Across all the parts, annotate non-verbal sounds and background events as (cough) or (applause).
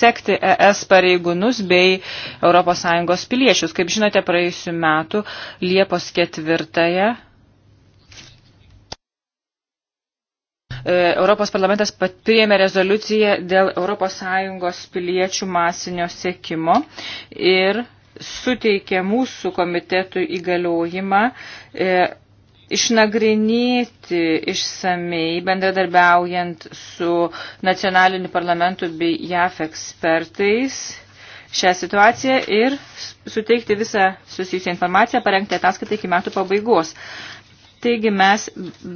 sekti ES pareigūnus bei ES piliečius. Kaip žinote, praėjusiu metu Liepos ketvirtąją e, Europos parlamentas priėmė rezoliuciją dėl ES piliečių masinio sėkimo ir suteikė mūsų komitetui įgaliojimą e, išnagrinėti išsamei, bendradarbiaujant su nacionaliniu parlamentu bei JAF ekspertais šią situaciją ir suteikti visą susijusią informaciją, parengti ataskaitą iki metų pabaigos. Taigi mes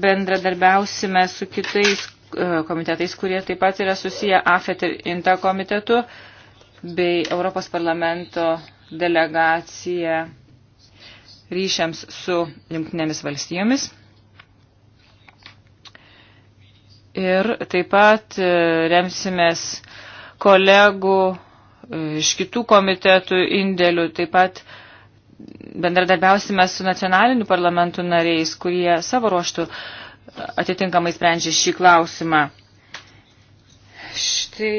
bendradarbiausime su kitais e, komitetais, kurie taip pat yra susiję AFET ir INTA komitetu bei Europos parlamento delegacija ryšiams su jungtinėmis valstijomis. Ir taip pat e, remsimės kolegų e, iš kitų komitetų indėlių, taip pat bendradarbiausime su nacionaliniu parlamentu nariais, kurie savo ruoštų atitinkamai sprendžia šį klausimą. Štai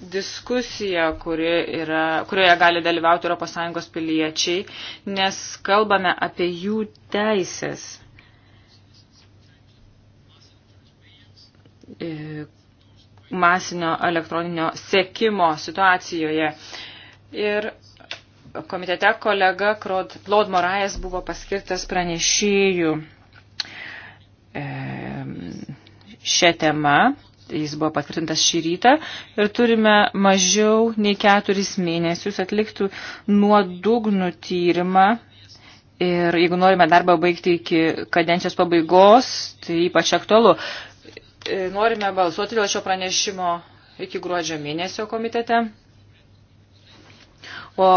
diskusija, kuri yra, kurioje gali dalyvauti ES piliečiai, nes kalbame apie jų teisės. E, masinio elektroninio sekimo situacijoje. Ir komitete kolega Claude Moraes buvo paskirtas pranešėjų e, šią temą jis buvo patvirtintas šį rytą ir turime mažiau nei keturis mėnesius atlikti nuodugnų tyrimą. Ir jeigu norime darbą baigti iki kadencijos pabaigos, tai ypač aktualu. E, norime balsuoti dėl šio pranešimo iki gruodžio mėnesio komitete. O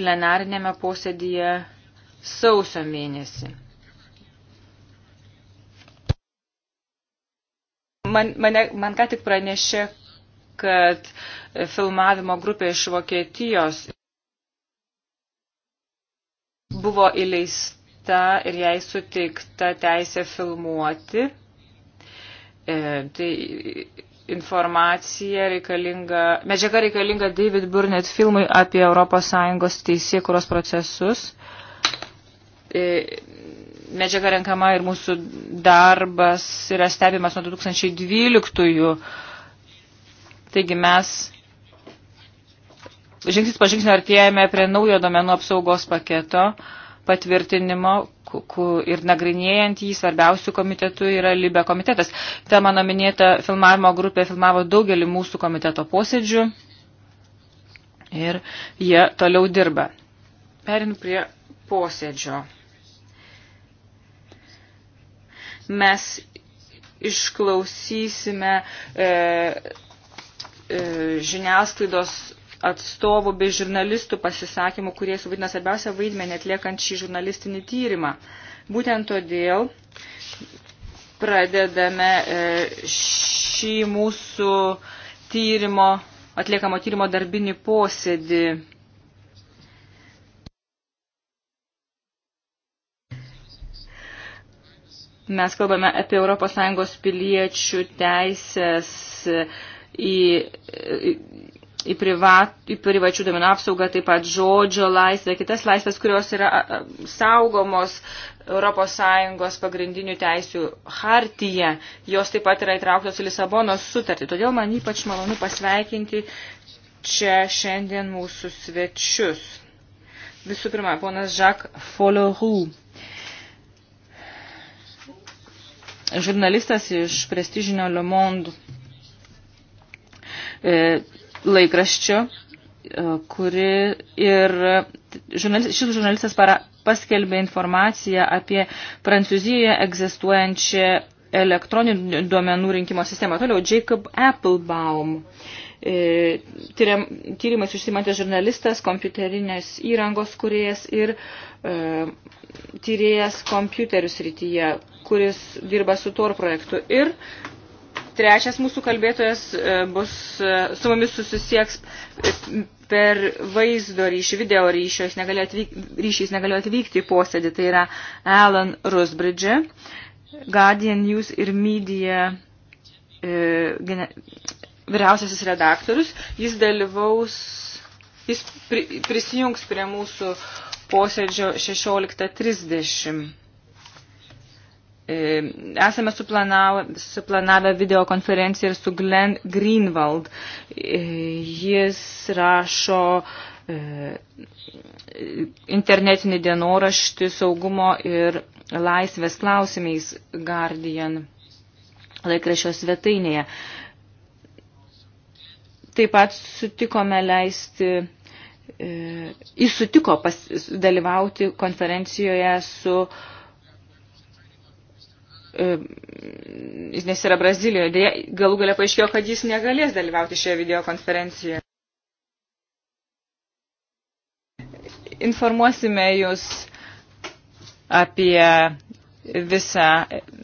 plenarinėme posėdyje sausio mėnesį. man, mane, man ką tik pranešė, kad filmavimo grupė iš Vokietijos buvo įleista ir jai suteikta teisė filmuoti. E, tai informacija reikalinga, medžiaga reikalinga David Burnett filmui apie ES teisėkuros procesus. E, medžiaga renkama ir mūsų darbas yra stebimas nuo 2012-ųjų. Taigi mes žingsnis po žingsnio artėjame prie naujo domenų apsaugos paketo patvirtinimo ir nagrinėjant jį svarbiausių komitetų yra Libe komitetas. Ta mano minėta filmavimo grupė filmavo daugelį mūsų komiteto posėdžių ir jie toliau dirba. Perinu prie posėdžio. mes išklausysime e, e, žiniasklaidos atstovų bei žurnalistų pasisakymų, kurie suvaidina svarbiausią vaidmenį atliekant šį žurnalistinį tyrimą. Būtent todėl pradedame e, šį mūsų tyrimo, atliekamo tyrimo darbinį posėdį. Mes kalbame apie ES piliečių teisės į, į, į, privat, į privačių domenų apsaugą, taip pat žodžio laisvę, kitas laisvės, kurios yra saugomos ES pagrindinių teisių hartyje. Jos taip pat yra įtrauktos į Lisabonos sutartį. Todėl man ypač malonu pasveikinti čia šiandien mūsų svečius. Visų pirma, ponas Jacques Follerou žurnalistas iš prestižinio Le Monde e, laikraščio, e, kuri ir žurnalistas, šis žurnalistas para, paskelbė informaciją apie Prancūzijoje egzistuojančią elektroninių duomenų rinkimo sistemą. Toliau Jacob Applebaum. Uh, E, tyriam, tyrimais užsimantis žurnalistas, kompiuterinės įrangos kuriejas ir e, tyrėjas kompiuterių srityje, kuris dirba su TOR projektu. Ir trečias mūsų kalbėtojas e, bus e, su mumis susisieks per vaizdo ryšį, video ryšį, jis negalėjo atvykti, ryšys negalėjo atvykti į posėdį, tai yra Alan Rusbridge, Guardian News ir Media e, vyriausiasis redaktorius, jis dalyvaus, jis pri, prisijungs prie mūsų posėdžio 16.30. E, esame suplanavę, suplanavę videokonferenciją ir su Glenn Greenwald. E, jis rašo e, internetinį dienoraštį saugumo ir laisvės klausimais Guardian laikraščio svetainėje. Taip pat sutikome leisti, e, jis sutiko pas, dalyvauti konferencijoje su e, nes yra Brazilijoje, dėja, galų galia paaiškėjo, kad jis negalės dalyvauti šioje videokonferencijoje. Informuosime jūs apie visą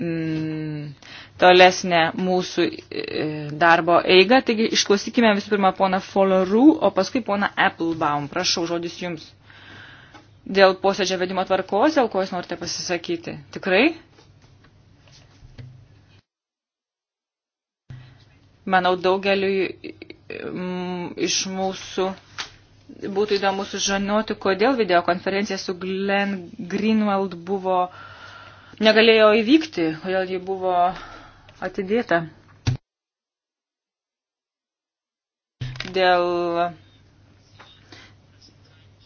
mm, tolesnę mūsų e, darbo eigą. Taigi išklausykime visų pirma poną Folorų, o paskui poną Applebaum. Prašau, žodis jums. Dėl posėdžio vedimo tvarkos, dėl ko jūs norite pasisakyti? Tikrai? Manau, daugeliu e, iš mūsų būtų įdomu sužinoti, kodėl videokonferencija su Glenn Greenwald buvo negalėjo įvykti, kodėl ji buvo atidėta. Dėl,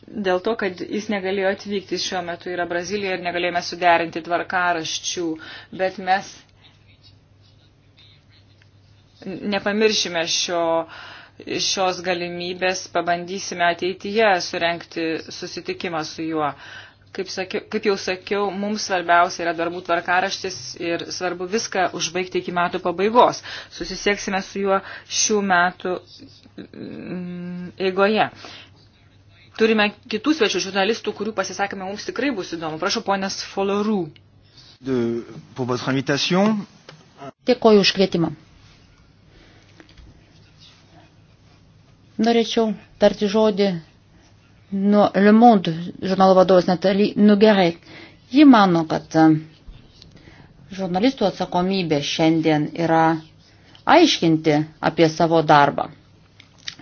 dėl to, kad jis negalėjo atvykti šiuo metu yra Brazilija ir negalėjome suderinti tvarkaraščių, bet mes nepamiršime šio, šios galimybės, pabandysime ateityje surenkti susitikimą su juo. Uh, Kaip, sakiau, kaip jau sakiau, mums svarbiausia yra darbų tvarkaraštis ir svarbu viską užbaigti iki metų pabaigos. Susisieksime su juo šių metų mm, eigoje. Turime kitų svečių žurnalistų, kurių pasisakymai mums tikrai bus įdomu. Prašau, ponės Folorų. Dėkoju už kvietimą. Norėčiau tarti žodį nu, Le Monde žurnalo vadovas Natalie Nugerai. Ji mano, kad e, žurnalistų atsakomybė šiandien yra aiškinti apie savo darbą.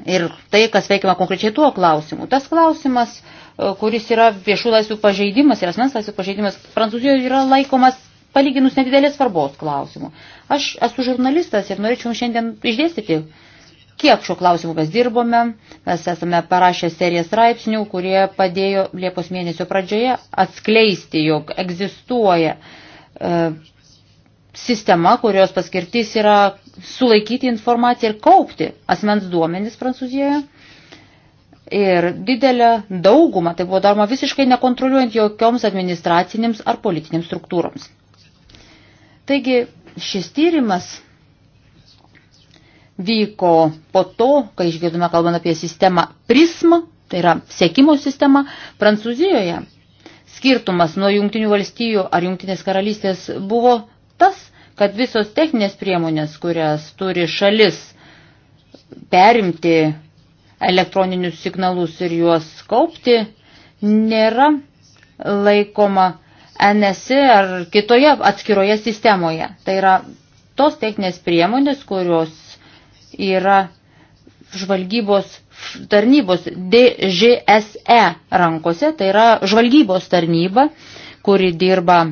Ir tai, kas veikiama konkrečiai tuo klausimu. Tas klausimas, e, kuris yra viešų laisvių pažeidimas ir asmens laisvių pažeidimas, Prancūzijoje yra laikomas palyginus nedidelės svarbos klausimų. Aš esu žurnalistas ir norėčiau šiandien išdėstyti kiek šio klausimu mes dirbome. Mes esame parašę seriją straipsnių, kurie padėjo Liepos mėnesio pradžioje atskleisti, jog egzistuoja e, sistema, kurios paskirtis yra sulaikyti informaciją ir kaupti asmens duomenis Prancūzijoje. Ir didelę daugumą tai buvo daroma visiškai nekontroliuojant jokioms administracinėms ar politinėms struktūroms. Taigi šis tyrimas vyko po to, kai išgirdome kalbant apie sistemą PRISM, tai yra sėkimo sistema, Prancūzijoje. Skirtumas nuo jungtinių valstijų ar jungtinės karalystės buvo tas, kad visos techninės priemonės, kurias turi šalis perimti elektroninius signalus ir juos kaupti, nėra laikoma NSI e ar kitoje atskiroje sistemoje. Tai yra tos techninės priemonės, kurios yra žvalgybos tarnybos DGSE rankose, tai yra žvalgybos tarnyba, kuri dirba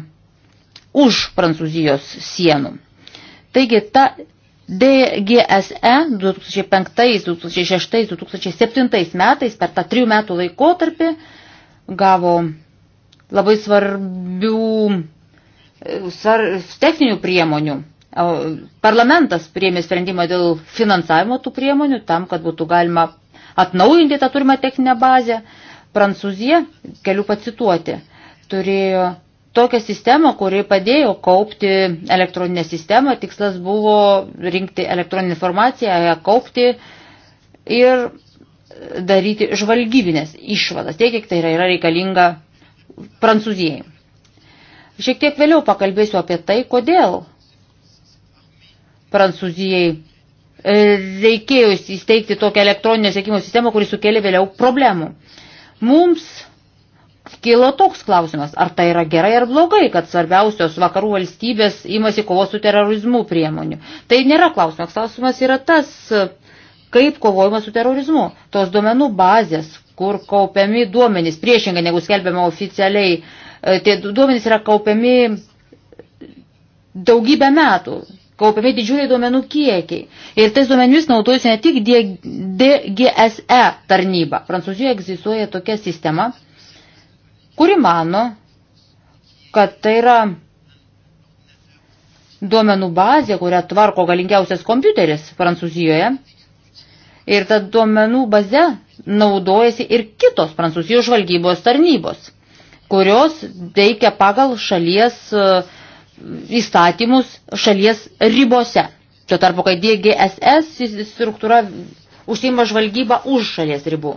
už Prancūzijos sienų. Taigi ta DGSE 2005, 2006, 2007 metais per tą trijų metų laikotarpį gavo labai svarbių e, svar, techninių priemonių Parlamentas priėmė sprendimą dėl finansavimo tų priemonių, tam, kad būtų galima atnaujinti tą turimą techninę bazę. Prancūzija, keliu pacituoti, turėjo tokią sistemą, kuri padėjo kaupti elektroninę sistemą. Tikslas buvo rinkti elektroninę informaciją, ją kaupti ir daryti žvalgybinės išvadas, tiek, kiek tai yra, yra reikalinga Prancūzijai. Šiek tiek vėliau pakalbėsiu apie tai, kodėl Prancūzijai e, reikėjo įsteigti tokią elektroninę sėkimo sistemą, kuri sukėlė vėliau problemų. Mums kilo toks klausimas, ar tai yra gerai ar blogai, kad svarbiausios vakarų valstybės imasi kovos su terorizmu priemonių. Tai nėra klausimas, klausimas yra tas, kaip kovojama su terorizmu. Tos duomenų bazės, kur kaupiami duomenys, priešingai negu skelbiama oficialiai, e, tie duomenys yra kaupiami daugybę metų kaupiami didžiuliai duomenų kiekiai. Ir tais duomenimis naudojasi ne tik DGSE e tarnyba. Prancūzijoje egzistuoja tokia sistema, kuri mano, kad tai yra duomenų bazė, kurią tvarko galingiausias kompiuteris Prancūzijoje. Ir ta duomenų baze naudojasi ir kitos Prancūzijos žvalgybos tarnybos, kurios veikia pagal šalies uh, įstatymus šalies ribose. Tuo tarpu, kai DGSS struktūra užsima žvalgybą už šalies ribų.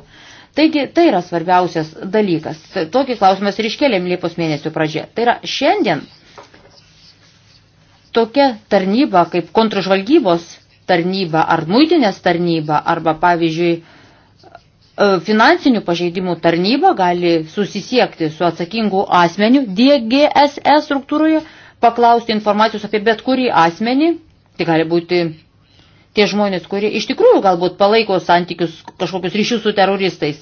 Taigi, tai yra svarbiausias dalykas. Tokį klausimą ir iškėlėm Liepos mėnesių pradžioje. Tai yra šiandien tokia tarnyba kaip kontražvalgybos tarnyba ar muitinės tarnyba arba, pavyzdžiui, e, finansinių pažeidimų tarnyba gali susisiekti su atsakingu asmeniu DGSS struktūroje paklausti informacijos apie bet kurį asmenį, tai gali būti tie žmonės, kurie iš tikrųjų galbūt palaiko santykius, kažkokius ryšius su teroristais.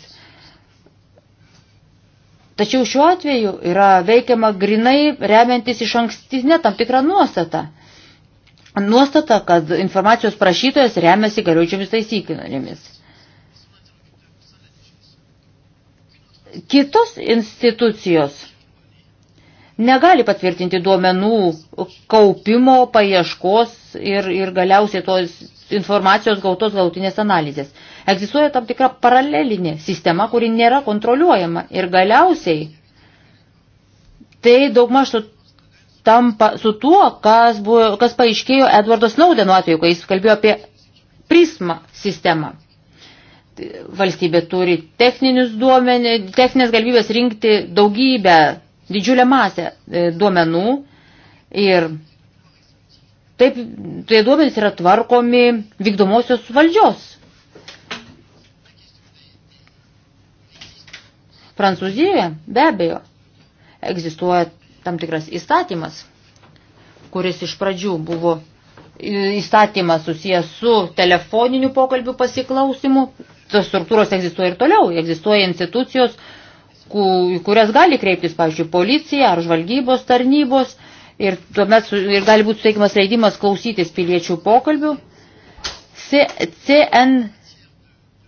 Tačiau šiuo atveju yra veikiama grinai remiantis iš ankstinę tam tikrą nuostatą. Nuostata, kad informacijos prašytojas remiasi galiuočiomis taisyklėmis. Kitos institucijos negali patvirtinti duomenų kaupimo, paieškos ir, ir galiausiai tos informacijos gautos gautinės analizės. Egzistuoja tam tikra paralelinė sistema, kuri nėra kontroliuojama ir galiausiai tai daugmaž su, tampa su tuo, kas, buvo, kas paaiškėjo Edvardo Snowdeno atveju, kai jis kalbėjo apie prismą sistemą valstybė turi techninius duomenį, techninės galimybės rinkti daugybę didžiulę masę e, duomenų ir taip tie duomenys yra tvarkomi vykdomosios valdžios. Prancūzijoje be abejo egzistuoja tam tikras įstatymas, kuris iš pradžių buvo įstatymas susijęs su telefoniniu pokalbiu pasiklausimu. Tos struktūros egzistuoja ir toliau. Egzistuoja institucijos, kurias gali kreiptis, pavyzdžiui, policija ar žvalgybos tarnybos ir tuomet su, ir gali būti suteikimas leidimas klausytis piliečių pokalbių. C, CN,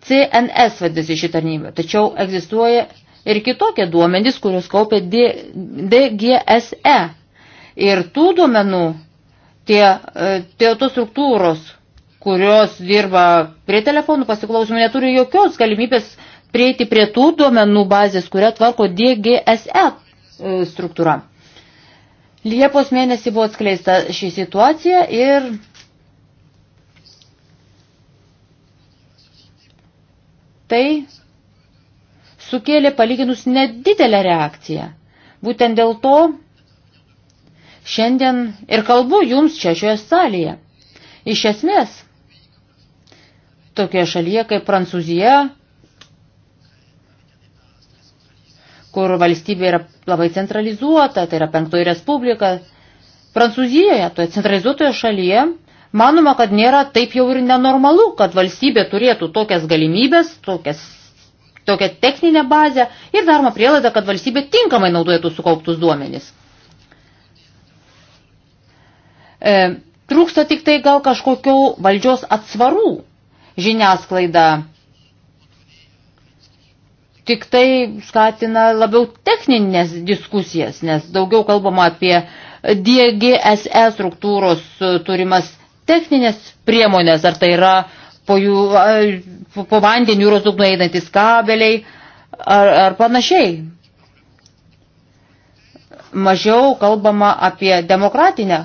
CNS vadinasi ši tarnybė, tačiau egzistuoja ir kitokie duomenys, kuriuos kaupia D, DGSE. Ir tų duomenų tie, e, tie tos struktūros, kurios dirba prie telefonų pasiklausimų, neturi jokios galimybės prieiti prie tų duomenų bazės, kurią tvarko DGSE e, struktūra. Liepos mėnesį buvo atskleista šį situaciją ir tai sukėlė palyginus nedidelę reakciją. Būtent dėl to šiandien ir kalbu jums čia šioje salėje. Iš esmės, tokie šalyje kaip Prancūzija, kur valstybė yra labai centralizuota, tai yra penktoji respublika. Prancūzijoje, toje centralizuotoje šalyje, manoma, kad nėra taip jau ir nenormalu, kad valstybė turėtų tokias galimybės, tokias, tokią techninę bazę ir daroma prielaida, kad valstybė tinkamai naudojėtų sukauptus duomenis. E, trūksta tik tai gal kažkokio valdžios atsvarų. Žiniasklaida tik tai skatina labiau techninės diskusijas, nes daugiau kalbama apie DGSE struktūros e, turimas techninės priemonės, ar tai yra po, jų, po vandeniu jūros dugno einantis kabeliai ar, ar panašiai. Mažiau kalbama apie demokratinę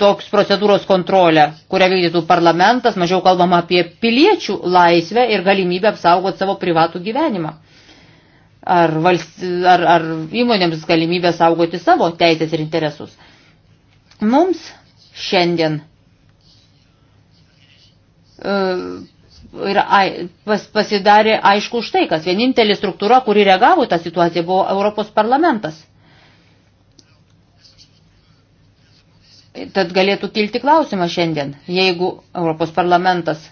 toks procedūros kontrolę, kurią vykdytų parlamentas, mažiau kalbama apie piliečių laisvę ir galimybę apsaugoti savo privatų gyvenimą ar, valst, ar, ar įmonėms galimybę saugoti savo teisės ir interesus. Mums šiandien uh, e, ir pas, pasidarė aišku už tai, kas vienintelė struktūra, kuri reagavo tą situaciją, buvo Europos parlamentas. Tad galėtų kilti klausimą šiandien, jeigu Europos parlamentas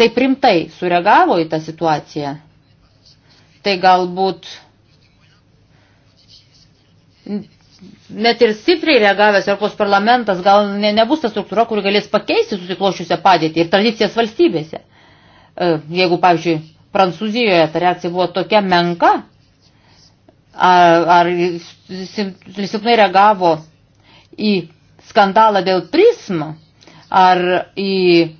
taip rimtai sureagavo į tą situaciją tai galbūt net ir stipriai reagavęs Europos parlamentas gal ne, nebus ta struktūra, kuri galės pakeisti susiklošiusią padėtį ir tradicijas valstybėse. E, jeigu, pavyzdžiui, Prancūzijoje ta reakcija buvo tokia menka, ar, ar silpnai reagavo į skandalą dėl prismo, ar į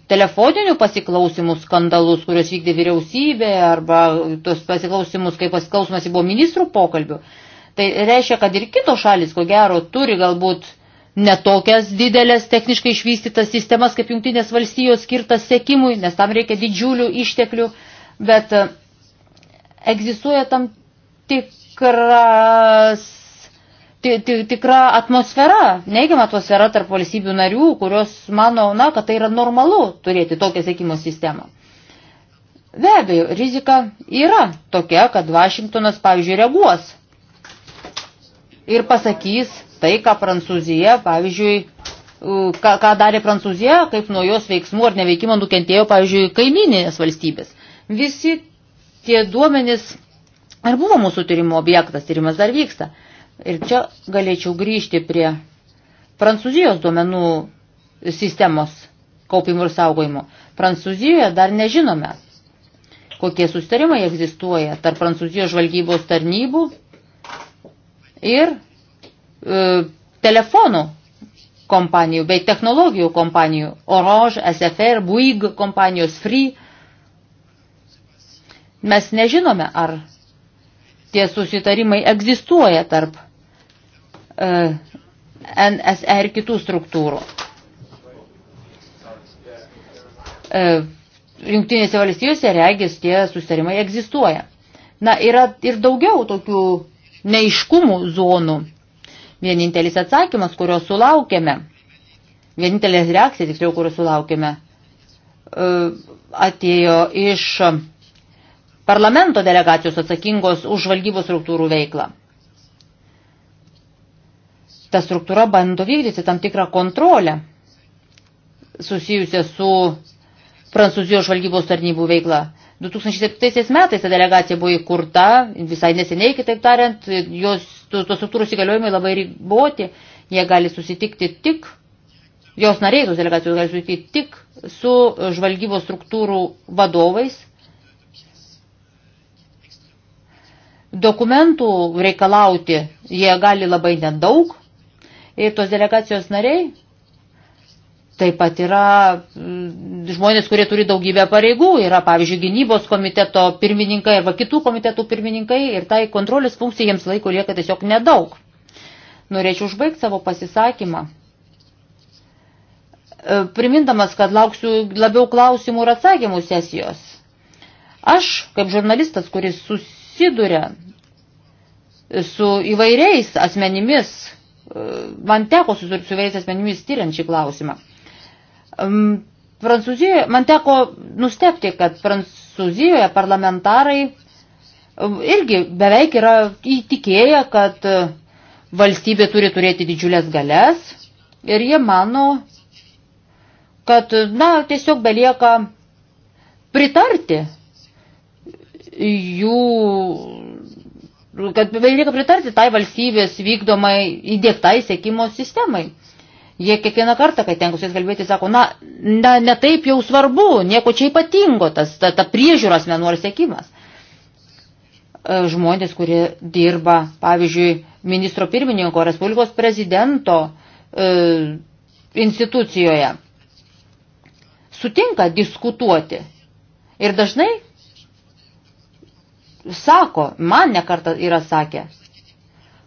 telefoninių pasiklausimų skandalus, kuriuos vykdė vyriausybė, arba tos pasiklausimus, kaip pasiklausimas buvo ministrų pokalbių. Tai reiškia, kad ir kitos šalis, ko gero, turi galbūt netokias didelės techniškai išvystytas sistemas, kaip jungtinės valstijos skirtas sekimui, nes tam reikia didžiulių išteklių, bet e, egzistuoja tam tikras tikra atmosfera, neigiama atmosfera tarp valstybių narių, kurios mano, na, kad tai yra normalu turėti tokią sėkimo sistemą. Be abejo, rizika yra tokia, kad Vašingtonas, pavyzdžiui, reaguos ir pasakys tai, ką Prancūzija, pavyzdžiui, ką, ką darė Prancūzija, kaip nuo jos veiksmų ar neveikimo nukentėjo, pavyzdžiui, kaimininės valstybės. Visi tie duomenys ir buvo mūsų tyrimo objektas, tyrimas dar vyksta. Ir čia galėčiau grįžti prie Prancūzijos duomenų sistemos kaupimo ir saugojimo. Prancūzijoje dar nežinome, kokie sustarimai egzistuoja tarp Prancūzijos žvalgybos tarnybų ir e, telefonų kompanijų bei technologijų kompanijų Orange, SFR, Bouygues kompanijos Free. Mes nežinome, ar tie susitarimai egzistuoja tarp NSE ir kitų struktūrų. E, Junktinėse valstijose regis tie susitarimai egzistuoja. Na, yra ir daugiau tokių neiškumų zonų. Vienintelis atsakymas, kurio sulaukėme, vienintelė reakcija, tiksliau, kurio sulaukėme, e, atėjo iš parlamento delegacijos atsakingos už žvalgybos struktūrų veiklą ta struktūra bando vykdyti tam tikrą kontrolę susijusią su Prancūzijos žvalgybos tarnybų veikla. 2007 metais ta delegacija buvo įkurta, visai neseniai, kitaip tariant, jos, tos to struktūros įgaliojimai labai riboti, jie gali susitikti tik, jos nariai tos delegacijos gali susitikti tik su žvalgybos struktūrų vadovais. Dokumentų reikalauti jie gali labai nedaug, ir tos delegacijos nariai taip pat yra mm, žmonės, kurie turi daugybę pareigų, yra pavyzdžiui gynybos komiteto pirmininkai arba kitų komitetų pirmininkai ir tai kontrolės funkcija jiems laiko lieka tiesiog nedaug. Norėčiau užbaigti savo pasisakymą. E, primindamas, kad lauksiu labiau klausimų ir atsakymų sesijos. Aš, kaip žurnalistas, kuris susiduria su įvairiais asmenimis, man teko susidurti su vėjais asmenimis tyriant šį klausimą. Prancūzijoje, man teko nustepti, kad Prancūzijoje parlamentarai irgi beveik yra įtikėję, kad e, valstybė turi turėti didžiulės galės ir jie mano, kad, na, tiesiog belieka pritarti jų kad belieka pritarti tai valstybės vykdomai įdėktai sėkimo sistemai. Jie kiekvieną kartą, kai tenkus jais kalbėti, sako, na, na, ne taip jau svarbu, nieko čia ypatingo, tas, ta, ta priežiūros menų ar sėkimas. E, žmonės, kurie dirba, pavyzdžiui, ministro pirmininko, Respublikos prezidento e, institucijoje, sutinka diskutuoti. Ir dažnai sako, man nekartą yra sakę,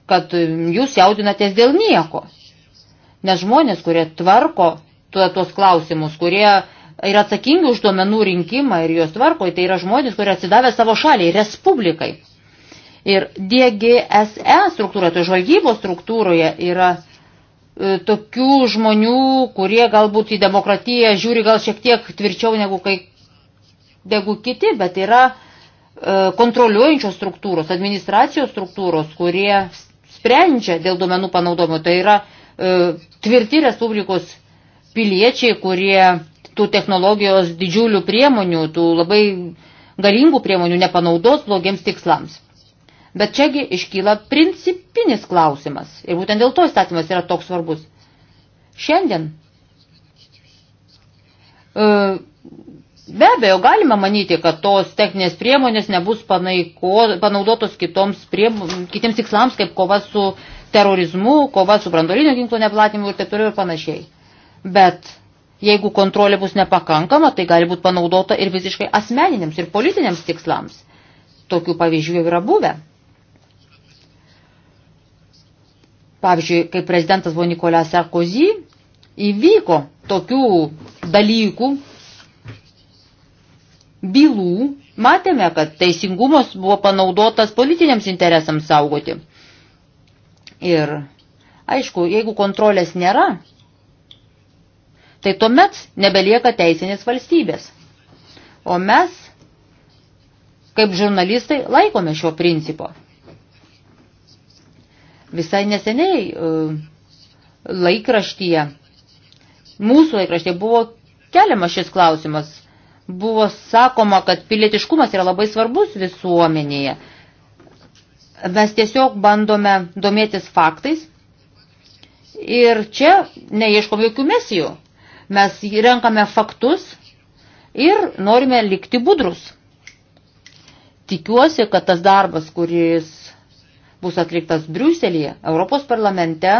kad jūs jaudinatės dėl nieko. Nes žmonės, kurie tvarko tuos klausimus, kurie yra atsakingi už duomenų rinkimą ir juos tvarko, tai yra žmonės, kurie atsidavė savo šaliai, respublikai. Ir DGSE struktūra, to tai žvalgybos struktūroje yra e, tokių žmonių, kurie galbūt į demokratiją žiūri gal šiek tiek tvirčiau negu, kai, negu kiti, bet yra E, kontroliuojančios struktūros, administracijos struktūros, kurie sprendžia dėl duomenų panaudojimo. Tai yra e, tvirti Respublikos piliečiai, kurie tų technologijos didžiulių priemonių, tų labai galingų priemonių nepanaudos blogiems tikslams. Bet čiagi iškyla principinis klausimas. Ir būtent dėl to įstatymas yra toks svarbus. Šiandien e, Be abejo, galima manyti, kad tos techninės priemonės nebus panaiko, panaudotos kitoms prie, kitiems tikslams, kaip kova su terorizmu, kova su brandolinio ginklo neplatinimu ir taip toliau ir panašiai. Bet jeigu kontrolė bus nepakankama, tai gali būti panaudota ir visiškai asmeniniams ir politiniams tikslams. Tokių pavyzdžių jau yra buvę. Pavyzdžiui, kai prezidentas buvo Nikolai Sarkozy, įvyko tokių dalykų, bylų matėme, kad teisingumas buvo panaudotas politiniams interesams saugoti. Ir aišku, jeigu kontrolės nėra, tai tuomet nebelieka teisinės valstybės. O mes, kaip žurnalistai, laikome šio principo. Visai neseniai e, laikraštyje, mūsų laikraštyje buvo keliamas šis klausimas – buvo sakoma, kad pilietiškumas yra labai svarbus visuomenėje. Mes tiesiog bandome domėtis faktais ir čia neieškom jokių mesijų. Mes renkame faktus ir norime likti budrus. Tikiuosi, kad tas darbas, kuris bus atliktas Briuselėje, Europos parlamente,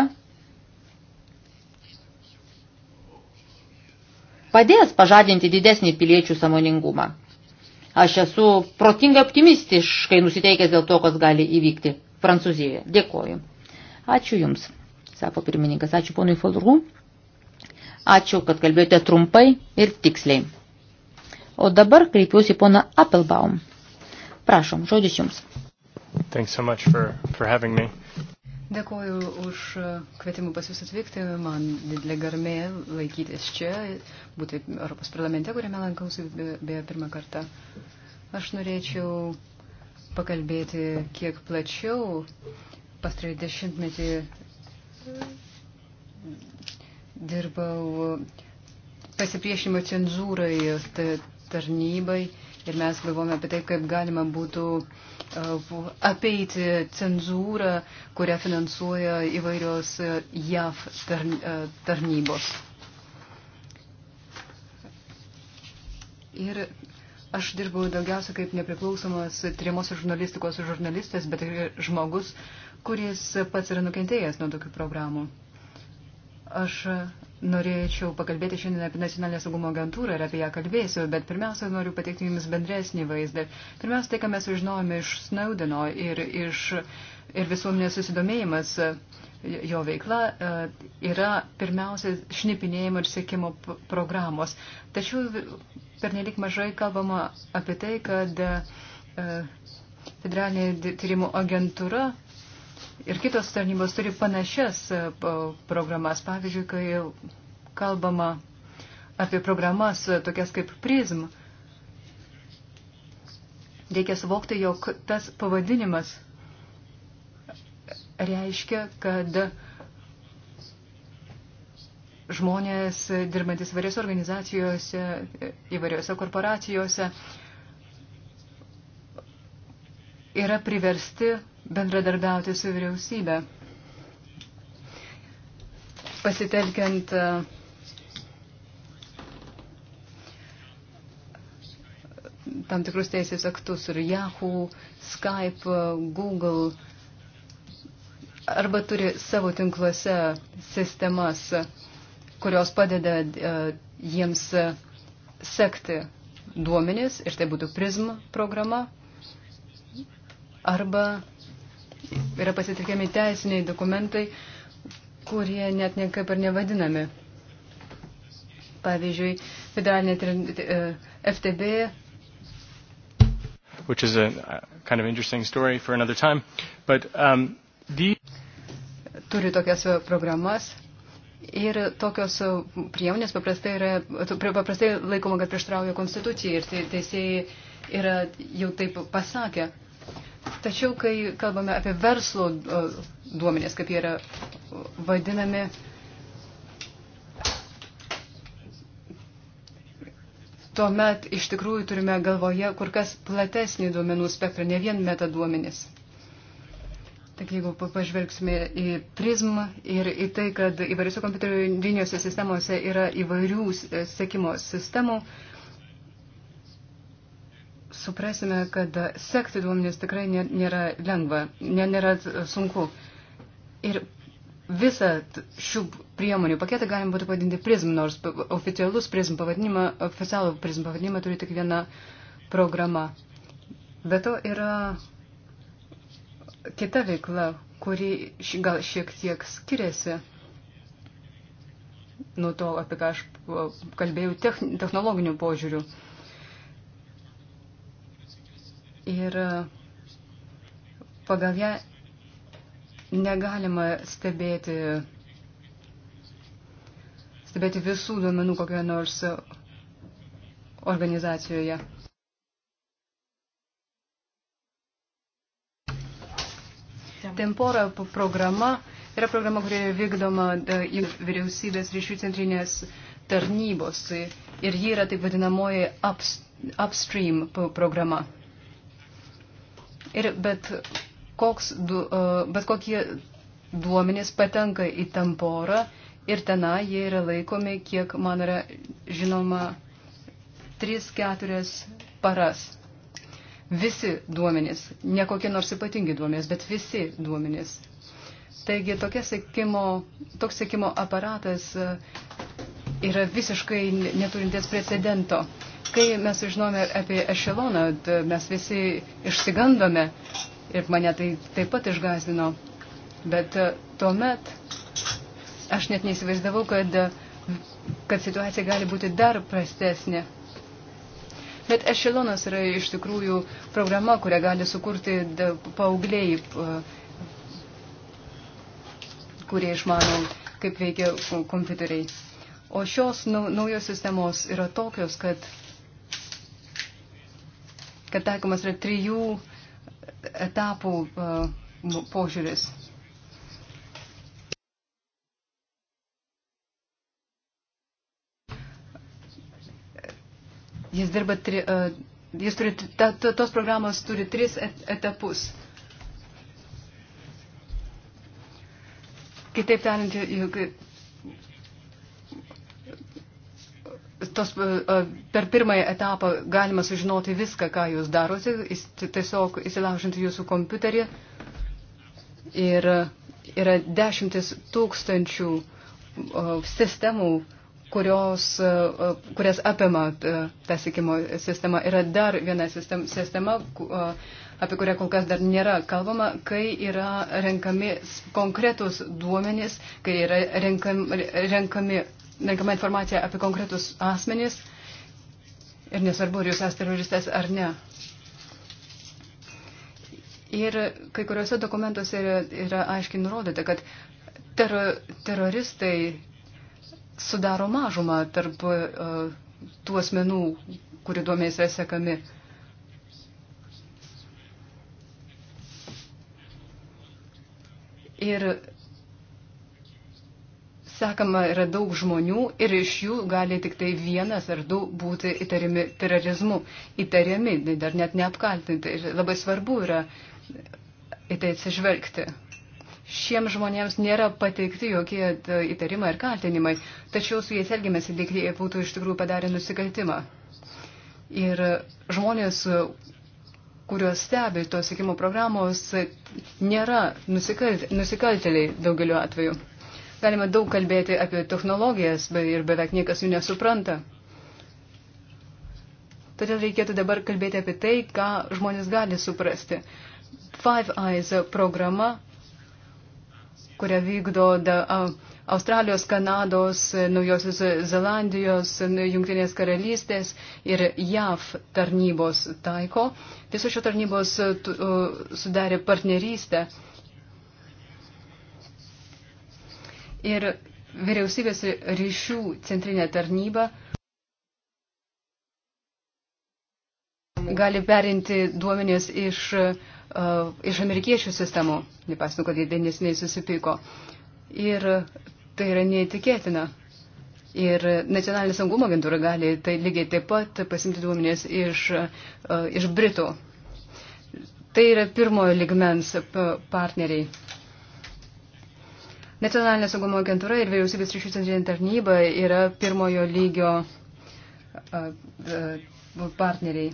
padės pažadinti didesnį piliečių samoningumą. Aš esu protingai optimistiškai nusiteikęs dėl to, kas gali įvykti Prancūzijoje. Dėkoju. Ačiū Jums, sako pirmininkas. Ačiū ponui Falrų. Ačiū, kad kalbėjote trumpai ir tiksliai. O dabar kreipiuosi poną Appelbaum. Prašom, žodis Jums. Thanks so much for, for having me. Dėkuoju už kvietimą pas Jūs atvykti. Man didelė garmė laikytis čia, būti Europos parlamente, kuriame lankausi beje pirmą kartą. Aš norėčiau pakalbėti kiek plačiau pastarąjį dešimtmetį dirbau pasipriešinimo cenzūrai tarnybai ir mes galvome apie tai, kaip galima būtų e, apeiti cenzūrą, kurią finansuoja įvairios e, JAV e, tarnybos. Ir aš dirbau daugiausia kaip nepriklausomas tyrimos žurnalistikos žurnalistas, bet ir žmogus, kuris pats yra nukentėjęs nuo tokių programų. Aš norėčiau pakalbėti šiandien apie nacionalinę saugumo agentūrą ir apie ją kalbėsiu, bet pirmiausia, noriu pateikti Jums bendresnį vaizdą. Pirmiausia, tai, ką mes sužinojome iš Snaudino ir, iš, ir visuomenės susidomėjimas e, jo veikla, e, yra pirmiausia šnipinėjimo ir sėkimo programos. Tačiau pernelik mažai kalbama apie tai, kad e, Federalinė tyrimų agentūra ir kitos tarnybos turi panašias e, programas. Pavyzdžiui, kai kalbama apie programas e, tokias kaip PRISM, reikia suvokti, jog tas pavadinimas reiškia, kad žmonės dirbantis įvairiose organizacijose, įvairiose korporacijose yra priversti bendradarbiauti su vyriausybė, pasitelkiant e, tam tikrus teisės aktus ir Yahoo, Skype, Google arba turi savo tinkluose sistemas, kurios padeda e, jiems sekti duomenis ir tai būtų PRISM programa arba yra pasitikiami teisiniai dokumentai, kurie net niekaip ir nevadinami. Pavyzdžiui, federalinė e, FTB. Which is a kind of interesting story for another time. But, um, the... Turi tokias programas ir tokios priemonės paprastai, yra, paprastai laikoma, kad prieštrauja konstitucijai ir teisėjai yra jau taip pasakę. Tačiau, kai kalbame apie verslo duomenės, kaip jie yra vadinami, tuomet iš tikrųjų turime galvoje kur kas platesnį duomenų spektrą, ne vien metaduomenis. Tik jeigu pažvelgsime į prizm ir į tai, kad įvairiose kompiuterinėse sistemose yra įvairių sekimo sistemų, suprasime, kad sekti duomenis tikrai nėra lengva, nėra sunku. Ir visą šių priemonių paketą galima būtų padinti prizm, nors oficialus prizm pavadinimą, oficialų prizm pavadinimą turi tik viena programa. Be to yra kita veikla, kuri gal šiek tiek skiriasi nuo to, apie ką aš kalbėjau technologinių požiūrių ir e, pagal ją negalima stebėti, stebėti visų duomenų kokioje nors organizacijoje. Tempora programa yra programa, kuri vykdoma e, vyriausybės ryšių centrinės tarnybos ir ji yra taip vadinamoji ups, upstream programa. Ir bet, koks, du, e, bet kokie duomenys patenka į temporą ir tenai jie yra laikomi, kiek man yra žinoma, 3-4 paras. Visi duomenys, ne kokie nors ypatingi duomenys, bet visi duomenys. Taigi sekimo, toks sekimo aparatas e, yra visiškai neturintis precedento. Kai mes žinome apie ešeloną, mes visi išsigandome ir mane tai taip pat išgazdino. Bet e, tuomet aš net neįsivaizdavau, kad, e, kad situacija gali būti dar prastesnė. Bet ešelonas yra iš tikrųjų programa, kurią gali sukurti paaugliai, kurie išmano, kaip veikia kompiuteriai. O šios naujos sistemos yra tokios, kad kad taikomas yra trijų etapų e, nu, požiūris. Jis dirba, tri, e, jis turi, ta, ta, tos programos turi tris etapus. Kitaip tariant, tos, e, per pirmąją etapą galima sužinoti viską, ką jūs darote, tiesiog įsilaužinti jūsų kompiuterį. Ir e, yra dešimtis tūkstančių sistemų, kurios, e, kurias apima ta sėkimo sistema. Yra dar viena sistema, sistema, apie kurią kol kas dar nėra kalbama, kai yra renkami konkretus duomenys, kai yra renkam, renkami renkama informacija apie konkretus asmenys ir nesvarbu, ar jūs esate teroristas ar ne. Ir kai kuriuose dokumentuose yra, yra aiškiai nurodyta, kad tero, teroristai sudaro mažumą tarp uh, tų asmenų, kurių duomenys yra sekami. Ir Sakoma, yra daug žmonių ir iš jų gali tik tai vienas ar du būti įtariami terorizmu. Įtariami, tai dar net neapkaltinti. Ir labai svarbu yra į tai atsižvelgti. Šiems žmonėms nėra pateikti jokie e, įtarimai ar kaltinimai, tačiau su jais elgiamės, lyg jie būtų iš tikrųjų padarę nusikaltimą. Ir žmonės, kuriuos stebi tos sekimo programos, nėra nusikalt, nusikalteliai daugeliu atveju. Galima daug kalbėti apie technologijas ir beveik niekas jų nesupranta. Todėl reikėtų dabar kalbėti apie tai, ką žmonės gali suprasti. Five Eyes programa, kurią vykdo da, a, Australijos, Kanados, Naujosios Zelandijos, Junktinės karalystės ir JAV tarnybos taiko. Visos šio tarnybos sudarė partnerystę. Uh, ir vyriausybės ryšių centrinė tarnyba gali perinti duomenės iš, uh, iš amerikiečių sistemų, nepasinu, kad jie nesiniai susipiko. Ir tai yra neįtikėtina. Ir nacionalinė saugumo agentūra gali tai lygiai taip pat pasimti duomenės iš, uh, iš Britų. Tai yra pirmojo ligmens partneriai. Nacionalinė saugumo agentūra ir vyriausybės ryšių centrinė tarnyba yra pirmojo lygio partneriai.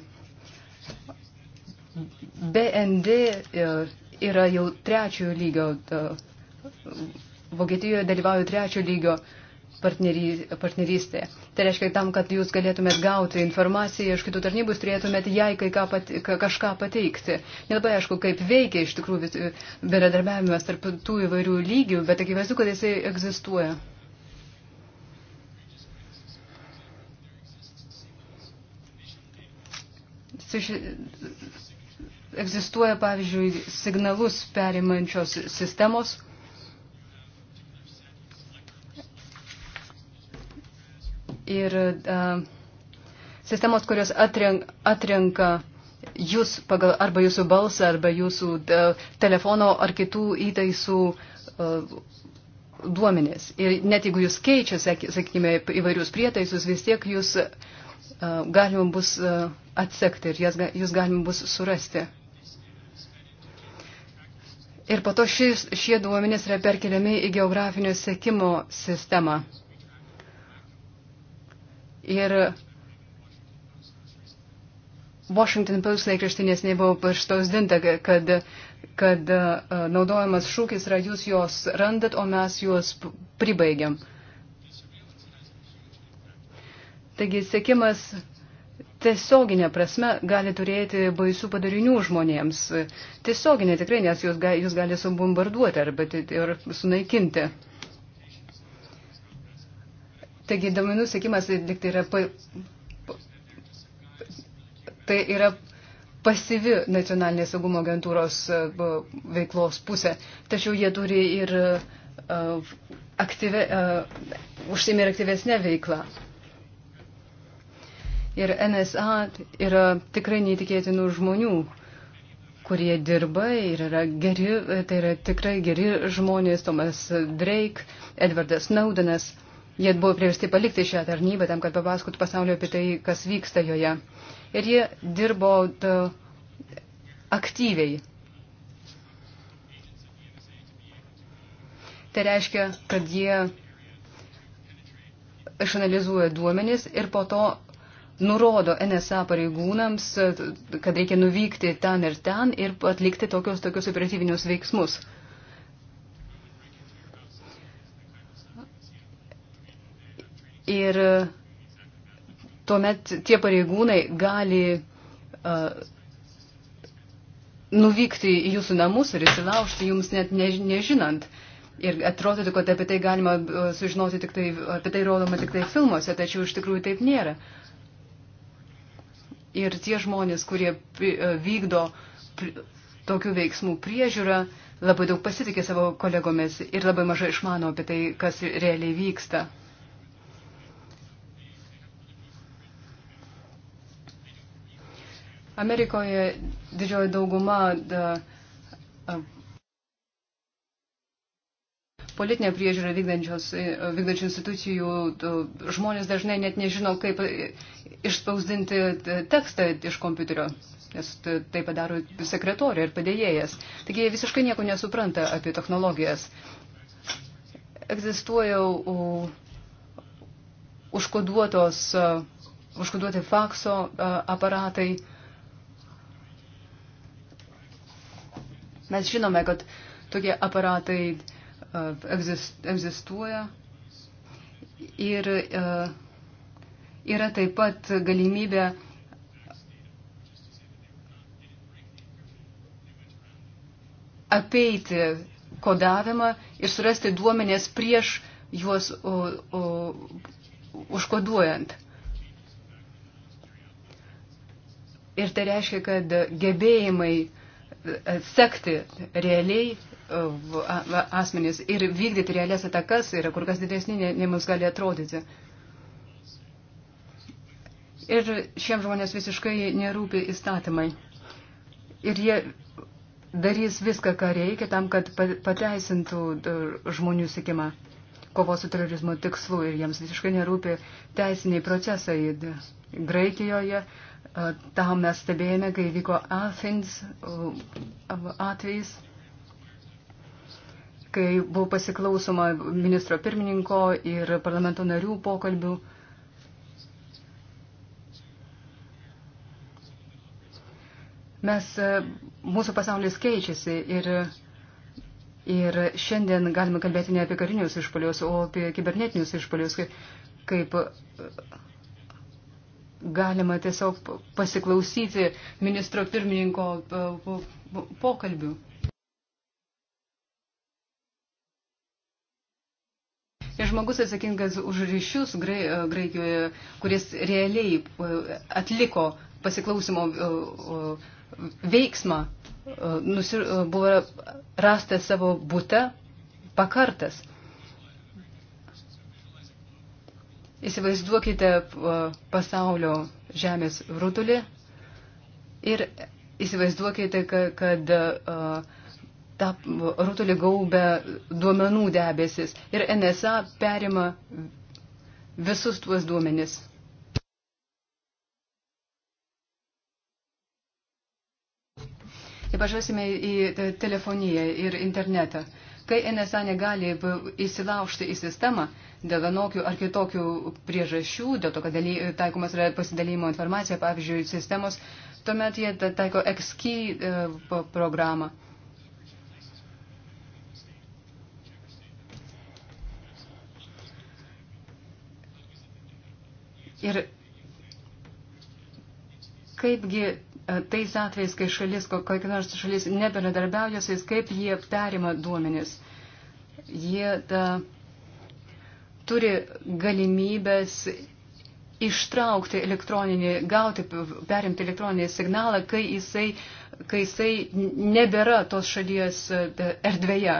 BND e, yra jau trečiojo lygio, Vokietijoje dalyvauja trečiojo lygio uh, partnery, partnerystė. Tai reiškia, tam, kad jūs galėtumėt gauti informaciją iš kitų tarnybų, turėtumėt jai kai ką pat, kažką pateikti. Nelabai aišku, kaip veikia iš tikrųjų bendradarbiavimas tarp tų įvairių lygių, bet akivaizdu, kad jisai egzistuoja. Egzistuoja, pavyzdžiui, signalus perimančios sistemos ir uh, sistemos, kurios atrenk, atrenka jūs pagal arba jūsų balsą, arba jūsų uh, telefono ar kitų įtaisų uh, e, duomenės. Ir net jeigu jūs keičia, sakykime, įvairius prietaisus, vis tiek jūs uh, galima bus uh, atsekti ir jas, jūs galima bus surasti. Ir po to šis, šie duomenys yra perkeliami į geografinio sekimo sistemą. Ir Washington Post laikraštinės nebuvo paštausdinta, kad, kad e, naudojamas šūkis yra jūs juos randat, o mes juos pribaigiam. Taigi sėkimas tiesioginė prasme gali turėti baisų padarinių žmonėms. Tiesioginė tikrai, nes jūs, jūs gali subombarduoti arba ir sunaikinti. Taigi domenų sėkimas tai yra, pa, pa, tai yra pasyvi nacionalinės saugumo agentūros e, veiklos pusė, tačiau jie turi ir uh, aktyve, uh, e, užsiimė ir aktyvesnę veiklą. Ir NSA yra tikrai neįtikėtinų žmonių, kurie dirba ir yra geri, tai yra tikrai geri žmonės, Tomas Drake, Edvardas Naudenas. Jie buvo priversti palikti šią tarnybą tam, kad papasakotų pasaulio apie tai, kas vyksta joje. Ir jie dirbo da, aktyviai. Tai reiškia, kad jie išanalizuoja duomenis ir po to nurodo NSA pareigūnams, kad reikia nuvykti ten ir ten ir atlikti tokius, tokius operatyvinius veiksmus. Ir e, tuomet tie pareigūnai gali uh, nuvykti į jūsų namus ir įsilaužti jums net ne, nežinant. Ir atrodytų, kad apie tai galima e, sužinoti tik tai, apie tai rodoma tik tai filmuose, tačiau iš tikrųjų taip nėra. Ir tie žmonės, kurie vykdo tokių veiksmų priežiūrą, labai daug pasitikė savo kolegomis ir labai mažai išmano apie tai, kas realiai vyksta. Amerikoje didžioji dauguma da, a, politinę priežiūrą e, vykdančių institucijų da, žmonės dažnai net nežino, kaip e, išspausdinti e, tekstą iš kompiuterio, nes tai padaro sekretorė ir padėjėjas. Taigi jie visiškai nieko nesupranta apie technologijas. Egzistuoja u, užkoduotos, užkoduoti fakso aparatai, Mes žinome, kad tokie aparatai e, egzistuoja ir e, yra taip pat galimybė apeiti kodavimą ir surasti duomenės prieš juos o, o, užkoduojant. Ir tai reiškia, kad gebėjimai sekti realiai e, asmenys ir vykdyti realias atakas yra kur kas didesnė, nei mums gali atrodyti. Ir šiem žmonės visiškai nerūpi įstatymai. Ir jie darys viską, ką reikia tam, kad pateisintų e, žmonių sikimą kovos su terorizmo tikslu ir jiems visiškai nerūpi teisiniai procesai Graikijoje, tą mes stebėjome, kai vyko Athens uh, atvejs, kai buvo pasiklausoma ministro pirmininko ir parlamento narių pokalbių. Mes, uh, mūsų pasaulis keičiasi ir, ir šiandien galime kalbėti ne apie karinius išpolius, o apie kibernetinius išpolius, kaip, kaip uh, galima tiesiog pasiklausyti ministro pirmininko pokalbių. Ir žmogus atsakingas už ryšius e, Graikijoje, kuris realiai e, atliko pasiklausimo e, veiksmą, buvo rastas savo būte pakartas. Įsivaizduokite e, pasaulio žemės rutulį ir įsivaizduokite, kad, kad e, tą rutulį gaubia duomenų debesis ir NSA perima visus tuos duomenis. pažvelgsime į telefoniją ir internetą. Kai NSA negali įsilaužti į sistemą dėl vienokių ar kitokių priežasčių, dėl to, kad daly, taikomas yra pasidalymo informacija, pavyzdžiui, sistemos, tuomet jie taiko XKey programą. Ir kaipgi E, tais atvejais, kai šalis, kokia nors šalis nebenadarbiauja su jais, kaip jie perima duomenis. Jie ta, e, turi galimybės ištraukti elektroninį, gauti, perimti elektroninį signalą, kai jisai, kai jisai nebėra tos šalies e, erdvėje.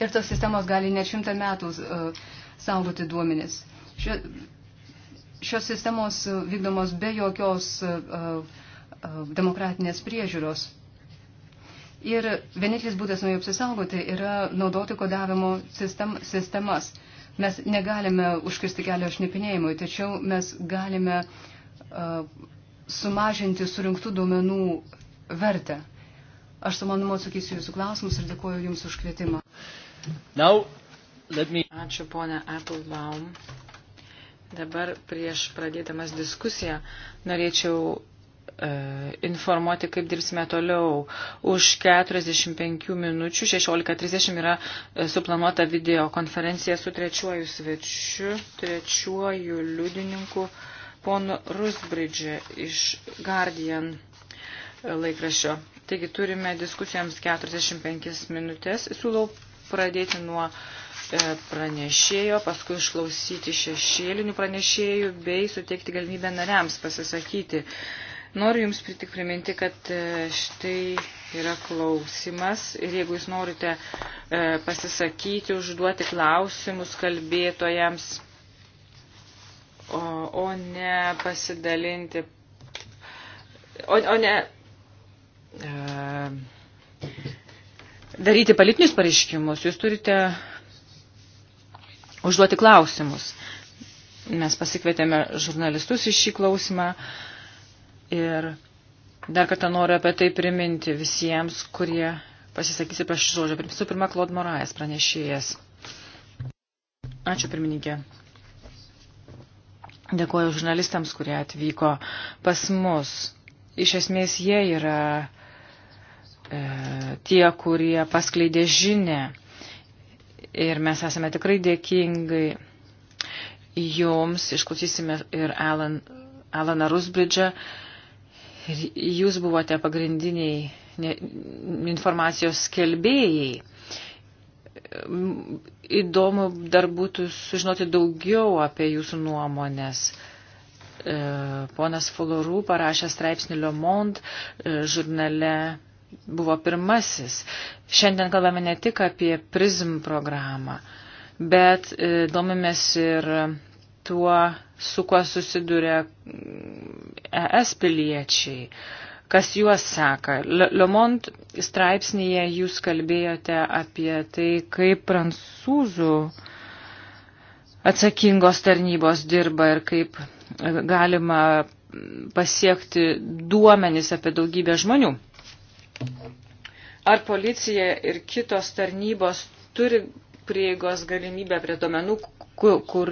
Ir tos sistemos gali net šimtą metų saugoti duomenis. Šia, šios sistemos vykdomos be jokios e, e, demokratinės priežiūros. Ir vienintelis būdas nuo jų apsisaugoti yra naudoti kodavimo sistem, sistemas. Mes negalime užkirsti kelio šnipinėjimui, tačiau mes galime uh, sumažinti surinktų duomenų vertę. Aš su manimu atsakysiu jūsų klausimus ir dėkuoju jums už kvietimą. Now, me... Ačiū, ponia Applebaum. Dabar prieš pradėdamas diskusiją norėčiau e, informuoti, kaip dirbsime toliau. Už 45 minučių 16.30 yra e, suplanuota videokonferencija su trečiuoju svečiu, trečiuoju liudininku, ponu Rusbridge iš Guardian e, laikraščio. Taigi turime diskusijoms 45 minutės. Siūlau pradėti nuo uh, E, pranešėjo, paskui išklausyti šešėlinių pranešėjų bei suteikti galimybę nariams pasisakyti. Noriu Jums tik priminti, kad e, štai yra klausimas ir jeigu Jūs norite e, pasisakyti, užduoti klausimus kalbėtojams, o, o ne pasidalinti, o, o ne. E, daryti politinius pareiškimus, jūs turite užduoti klausimus. Mes pasikvietėme žurnalistus į šį klausimą ir dar kartą noriu apie tai priminti visiems, kurie pasisakysi prieš žodžio. Visų pirma, Klod Morais pranešėjas. Ačiū pirmininkė. Dėkuoju žurnalistams, kurie atvyko pas mus. Iš esmės jie yra e, tie, kurie paskleidė žinę ir mes esame tikrai dėkingai jums. Išklausysime ir Alan, Alaną Rusbridžą. Jūs buvote pagrindiniai ne, informacijos skelbėjai. Įdomu dar būtų sužinoti daugiau apie jūsų nuomonės e, ponas Fulorų parašė straipsnį Le Monde e, žurnale buvo pirmasis. Šiandien kalbame ne tik apie PRISM programą, bet e, domimės ir tuo, su kuo susiduria mm, ES piliečiai, kas juos seka. Le Monde straipsnėje jūs kalbėjote apie tai, kaip prancūzų atsakingos tarnybos dirba ir kaip e, galima mm, pasiekti duomenys apie daugybę žmonių. Ar policija ir kitos tarnybos turi prieigos galimybę prie domenų, kur, kur,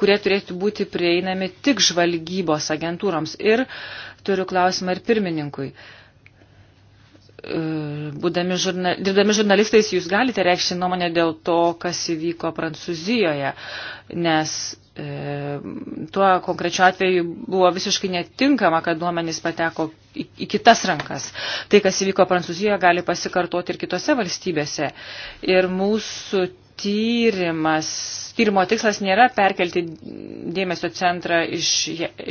kurie turėtų būti prieinami tik žvalgybos agentūroms. Ir turiu klausimą ir pirmininkui. E, būdami žurnal, dirbdami žurnalistais, jūs galite reikšti nuomonę dėl to, kas įvyko Prancūzijoje, nes E, tuo konkrečiu atveju buvo visiškai netinkama, kad duomenys pateko į, į kitas rankas. Tai, kas įvyko Prancūzijoje, gali pasikartoti ir kitose valstybėse. Ir mūsų tyrimas, tyrimo tikslas nėra perkelti dėmesio centrą iš,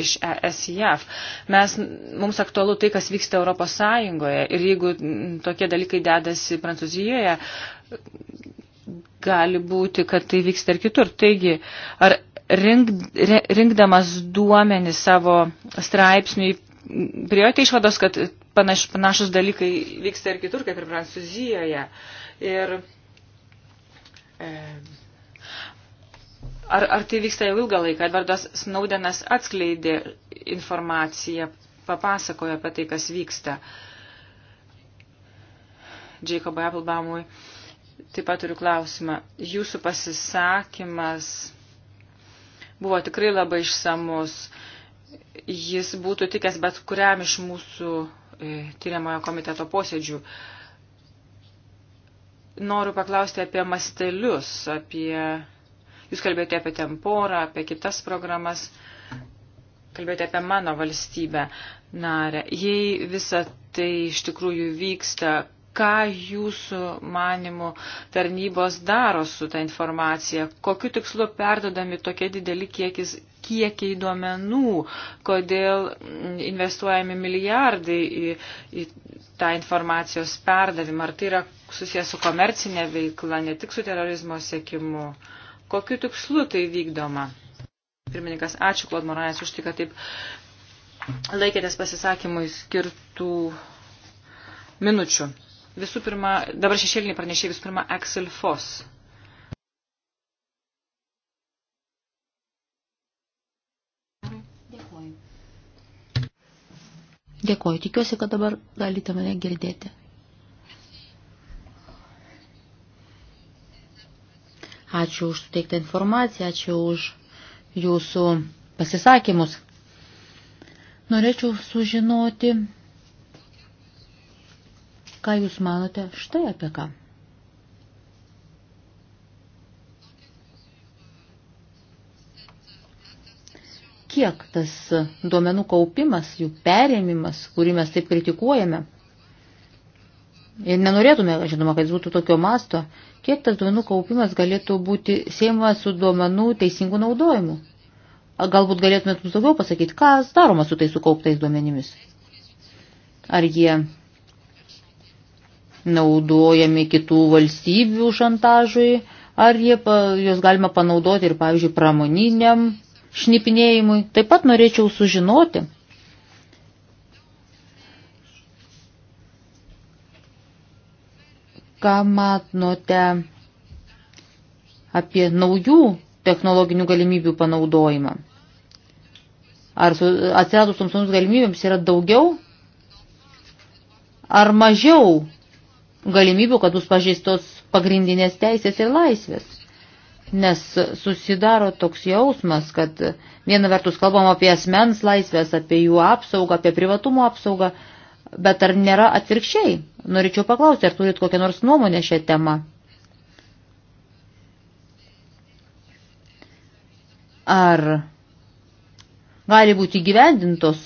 iš ES į JAV. Mes, mums aktualu tai, kas vyksta Europos Sąjungoje. Ir jeigu tokie dalykai dedasi Prancūzijoje, gali būti, kad tai vyksta ir kitur. Taigi, ar rink, re, rinkdamas duomenį savo straipsniui, priejote išvados, kad panaš, panašus dalykai vyksta ir kitur, kaip ir Prancūzijoje. Ir, e, ar, ar tai vyksta jau ilgą laiką? Edvardas Snaudenas atskleidė informaciją, papasakojo apie tai, kas vyksta. Jacob Applebaumui taip pat turiu klausimą. Jūsų pasisakymas buvo tikrai labai išsamus. Jis būtų tikęs bet kuriam iš mūsų e, tyriamojo komiteto posėdžių. Noriu paklausti apie mastelius, apie... Jūs kalbėjote apie temporą, apie kitas programas, kalbėjote apie mano valstybę narę. Jei visa tai iš tikrųjų vyksta, ką jūsų manimų tarnybos daro su ta informacija, kokiu tikslu perdodami tokie dideli kiekis, kiekiai duomenų, kodėl mm, investuojami milijardai į, į tą informacijos perdavimą, ar tai yra susijęs su komercinė veikla, ne tik su terorizmo sėkimu, kokiu tikslu tai vykdoma. Pirmininkas, ačiū Klod Moranės už tai, kad taip laikėtės pasisakymui skirtų minučių. Visų pirma, dabar šešėlinį pranešė visų pirma Axel Foss. Dėkuoju. Dėkuoju, tikiuosi, kad dabar galite mane girdėti. Ačiū už suteiktą informaciją, ačiū už jūsų pasisakymus. Norėčiau sužinoti, Ką Jūs manote štai apie ką? Kiek tas duomenų kaupimas, jų perėmimas, kurį mes taip kritikuojame, ir nenorėtume, žinoma, kad jis būtų tokio masto, kiek tas duomenų kaupimas galėtų būti siejamas su duomenų teisingų naudojimu. Galbūt galėtumėt mums daugiau pasakyti, kas daroma su tais sukauptais duomenimis. Ar jie naudojami kitų valstybių šantažui, ar jie, juos galima panaudoti ir, pavyzdžiui, pramoniniam šnipinėjimui. Taip pat norėčiau sužinoti. Ką matnote apie naujų technologinių galimybių panaudojimą? Ar atsiradus toms galimybėms yra daugiau ar mažiau galimybių, kad bus pažeistos pagrindinės teisės ir laisvės. Nes susidaro toks jausmas, kad viena vertus kalbam apie asmens laisvės, apie jų apsaugą, apie privatumo apsaugą, bet ar nėra atvirkščiai? Norėčiau paklausti, ar turit kokią nors nuomonę šią temą? Ar gali būti gyvendintos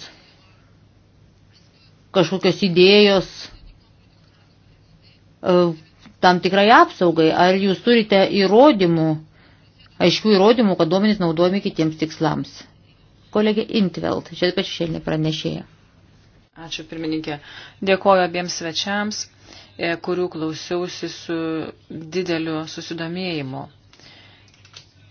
kažkokios idėjos E, tam tikrai apsaugai, ar jūs turite įrodymų, aiškių įrodymų, kad duomenys naudojami kitiems tikslams. Kolegė Intveld, čia pat šešėlinė pranešėja. Ačiū pirmininkė. Dėkoju abiems svečiams, e, kurių klausiausi su dideliu susidomėjimu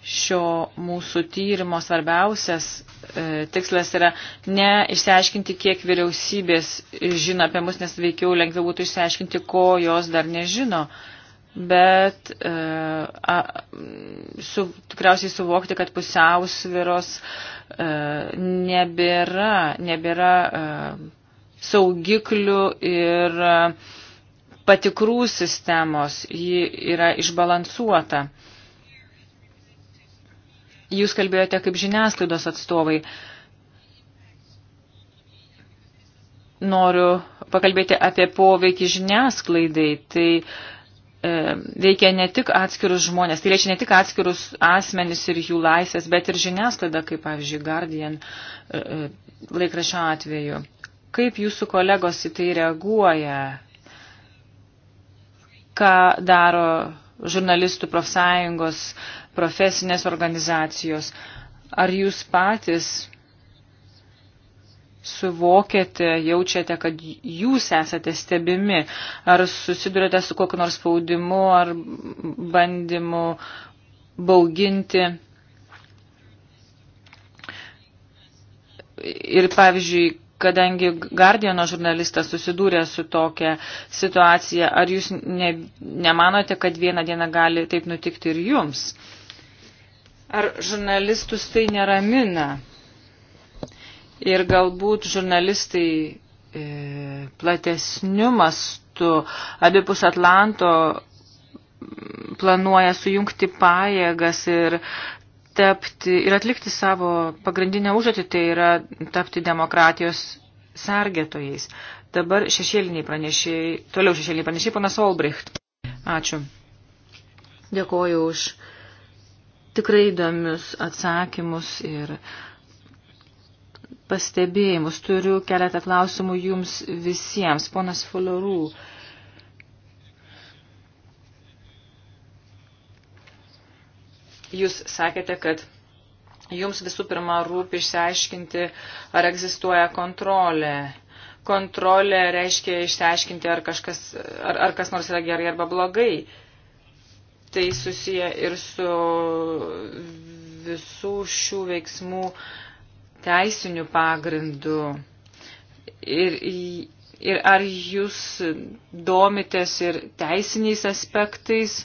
šio mūsų tyrimo svarbiausias e, tikslas yra ne išsiaiškinti, kiek vyriausybės žino apie mus, nes veikiau lengviau būtų išsiaiškinti, ko jos dar nežino, bet e, a, su, tikriausiai suvokti, kad pusiausviros e, nebėra, nebėra e, saugiklių ir e, patikrų sistemos, ji yra išbalansuota. E, Jūs kalbėjote kaip žiniasklaidos atstovai. Noriu pakalbėti apie poveikį žiniasklaidai. Tai e, veikia ne tik atskirus žmonės, tai reiškia ne tik atskirus asmenis ir jų laisvės, bet ir žiniasklaida, kaip pavyzdžiui Guardian e, e, laikrašio atveju. Kaip jūsų kolegos į tai reaguoja? Ką daro žurnalistų profsąjungos, profesinės organizacijos. Ar jūs patys suvokėte, jaučiate, kad jūs esate stebimi, ar susidurėte su kokiu nors spaudimu, ar bandymu bauginti. Ir pavyzdžiui, kadangi Guardiano žurnalistas susidūrė su tokia situacija, ar jūs ne, nemanote, kad vieną dieną gali taip nutikti ir jums? Uh, Ar žurnalistus tai neramina? Ir galbūt žurnalistai e, platesniu mastu abipus Atlanto planuoja sujungti pajėgas ir tapti ir atlikti savo pagrindinę užduotį, tai yra tapti demokratijos sergėtojais. Dabar šešėliniai pranešėjai, toliau šešėliniai pranešėjai, panas Olbricht. Ačiū. Dėkoju už tikrai įdomius atsakymus ir pastebėjimus. Turiu keletą klausimų jums visiems. Ponas Fulorų. Jūs sakėte, kad jums visų pirma rūpi išsiaiškinti, ar egzistuoja kontrolė. Kontrolė reiškia išsiaiškinti, ar, kažkas, ar, ar kas nors yra gerai arba blogai tai susiję ir su visų šių veiksmų teisiniu pagrindu. Ir, ir ar jūs domitės ir teisiniais aspektais,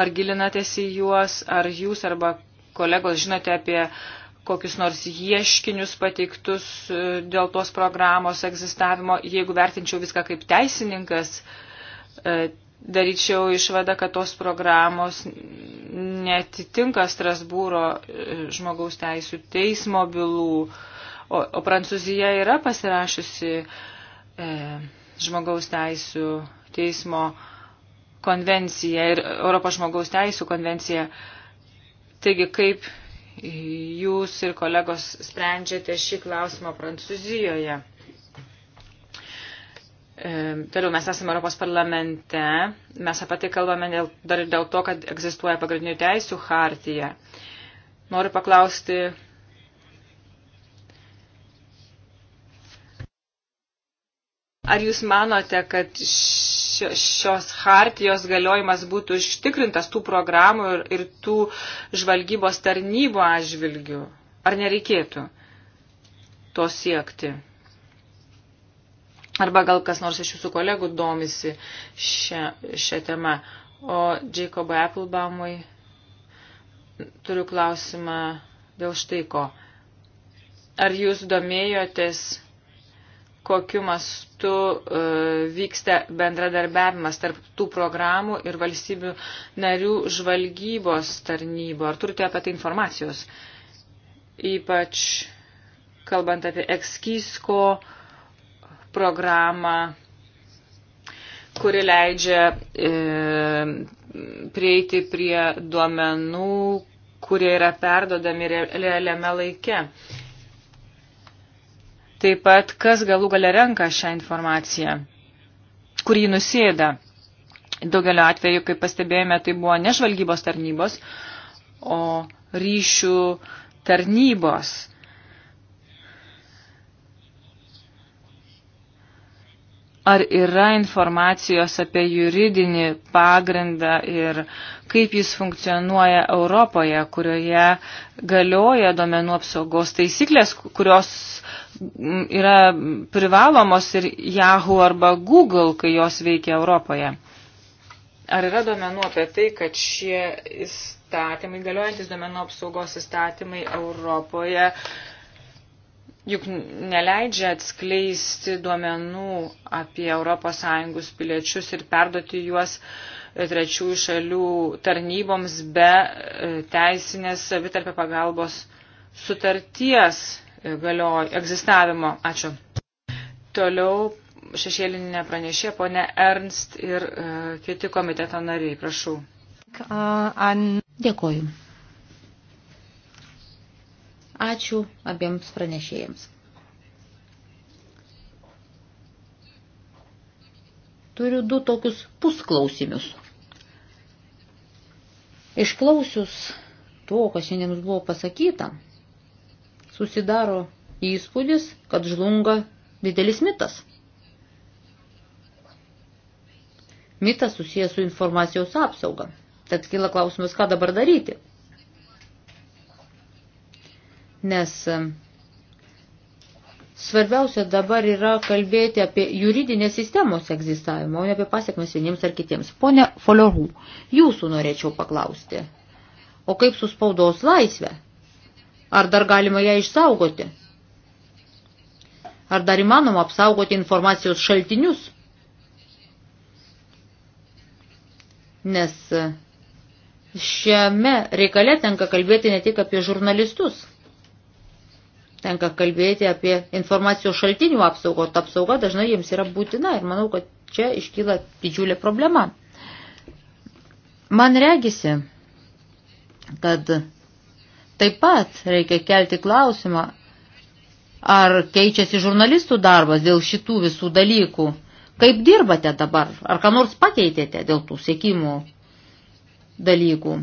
ar gilinatės į juos, ar jūs arba kolegos žinote apie kokius nors ieškinius pateiktus e, dėl tos programos egzistavimo, jeigu vertinčiau viską kaip teisininkas, e, daryčiau išvadą, kad tos programos netitinka Strasbūro e, žmogaus teisų teismo bylų, o, o Prancūzija yra pasirašiusi e, žmogaus teisų teismo konvenciją ir Europos žmogaus teisų konvenciją. Taigi, kaip jūs ir kolegos sprendžiate šį klausimą Prancūzijoje? E, toliau mes esame Europos parlamente, mes apie tai kalbame dėl, dar ir dėl to, kad egzistuoja pagrindinių teisių hartija. Noriu paklausti. Ar jūs manote, kad šios hartijos galiojimas būtų ištikrintas tų programų ir, ir tų žvalgybos tarnybų atžvilgių? Ar nereikėtų to siekti? Arba gal kas nors iš jūsų kolegų domisi šią, šią temą. O Jacobai Applebaumui turiu klausimą dėl štai ko. Ar jūs domėjotės, kokiu mastu uh, vyksta bendradarbiavimas tarp tų programų ir valstybių narių žvalgybos tarnybų? Ar turite apie tai informacijos? Ypač kalbant apie ekskisko uh, programą, kuri leidžia e, prieiti prie duomenų, kurie yra perdodami realiame laike. Taip pat, kas galų gale renka šią informaciją, kur jį nusėda. Daugelio atveju, kaip pastebėjome, tai buvo ne žvalgybos tarnybos, o ryšių tarnybos ar yra informacijos apie juridinį pagrindą ir kaip jis funkcionuoja Europoje, kurioje galioja domenų apsaugos taisyklės, kurios mm, yra privalomos ir Yahoo arba Google, kai jos veikia Europoje. Ar yra domenų apie tai, kad šie įstatymai, galiojantis domenų apsaugos įstatymai Europoje, uh, juk neleidžia atskleisti duomenų apie ES piliečius ir perduoti juos e, trečiųjų šalių tarnyboms be e, teisinės savitarpio pagalbos sutarties galio egzistavimo. Ačiū. Toliau šešėlinė pranešė ponė Ernst ir uh, kiti komiteto nariai. Prašau. Dėkoju. Ačiū abiems pranešėjams. Turiu du tokius pusklausimius. Išklausius to, kas šiandien mums buvo pasakyta, susidaro įspūdis, kad žlunga didelis mitas. Mitas susijęs su informacijos apsauga. Tad kyla klausimas, ką dabar daryti nes svarbiausia dabar yra kalbėti apie juridinės sistemos egzistavimą, o ne apie pasiekmes vieniems ar kitiems. Pone Foliorų, jūsų norėčiau paklausti. O kaip su spaudos laisvė? Ar dar galima ją išsaugoti? Ar dar įmanoma apsaugoti informacijos šaltinius? Nes šiame reikale tenka kalbėti ne tik apie žurnalistus tenka kalbėti apie informacijos šaltinių apsaugą, ta apsauga dažnai jiems yra būtina ir manau, kad čia iškyla didžiulė problema. Man regisi, kad taip pat reikia kelti klausimą, ar keičiasi žurnalistų darbas dėl šitų visų dalykų. Kaip dirbate dabar? Ar ką nors pakeitėte dėl tų sėkimų dalykų?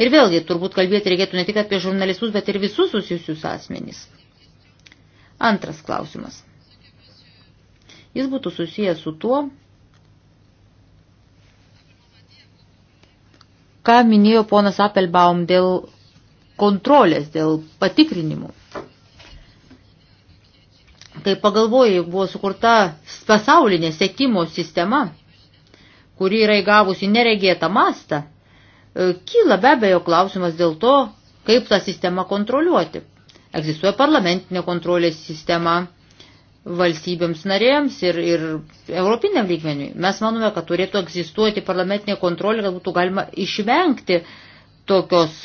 Ir vėlgi, turbūt kalbėti reikėtų ne tik apie žurnalistus, bet ir visus susijusius asmenys. Antras klausimas. Jis būtų susijęs su tuo, ką minėjo ponas Appelbaum dėl kontrolės, dėl patikrinimų. Kai pagalvojai, buvo sukurta pasaulinė sekimo sistema, kuri yra įgavusi neregėtą mastą, E, kyla be abejo klausimas dėl to, kaip tą sistemą kontroliuoti. Egzistuoja parlamentinė kontrolės sistema valstybėms narėms ir, ir europiniam lygmeniui. Mes manome, kad turėtų egzistuoti parlamentinė kontrolė, kad būtų galima išvengti tokios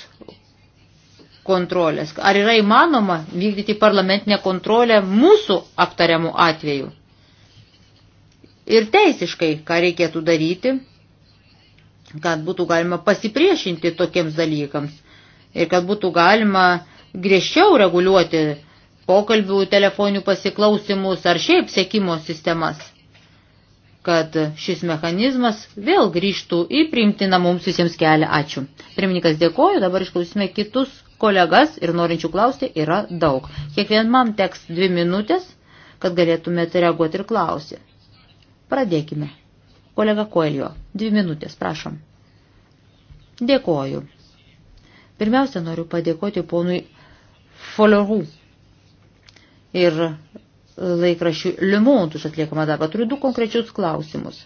kontrolės. Ar yra įmanoma vykdyti parlamentinę kontrolę mūsų aptariamų atveju? Ir teisiškai, ką reikėtų daryti, kad būtų galima pasipriešinti tokiems dalykams ir kad būtų galima griežčiau reguliuoti pokalbių telefonių pasiklausimus ar šiaip sėkimo sistemas, kad šis mechanizmas vėl grįžtų į priimtiną mums visiems kelią. Ačiū. Pirmininkas dėkoju, dabar išklausysime kitus kolegas ir norinčių klausti yra daug. Kiekvienam teks dvi minutės, kad galėtumėte reaguoti ir klausyti. Pradėkime. Kolega Koelio, dvi minutės, prašom. Dėkoju. Pirmiausia, noriu padėkoti ponui Folerų ir laikrašių Limontus atliekamą darbą. Turiu du konkrečius klausimus.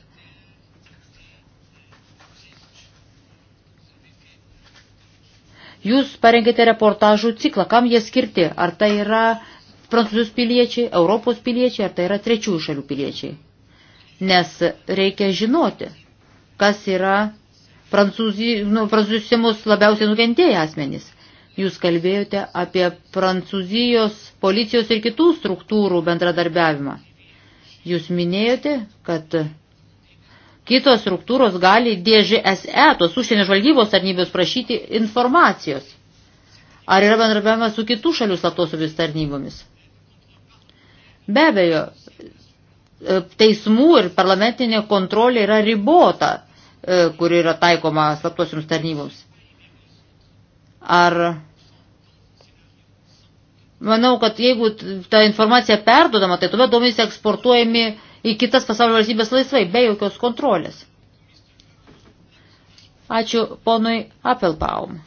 Jūs parengėte reportažų ciklą, kam jie skirti? Ar tai yra prancūzijos piliečiai, Europos piliečiai, ar tai yra trečiųjų šalių piliečiai? nes reikia žinoti, kas yra nu, prancūzijos nu, simus labiausiai nukentėję asmenys. Jūs kalbėjote apie prancūzijos policijos ir kitų struktūrų bendradarbiavimą. Jūs minėjote, kad kitos struktūros gali DGSE, tos užsienio žvalgybos tarnybos, prašyti informacijos. Ar yra bendradarbiavimas su kitų šalių slaptosiomis tarnybomis? Be abejo, E, teismų ir parlamentinė kontrolė yra ribota, e, kuri yra taikoma slaptosioms tarnyboms. Ar manau, kad jeigu ta informacija perdodama, tai tuomet duomenys eksportuojami į kitas pasaulio valstybės laisvai, be jokios kontrolės. Ačiū ponui Appelbaum.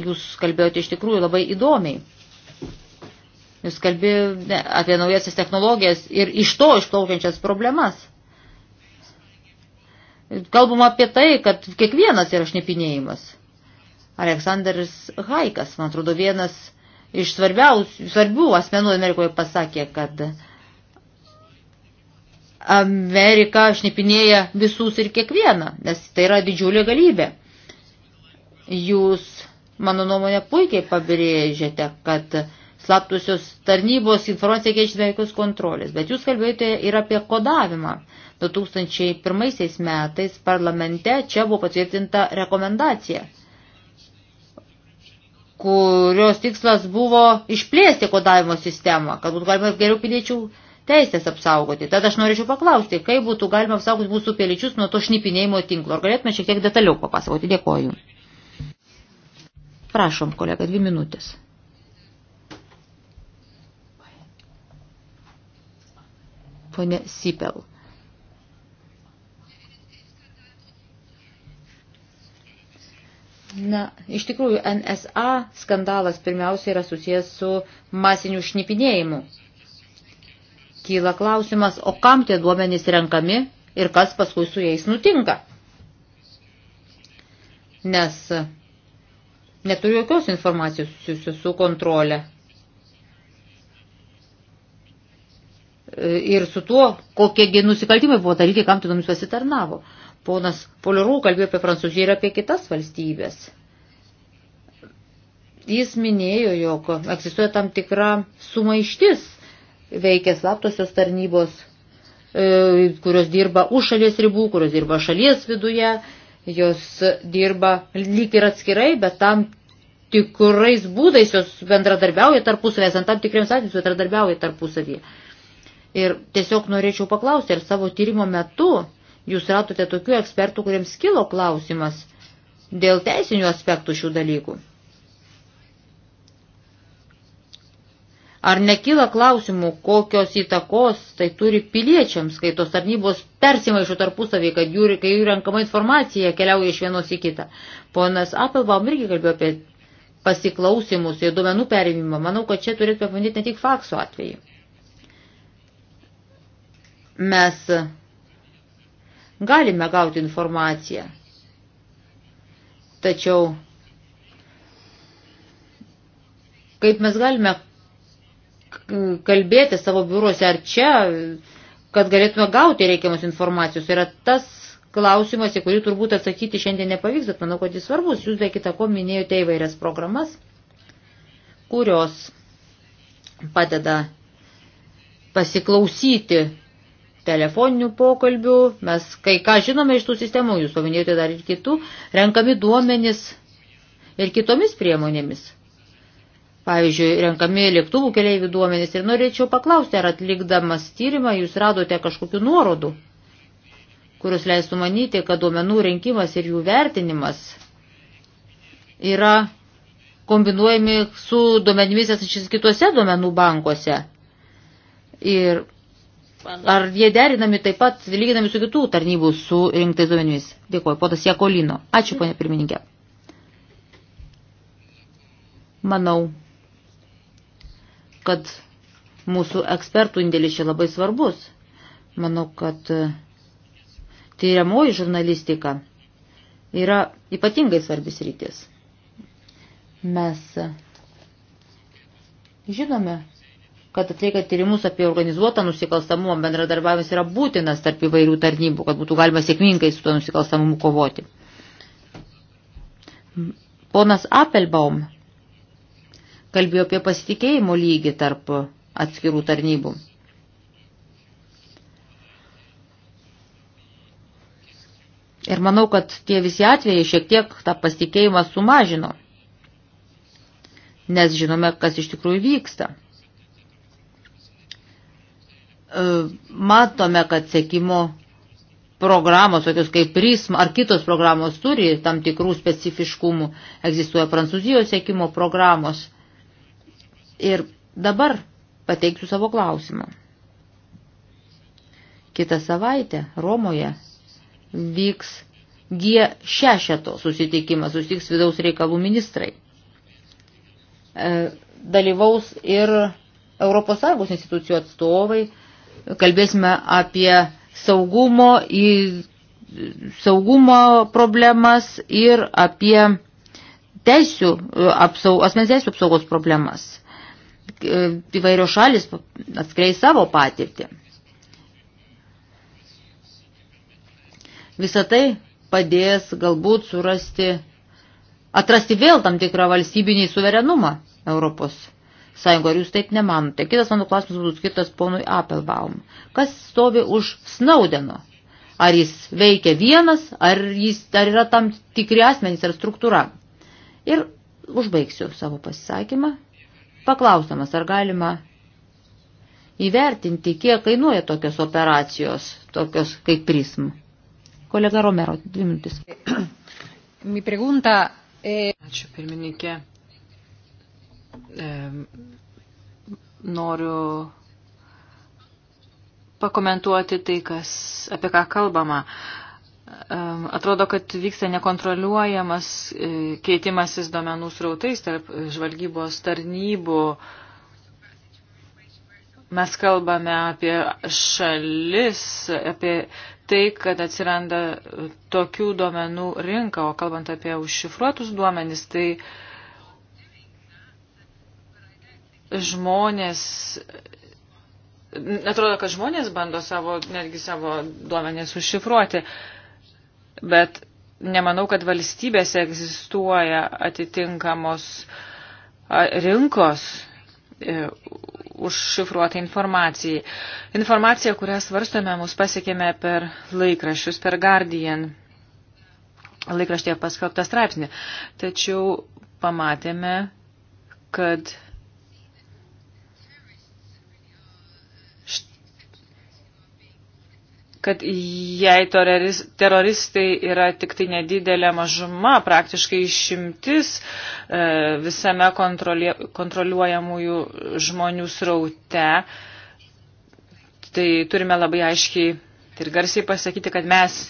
Jūs kalbėjote iš tikrųjų labai įdomiai. Jūs kalbėjote apie naujasias technologijas ir iš to išplaukiančias problemas. Kalbama apie tai, kad kiekvienas yra šnipinėjimas. Aleksandras Haikas, man atrodo, vienas iš svarbių asmenų Amerikoje pasakė, kad Amerika šnipinėja visus ir kiekvieną, nes tai yra didžiulė galybė. Jūs, mano nuomonė, puikiai pabrėžėte, kad slaptusios tarnybos informacija keičia be jokios kontrolės. Bet jūs kalbėjote ir apie kodavimą. 2001 metais parlamente čia buvo patvirtinta rekomendacija, kurios tikslas buvo išplėsti kodavimo sistemą, kad būtų galima geriau piliečių teisės apsaugoti. Tad aš norėčiau paklausti, kaip būtų galima apsaugoti mūsų piliečius nuo to šnipinėjimo tinklo. Ar galėtume šiek tiek detaliau papasakoti? Dėkoju. Prašom, kolega, dvi minutės. ponė Sipel. Na, iš tikrųjų, NSA skandalas pirmiausia yra susijęs su masiniu šnipinėjimu. Kyla klausimas, o kam tie duomenys renkami ir kas paskui su jais nutinka. Nes neturiu jokios informacijos susijusios su kontrolė E, ir su tuo, kokiegi nusikaltimai buvo daryti, kam tu mums pasitarnavo. Ponas Poliurų kalbėjo apie Prancūziją ir apie kitas valstybės. Jis minėjo, jog egzistuoja tam tikra sumaištis veikia slaptosios tarnybos, e, kurios dirba už šalies ribų, kurios dirba šalies viduje, jos dirba lyg ir atskirai, bet tam tikrais būdais jos bendradarbiauja tarpusavėje, ant tam tikriems atvejus bendradarbiauja tarpusavyje. Ir tiesiog norėčiau paklausti, ar savo tyrimo metu jūs radote tokių ekspertų, kuriems kilo klausimas dėl teisinių aspektų šių dalykų. Ar nekyla klausimų, kokios įtakos tai turi piliečiams, kai tos tarnybos persimaišo tarpusavį, kad jų, kai jų renkama informacija keliauja iš vienos į kitą. Ponas Applebaum irgi kalbėjo apie pasiklausimus ir duomenų perėmimą. Manau, kad čia turėtume paminėti ne tik fakso atvejį mes galime gauti informaciją. Tačiau kaip mes galime kalbėti savo biuruose ar čia, kad galėtume gauti reikiamus informacijos, yra tas klausimas, į kurį turbūt atsakyti šiandien nepavyks, bet manau, kad jis svarbus. Jūs be kita ko minėjote įvairias programas, kurios padeda pasiklausyti telefoninių pokalbių, mes kai ką žinome iš tų sistemų, jūs paminėjote dar ir kitų, renkami duomenys ir kitomis priemonėmis. Pavyzdžiui, renkami lėktuvų keleivių duomenys ir norėčiau paklausti, ar atlikdamas tyrimą jūs radote kažkokių nuorodų, kurios leistų manyti, kad duomenų rinkimas ir jų vertinimas yra kombinuojami su duomenimis esančiais kitose duomenų bankuose. Ir Ar jie derinami taip pat, lyginami su kitų tarnybų su rinktais duomenimis? Dėkuoju, potas Jekolino. Ačiū, ponė pirmininkė. Manau, kad mūsų ekspertų indėlis čia labai svarbus. Manau, kad e, tyriamoji žurnalistika yra ypatingai svarbis rytis. Mes e, žinome, kad atliekant tyrimus apie organizuotą nusikalstamumą bendradarbiavimas yra būtinas tarp įvairių tarnybų, kad būtų galima sėkmingai su to nusikalstamumu kovoti. Ponas Appelbaum kalbėjo apie pasitikėjimo lygį tarp atskirų tarnybų. Ir manau, kad tie visi atvejai šiek tiek tą pasitikėjimą sumažino, nes žinome, kas iš tikrųjų vyksta. E, matome, kad sėkimo programos, tokios kaip PRISM ar kitos programos turi tam tikrų specifiškumų. Egzistuoja Prancūzijos sėkimo programos. Ir dabar pateiksiu savo klausimą. Kitą savaitę Romoje vyks G6 susitikimas, susitiks vidaus reikalų ministrai. E, dalyvaus ir Europos Sąjungos institucijų atstovai, kalbėsime apie saugumo, į, saugumo problemas ir apie teisių, apsau, asmens teisų apsaugos problemas. Įvairios šalis atskleis savo patirtį. Visą tai padės galbūt surasti, atrasti vėl tam tikrą valstybinį suverenumą Europos sąjungo, ar jūs taip nemanote? Kitas mano klausimas būtų skirtas ponui Appelbaum. Kas stovi už Snaudeno? Ar jis veikia vienas, ar, jis, ar yra tam tikri asmenys ar struktūra? Ir užbaigsiu savo pasisakymą, paklausdamas, ar galima įvertinti, kiek kainuoja tokios operacijos, tokios kaip prism. Kolega Romero, dvi minutės. Mi pregunta, e... Ačiū pirmininkė noriu pakomentuoti tai, kas, apie ką kalbama. Atrodo, kad vyksta nekontroliuojamas e, keitimasis domenų srautais tarp žvalgybos tarnybų. Mes kalbame apie šalis, apie tai, kad atsiranda tokių duomenų rinka, o kalbant apie užšifruotus duomenys, tai uh, žmonės, atrodo, kad žmonės bando savo, netgi savo duomenės užšifruoti, bet nemanau, kad valstybėse egzistuoja atitinkamos rinkos e, užšifruotą informaciją. Informacija, kurią svarstome, mus pasiekėme per laikraščius, per Guardian laikraštėje paskelbtą straipsnį. Tačiau pamatėme, kad kad jei teroristai yra tik tai nedidelė mažuma, praktiškai išimtis e, visame kontroliuojamųjų žmonių sraute, tai turime labai aiškiai ir garsiai pasakyti, kad mes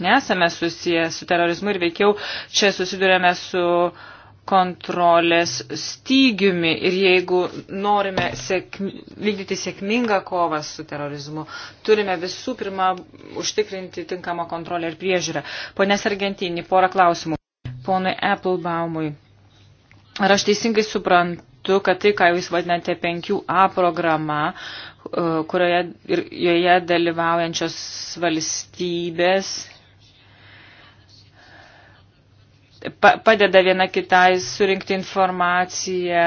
nesame susiję su terorizmu ir veikiau čia susidurėme su uh, kontrolės stygiumi ir jeigu norime sėkmi, vykdyti sėkmingą kovą su terorizmu, turime visų pirma užtikrinti tinkamą kontrolę ir priežiūrą. Pone Sargentinį, porą klausimų. Ponui Applebaumui, ar aš teisingai suprantu, kad tai, ką jūs vadinate 5A programa, e, kurioje ir joje dalyvaujančios valstybės padeda viena kitai surinkti informaciją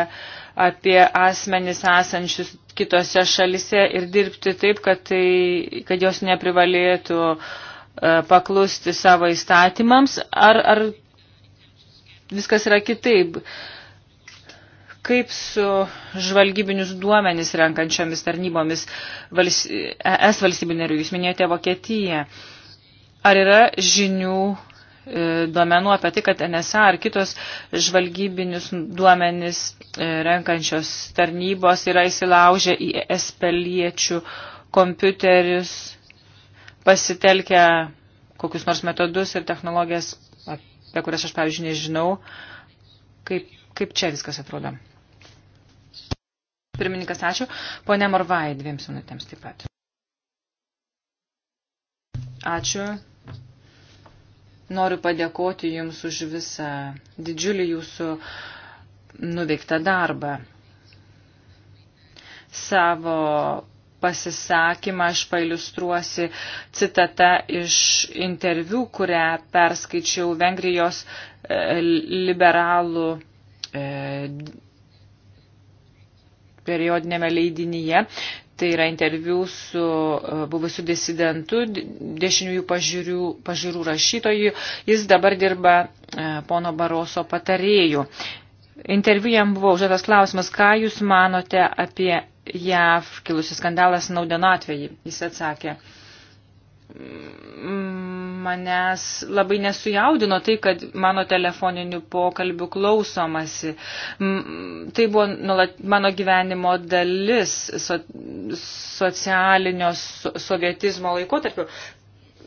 apie asmenis esančius kitose šalise ir dirbti taip, kad, tai, kad jos neprivalėtų e, paklusti savo įstatymams, ar, ar viskas yra kitaip. Kaip su žvalgybinius duomenis renkančiomis tarnybomis vals, ES valstybinarių, jūs minėjote Vokietiją, ar yra žinių E, duomenų apie tai, kad NSA ar kitos žvalgybinius duomenis e, renkančios tarnybos yra įsilaužę į ES piliečių kompiuterius, pasitelkę kokius nors metodus ir technologijas, apie kurias aš, pavyzdžiui, nežinau, kaip, kaip čia viskas atrodo. Pirmininkas, ačiū. Pone Morvai, dviems minutėms taip pat. Ačiū. Noriu padėkoti Jums už visą didžiulį Jūsų nuveiktą darbą. Savo pasisakymą aš pailustruosi citata iš interviu, kurią perskaičiau Vengrijos e, liberalų e, periodinėme leidinyje. Tai yra interviu su e, buvusiu disidentu, dešiniųjų pažiūrų, pažiūrų rašytoju. Jis dabar dirba e, pono Baroso patarėjų. Interviu jam buvo užduotas klausimas, ką jūs manote apie JAV kilusi skandalas Naudeno atvejį. Jis atsakė, manęs labai nesujaudino tai, kad mano telefoninių pokalbių klausomasi. Tai buvo nulat, mano gyvenimo dalis so, socialinio so, sovietizmo laikotarpiu.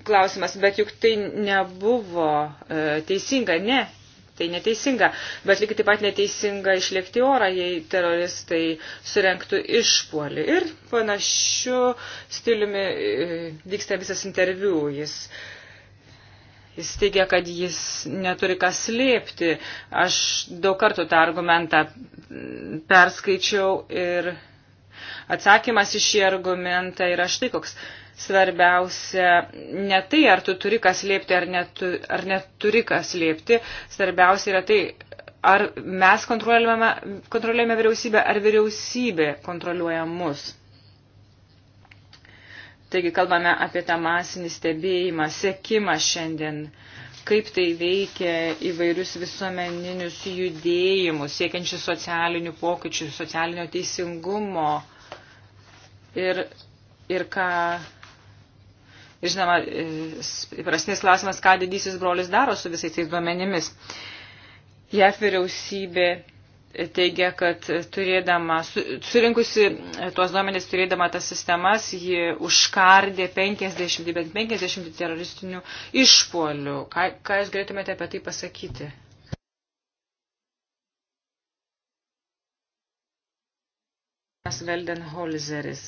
Klausimas, bet juk tai nebuvo e, teisinga, ne. Tai neteisinga, bet lygiai taip pat neteisinga išlėkti orą, jei teroristai surenktų išpuolį. Ir panašiu stiliumi e, vyksta visas interviu. Jis e, Jis teigia, kad jis neturi ką slėpti. Aš daug kartų tą argumentą perskaičiau ir atsakymas iš šį argumentą yra štai koks. Svarbiausia ne tai, ar tu turi ką slėpti ar, netu, ar neturi ką slėpti. Svarbiausia yra tai, ar mes kontroliuojame, kontroliuojame vyriausybę, ar vyriausybė kontroliuoja mus. Taigi kalbame apie tą masinį stebėjimą, sekimą šiandien, kaip tai veikia įvairius visuomeninius judėjimus, siekiančius socialinių pokyčių, socialinio teisingumo ir, ir ką. Žinoma, įprastinis klausimas, ką didysis brolis daro su visais tais duomenimis. JAF vyriausybė teigia, kad turėdama, surinkusi tuos duomenys, turėdama tas sistemas, ji užkardė 50, bent 50 teroristinių išpolių. Ką, ką jūs galėtumėte apie tai pasakyti? Veldenholzeris.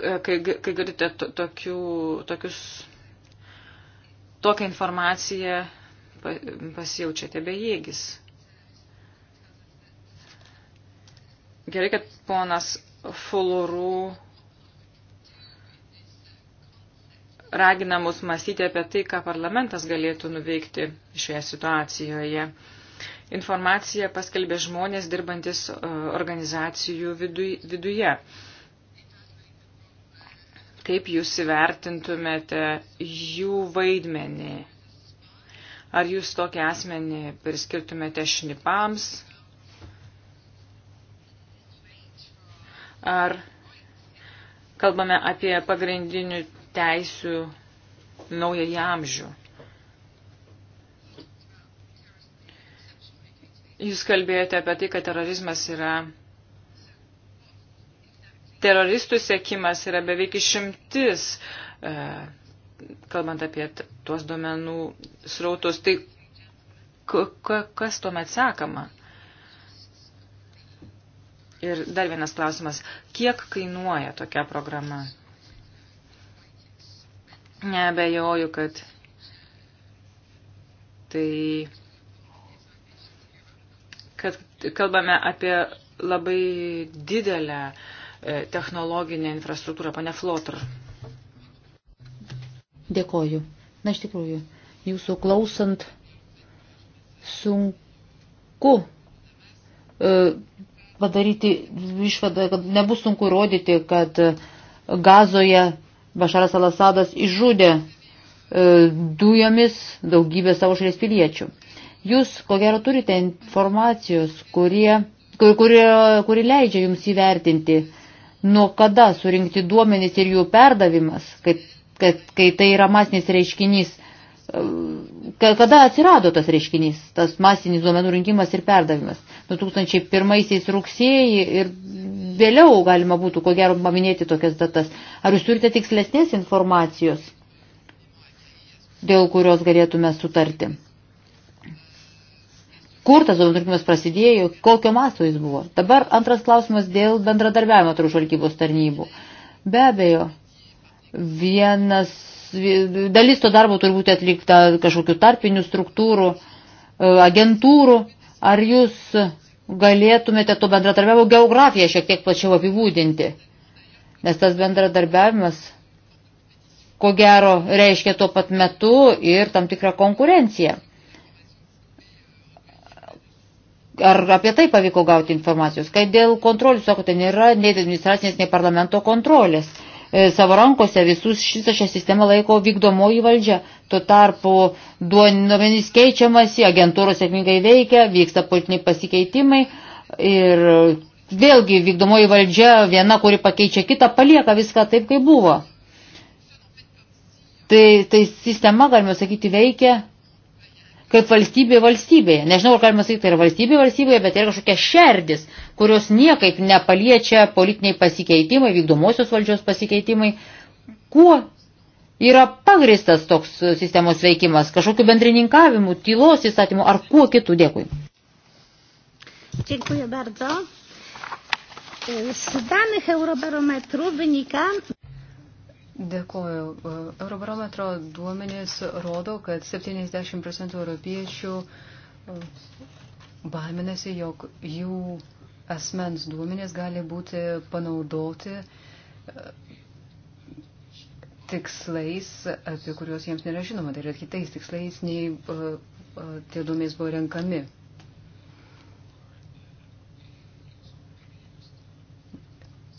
E, kai, kai galite to, tokių, tokius, tokią informaciją pasijaučiate bejėgis. Gerai, kad ponas Fulurų ragina mus mąstyti apie tai, ką parlamentas galėtų nuveikti šioje situacijoje. Informaciją paskelbė žmonės dirbantis e, organizacijų viduje. Kaip jūs įvertintumėte jų vaidmenį Ar jūs tokį asmenį priskirtumėte šnipams? Ar kalbame apie pagrindinių teisių naująjį amžių? Jūs kalbėjote apie tai, kad terorizmas yra. Teroristų sėkimas yra beveik išimtis. E, kalbant apie tuos duomenų srautus, tai kas tuomet sekama? Ir dar vienas klausimas, kiek kainuoja tokia programa? Nebejoju, kad tai, kad kalbame apie labai didelę e, technologinę infrastruktūrą, pane Flotr. Dėkoju. Na, iš tikrųjų, jūsų klausant sunku e, padaryti išvadą, kad nebus sunku įrodyti, kad gazoje Bašaras Alasadas išžudė e, dujomis daugybę savo šalies piliečių. Jūs, ko gero, turite informacijos, kurie, kur, kuri, kuri leidžia jums įvertinti, nuo kada surinkti duomenys ir jų perdavimas, kaip kad kai tai yra masinis reiškinys, kada atsirado tas reiškinys, tas masinis duomenų rinkimas ir perdavimas. 2001 rugsėjį ir vėliau galima būtų, ko gero, paminėti tokias datas. Ar jūs turite tikslesnės informacijos, dėl kurios galėtume sutarti? Kur tas duomenų rinkimas prasidėjo, kokio masto jis buvo? Dabar antras klausimas dėl bendradarbiavimo tarp žvalgybos tarnybų. Be abejo, Vienas, dalis to darbo turi būti atlikta kažkokių tarpinių struktūrų, e, agentūrų. Ar jūs galėtumėte to bendradarbiavimo geografiją šiek tiek plačiau apibūdinti? Nes tas bendradarbiavimas, ko gero, reiškia tuo pat metu ir tam tikrą konkurenciją. Ar apie tai pavyko gauti informacijos? Kai dėl kontrolės, sakote, nėra nei administracinės, nei parlamento kontrolės. E, savo rankose visus šitą šią sistemą laiko vykdomoji valdžia. Tuo tarpu duomenys keičiamasi, agentūros sėkmingai veikia, vyksta politiniai pasikeitimai ir vėlgi vykdomoji valdžia viena, kuri pakeičia kitą, palieka viską taip, kaip buvo. Tai, tai sistema, galima sakyti, veikia kaip valstybė valstybėje. Nežinau, ar galima sakyti, tai yra valstybė valstybėje, bet yra kažkokia šerdis, kurios niekaip nepaliečia politiniai pasikeitimai, vykdomosios valdžios pasikeitimai. Kuo yra pagristas toks sistemos veikimas, kažkokiu bendrininkavimu, tylos įstatymu ar kuo kitų? Dėkui. Dziękuję bardzo. E, z danych Eurobarometru wynika... Dėkuoju. Eurobarometro duomenys rodo, kad 70 procentų europiečių e, baiminasi, jog jų asmens duomenys gali būti panaudoti e, tikslais, apie kuriuos jiems nėra žinoma, tai yra kitais tikslais, nei e, tie duomenys buvo renkami.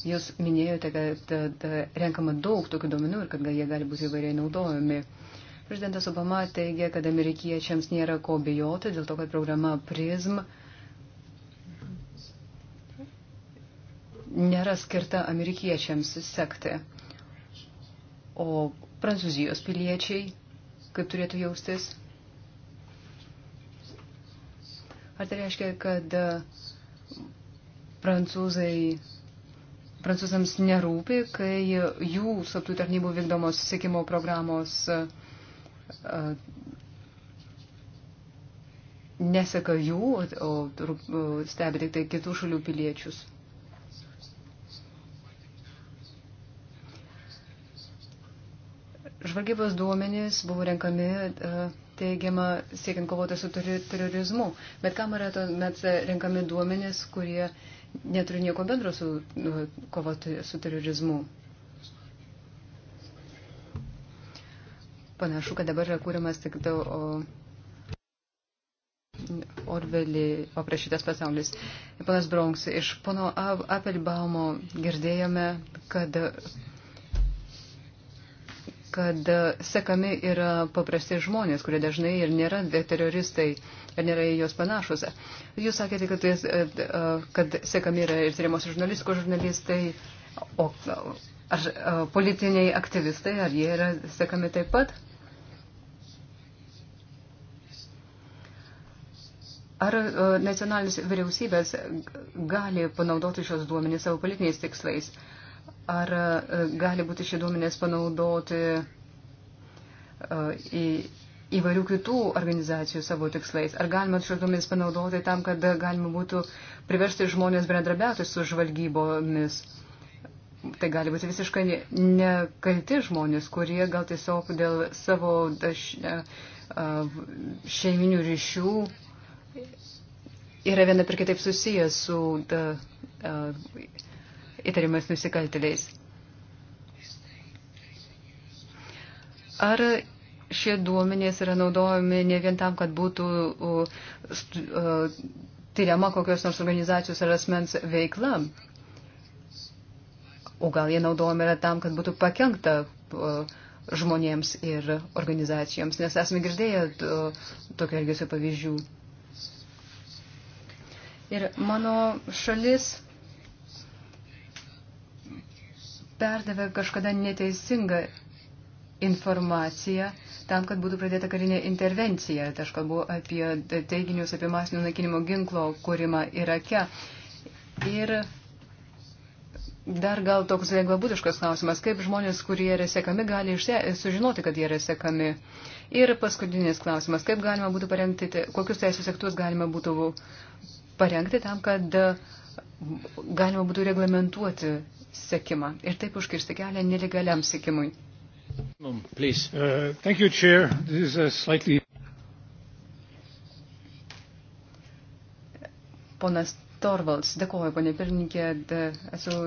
Jūs minėjote, kad renkama daug tokių duomenų ir kad jie gali būti įvairiai naudojami. Prezidentas Obama teigia, kad amerikiečiams nėra ko bijoti dėl to, kad programa PRISM nėra skirta amerikiečiams sekti. O prancūzijos piliečiai kaip turėtų jaustis? Ar tai reiškia, kad e, prancūzai prancūzams nerūpi, kai jų slaptų tarnybų vykdomos sėkimo programos neseka jų, o stebi tik tai kitų šalių piliečius. Žvalgybos duomenys buvo renkami teigiama siekiant kovoti su terorizmu, bet kam yra tuomet renkami duomenys, kurie uh, neturi nieko bendro su nu, kova su terorizmu. Panašu, kad dabar yra kūrimas tik daug Orvelį aprašytas pasaulis. Panas Bronks, iš pono Appelbaumo girdėjome, kad kad e, sekami yra paprasti žmonės, kurie dažnai ir nėra teroristai, ir nėra į juos panašus. Jūs sakėte, kad, e, e, kad sekami yra ir tyrimos žurnalistikos žurnalistai, o ar politiniai aktyvistai, ar jie yra sekami taip pat? Ar nacionalinis vyriausybės gali panaudoti šios duomenys savo politiniais tikslais? Uh, ar e, gali būti šie duomenės panaudoti e, į įvairių kitų organizacijų savo tikslais. Ar galima šios duomenys panaudoti tam, kad galima būtų priversti žmonės bendradarbiauti su žvalgybomis. Tai gali būti visiškai nekalti žmonės, kurie gal tiesiog dėl savo e, šeiminių ryšių yra viena per kitaip susijęs su da, a, įtariamas nusikaltėliais. Ar šie duomenys yra naudojami ne vien tam, kad būtų tyriama kokios nors organizacijos ar asmens veikla, o gal jie naudojami yra tam, kad būtų pakengta žmonėms ir organizacijoms, nes esame girdėję tokio elgesio pavyzdžių. Ir mano šalis perdavė kažkada neteisingą informaciją tam, kad būtų pradėta karinė intervencija. Tai aš kalbu apie teiginius apie masinio naikinimo ginklo kūrimą Irake. Ir Dar gal toks lengvabūdiškas klausimas, kaip žmonės, kurie yra sekami, gali išse, sužinoti, kad jie yra sekami. Ir paskutinis klausimas, kaip galima būtų parengti, kokius teisės aktus galima būtų parengti tam, kad uh, galima būtų reglamentuoti sekimą ir taip užkirsti kelią nelegaliam sekimui. Uh, Ponas Torvalds, dėkoju, ponė pirmininkė, esu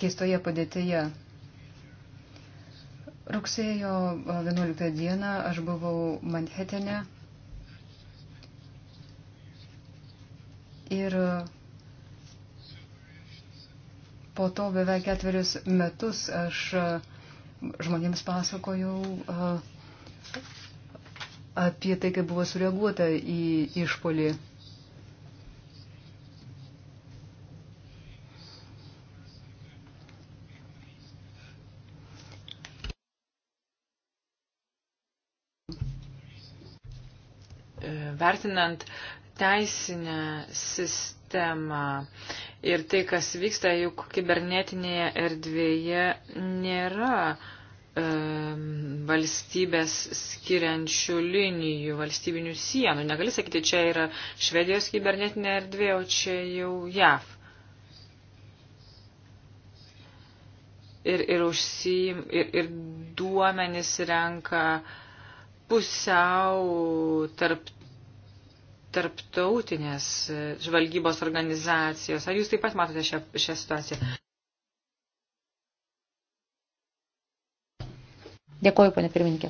keistoje padėtėje. Rugsėjo 11 dieną aš buvau Manhetene ir po to beveik ketverius metus aš e, žmonėms pasakojau e, apie tai, kaip buvo sureaguota į išpolį. Vertinant teisinę sistemą ir tai, kas vyksta, juk kibernetinėje erdvėje nėra e, valstybės skiriančių linijų, valstybinių sienų. Negali sakyti, čia yra Švedijos kibernetinė erdvė, o čia jau JAV. Ir, ir, užsijim, ir, ir duomenis renka pusiau tarp tarptautinės e, žvalgybos organizacijos. Ar jūs taip pat matote šią, šią situaciją? Dėkoju, ponė pirmininkė.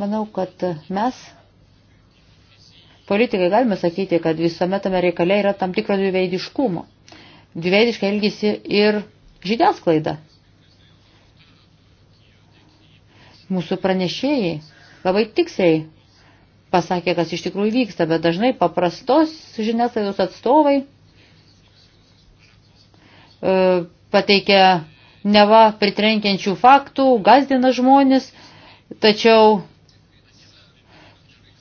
Manau, kad mes, politikai, galime sakyti, kad visame tame reikale yra tam tikro dviveidiškumo. Dviveidiškai elgisi ir žiniasklaida. Mūsų pranešėjai labai tiksliai pasakė, kas iš tikrųjų vyksta, bet dažnai paprastos žiniasklaidos atstovai e, pateikia neva pritrenkiančių faktų, gazdina žmonės, tačiau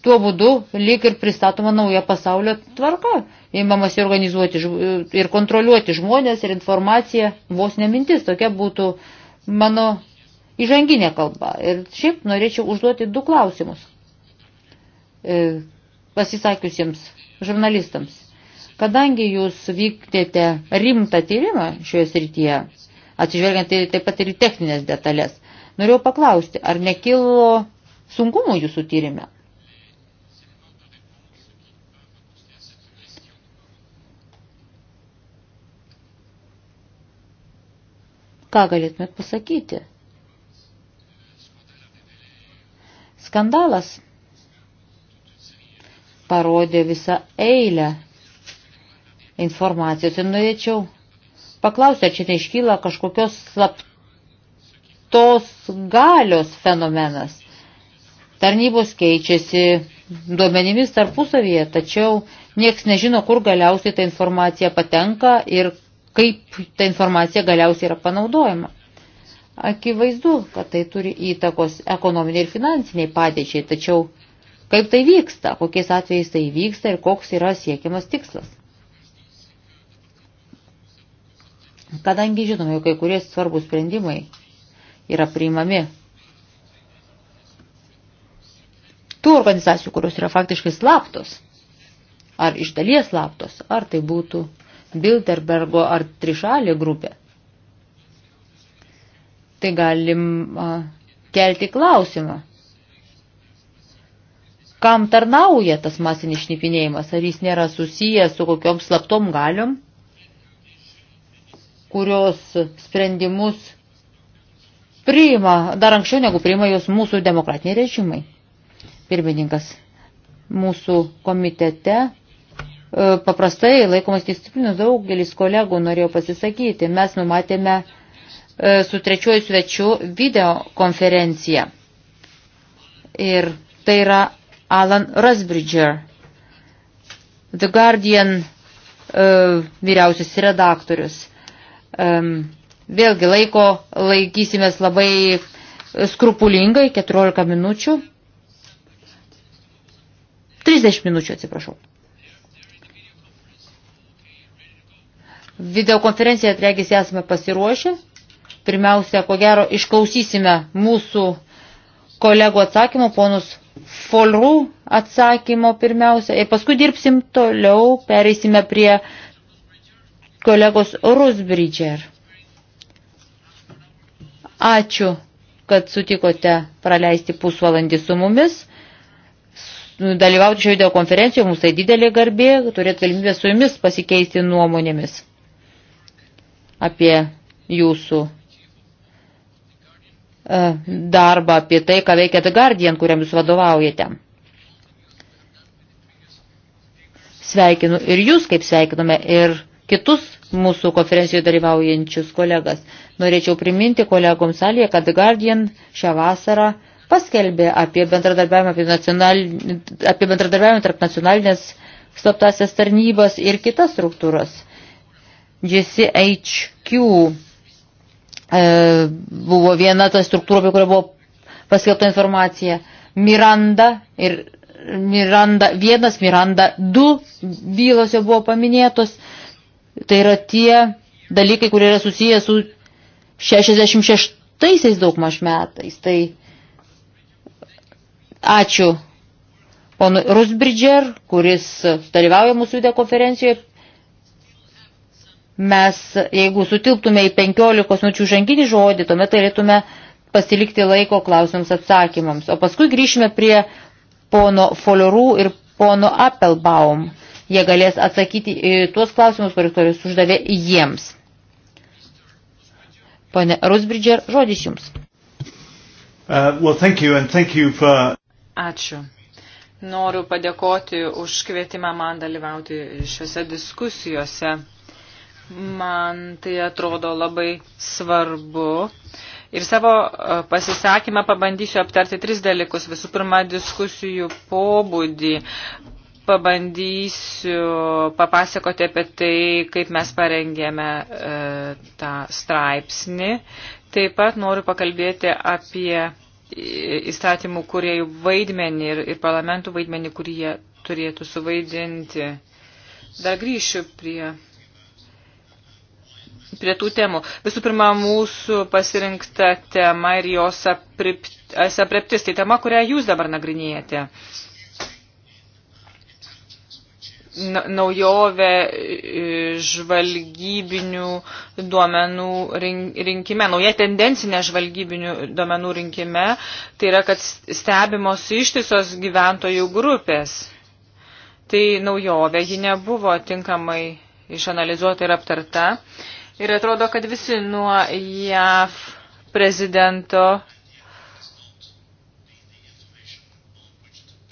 tuo būdu lyg ir pristatoma nauja pasaulio tvarka. Įmamas ir organizuoti ir kontroliuoti žmonės ir informaciją, vos nemintis, tokia būtų mano įžanginė kalba. Ir šiaip norėčiau užduoti du klausimus. E, pasisakiusiems žurnalistams. Kadangi jūs vykdėte rimtą tyrimą šioje srityje, atsižvelgiant taip pat ir techninės detalės, norėjau paklausti, ar nekilo sunkumų jūsų tyrime? Ką galėtumėt pasakyti? Skandalas parodė visą eilę informacijos. Ir norėčiau paklausti, ar čia neiškyla kažkokios slaptos galios fenomenas. Tarnybos keičiasi duomenimis tarpusavyje, tačiau nieks nežino, kur galiausiai ta informacija patenka ir kaip ta informacija galiausiai yra panaudojama. Akivaizdu, kad tai turi įtakos ekonominiai ir finansiniai padėčiai, tačiau Kaip tai vyksta, kokiais atvejais tai vyksta ir koks yra siekiamas tikslas. Kadangi žinome, kai kurie svarbus sprendimai yra priimami tų organizacijų, kurios yra faktiškai slaptos, ar iš dalies slaptos, ar tai būtų Bilderbergo ar trišalė grupė. Tai galim a, kelti klausimą, kam tarnauja tas masinis šnipinėjimas, ar jis nėra susijęs su kokiom slaptom galiom, kurios sprendimus priima dar anksčiau negu priima jos mūsų demokratiniai režimai. Pirmininkas, mūsų komitete e, paprastai laikomas disciplinos daugelis kolegų norėjo pasisakyti. Mes numatėme e, su trečiuoju svečiu video konferenciją. Ir tai yra Alan Rusbridger, The Guardian uh, e, vyriausias redaktorius. Um, vėlgi laiko laikysimės labai skrupulingai, 14 minučių. 30 minučių, atsiprašau. Videokonferenciją atregis esame pasiruošę. Pirmiausia, ko gero, išklausysime mūsų kolegų atsakymų, ponus Folrų atsakymo pirmiausia. Ir paskui dirbsim toliau, pereisime prie kolegos Rusbridger. Ačiū, kad sutikote praleisti pusvalandį su mumis. Dalyvauti šioje videokonferencijoje mums tai didelė garbė, turėt galimybę su jumis pasikeisti nuomonėmis apie jūsų E, darbą, apie tai, ką veikia The Guardian, kuriam jūs vadovaujate. Sveikinu ir jūs, kaip sveikinome, ir kitus mūsų konferencijoje dalyvaujančius kolegas. Norėčiau priminti kolegoms salėje, kad The Guardian šią vasarą paskelbė apie bendradarbiavimą, apie, nacional... apie bendradarbiavimą tarp nacionalinės slaptasias tarnybas ir kitas struktūras. GCHQ E, buvo viena ta struktūra, apie kurią buvo paskelbta informacija. Miranda ir Miranda vienas, Miranda du bylos jau buvo paminėtos. Tai yra tie dalykai, kurie yra susiję su 66-aisiais daugmaž metais. Tai ačiū ponui Rusbridger, kuris dalyvauja mūsų video konferencijoje mes, jeigu sutilptume į 15 minučių žanginį žodį, tuomet galėtume pasilikti laiko klausimams atsakymams. O paskui grįšime prie pono Foliorų ir pono Appelbaum. Jie galės atsakyti į tuos klausimus, kuriuos uždavė jiems. Pane Rusbridžer, žodis jums. Uh, well, thank you, and thank you for... Ačiū. Noriu padėkoti už kvietimą man dalyvauti šiuose diskusijose. Man tai atrodo labai svarbu. Ir savo e, pasisakymą pabandysiu aptarti tris dalykus. Visų pirma, diskusijų pobūdį. Pabandysiu papasakoti apie tai, kaip mes parengėme e, tą straipsnį. Taip pat noriu pakalbėti apie įstatymų kuriejų vaidmenį ir, ir parlamentų vaidmenį, kurį jie turėtų suvaidinti. Dar grįšiu prie prie tų temų. Visų pirma, mūsų pasirinkta tema ir jos apreptis. Tai tema, kurią jūs dabar nagrinėjate. Naujovė žvalgybinių duomenų rinkime, nauja tendencinė žvalgybinių duomenų rinkime, tai yra, kad stebimos ištisos gyventojų grupės. Tai naujovė, ji nebuvo tinkamai išanalizuota ir aptarta. Ir atrodo, kad visi nuo JAV prezidento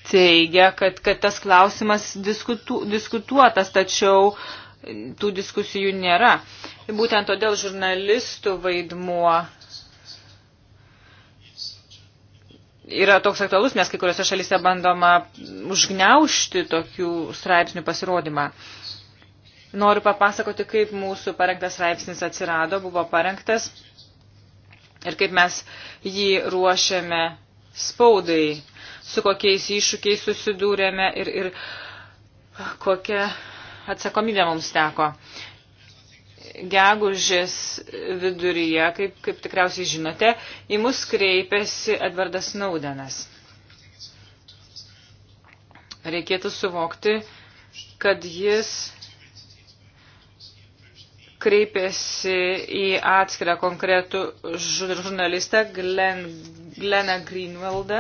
teigia, kad, kad tas klausimas diskutu, diskutuotas, tačiau tų diskusijų nėra. Būtent todėl žurnalistų vaidmuo yra toks aktualus, nes kai kuriuose šalyse bandoma užgneušti tokių straipsnių pasirodymą. Uh, Noriu papasakoti, kaip mūsų parengtas straipsnis atsirado, buvo parengtas ir kaip mes jį ruošiame spaudai, su kokiais iššūkiais susidūrėme ir, ir kokia atsakomybė mums teko. Gegužės viduryje, kaip, kaip tikriausiai žinote, į mus kreipėsi Edvardas Naudenas. Reikėtų suvokti, kad jis kreipėsi į atskirą konkretų žurnalistą Glenn, Glenną Greenwaldą,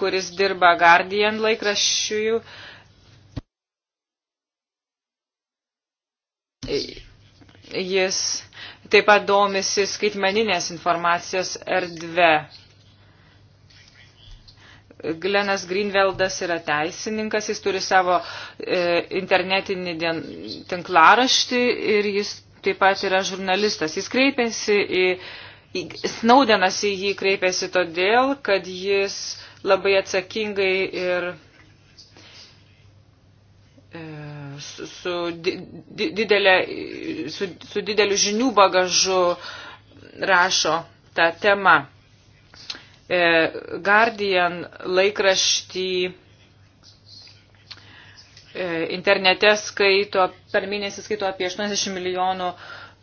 kuris dirba Guardian laikraščiųjų. Jis taip pat domisi skaitmeninės informacijos erdve. Glenas Greenveldas yra teisininkas, jis turi savo e, internetinį dien, tinklaraštį ir jis taip pat yra žurnalistas. Jis kreipėsi į, į Snaudenas į jį kreipėsi todėl, kad jis labai atsakingai ir e, su, su, di, di, didelė, su, su dideliu žinių bagažu rašo tą temą. E, Guardian laikraštį e, internete skaito, per mėnesį skaito apie 80 milijonų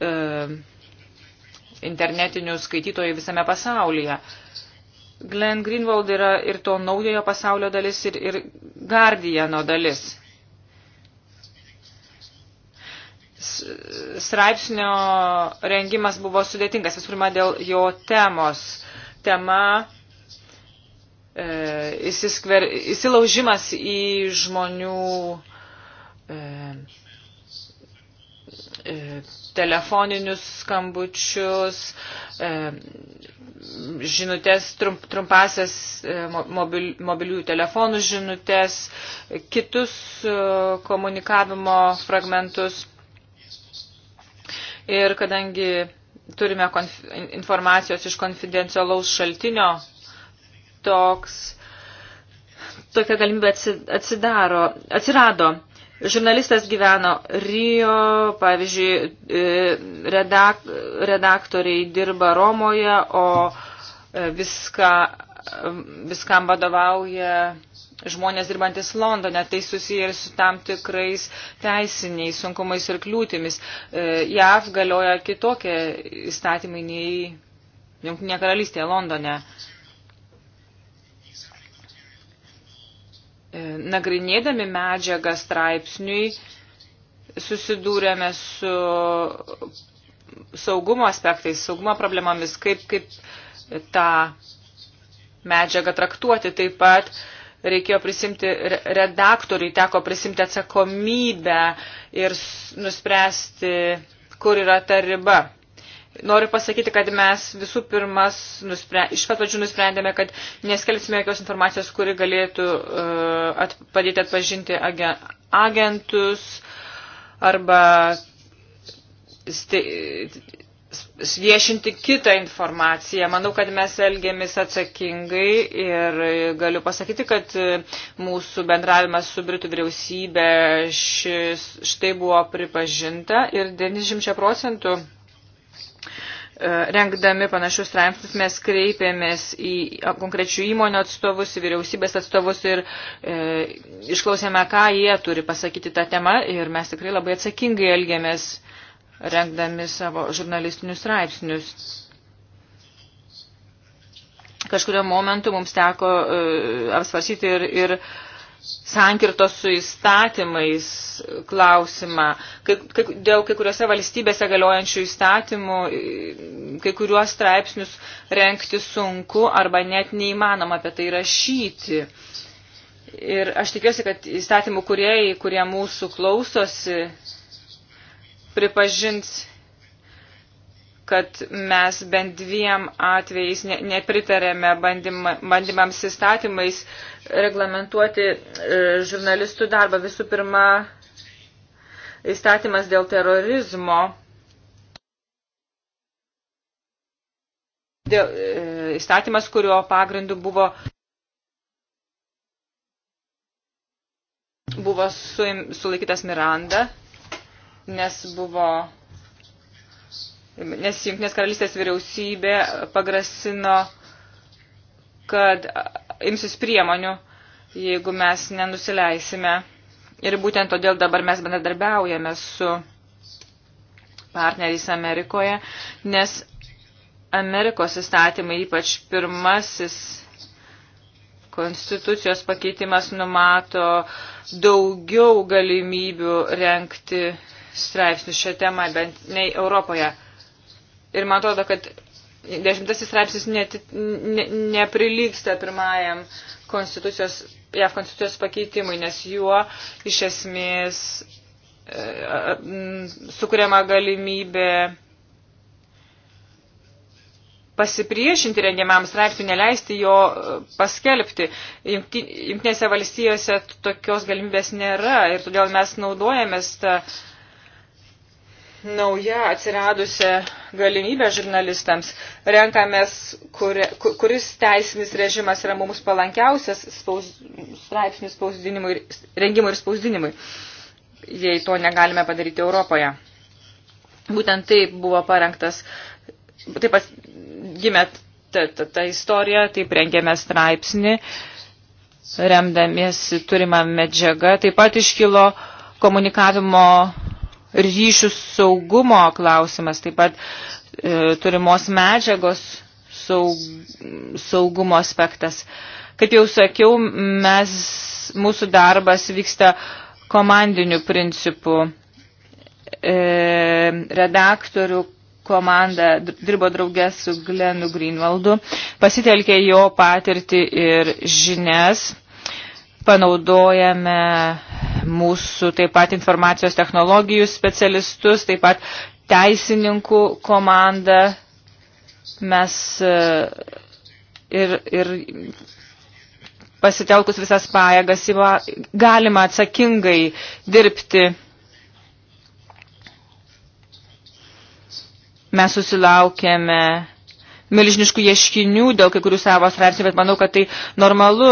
e, internetinių skaitytojų visame pasaulyje. Glenn Greenwald yra ir to naujojo pasaulio dalis, ir, ir Guardiano dalis. straipsnio rengimas buvo sudėtingas, visų pirma, dėl jo temos tema e, įsiskver, įsilaužimas į žmonių e, e, telefoninius skambučius, e, žinutės, trump, trumpasias e, mobil, mobiliųjų telefonų žinutės, kitus e, komunikavimo fragmentus. Ir kadangi turime konf, informacijos iš konfidencialaus šaltinio, toks, tokia galimybė atsidaro, atsirado. Žurnalistas gyveno Rijo, pavyzdžiui, e, redak, redaktoriai dirba Romoje, o e, viską, e, viskam vadovauja žmonės dirbantis Londone, tai susiję ir su tam tikrais teisiniais sunkumais ir kliūtimis. E, JAV galioja kitokie įstatymai nei Junktinė karalystė Londone. E, nagrinėdami medžiagą straipsniui susidūrėme su saugumo aspektais, saugumo problemomis, kaip, kaip tą medžiagą traktuoti. Taip pat uh, reikėjo prisimti, redaktoriui teko prisimti atsakomybę ir nuspręsti, kur yra ta riba. Noriu pasakyti, kad mes visų pirmas nuspre, iš pat pradžių nusprendėme, kad neskelbsime jokios informacijos, kuri galėtų uh, at, padėti atpažinti agen, agentus arba sti, viešinti kitą informaciją. Manau, kad mes elgėmės atsakingai ir galiu pasakyti, kad mūsų bendravimas su Britų vyriausybė šis, štai buvo pripažinta ir 90 procentų e, rengdami panašius straipsnius mes kreipėmės į konkrečių įmonių atstovus, į vyriausybės atstovus ir e, išklausėme, ką jie turi pasakyti tą temą ir mes tikrai labai atsakingai elgėmės rengdami savo žurnalistinius straipsnius. Kažkurio momentu mums teko uh, e, apsvarsyti ir, ir sankirtos su įstatymais klausimą. Kai, kai, dėl kai kuriuose valstybėse galiojančių įstatymų, e, kai kuriuos straipsnius renkti sunku arba net neįmanoma apie tai rašyti. Ir aš tikiuosi, kad įstatymų kuriejai, kurie mūsų klausosi, pripažins, kad mes bent dviem atvejais ne, nepritarėme bandymams, bandymams įstatymais reglamentuoti e, žurnalistų darbą. Visų pirma, įstatymas dėl terorizmo. Dėl, e, įstatymas, kurio pagrindu buvo buvo su, sulaikytas Miranda nes buvo. Nes Junktinės karalystės vyriausybė pagrasino, kad imsis priemonių, jeigu mes nenusileisime. Ir būtent todėl dabar mes bendradarbiaujame su partneriais Amerikoje, nes Amerikos įstatymai, ypač pirmasis konstitucijos pakeitimas numato daugiau galimybių renkti straipsnių šią temą, bent nei Europoje. Ir man atrodo, kad dešimtasis straipsnis neprilyksta ne, ne pirmajam konstitucijos, JAV konstitucijos pakeitimui, nes juo iš esmės e, sukuriama galimybė pasipriešinti rengiamam straipsniui, neleisti jo e, paskelbti. Jungtinėse valstijose tokios galimybės nėra ir todėl mes naudojamės tą ta nauja atsiradusią galimybę žurnalistams. Renkamės, kur, kuris teisinis režimas yra mums palankiausias spaus, straipsnių spausdinimui, rengimui ir spausdinimui, jei to negalime padaryti Europoje. Būtent taip buvo parengtas, taip pat gimė ta, ta, ta istorija, taip rengėme straipsnį, remdamiesi turimą medžiagą. Taip pat iškilo komunikavimo ryšių saugumo klausimas, taip pat e, turimos medžiagos saug, saugumo aspektas. Kaip jau sakiau, mes, mūsų darbas vyksta komandiniu principu. E, redaktorių komanda dirbo draugė su Glenu Greenwaldu, pasitelkė jo patirtį ir žinias, panaudojame mūsų taip pat informacijos technologijų specialistus, taip pat teisininkų komandą. Mes e, ir, ir pasitelkus visas pajėgas galima atsakingai dirbti. Mes susilaukėme milžiniškų ieškinių dėl kai kurių savo straipsnių, bet manau, kad tai normalu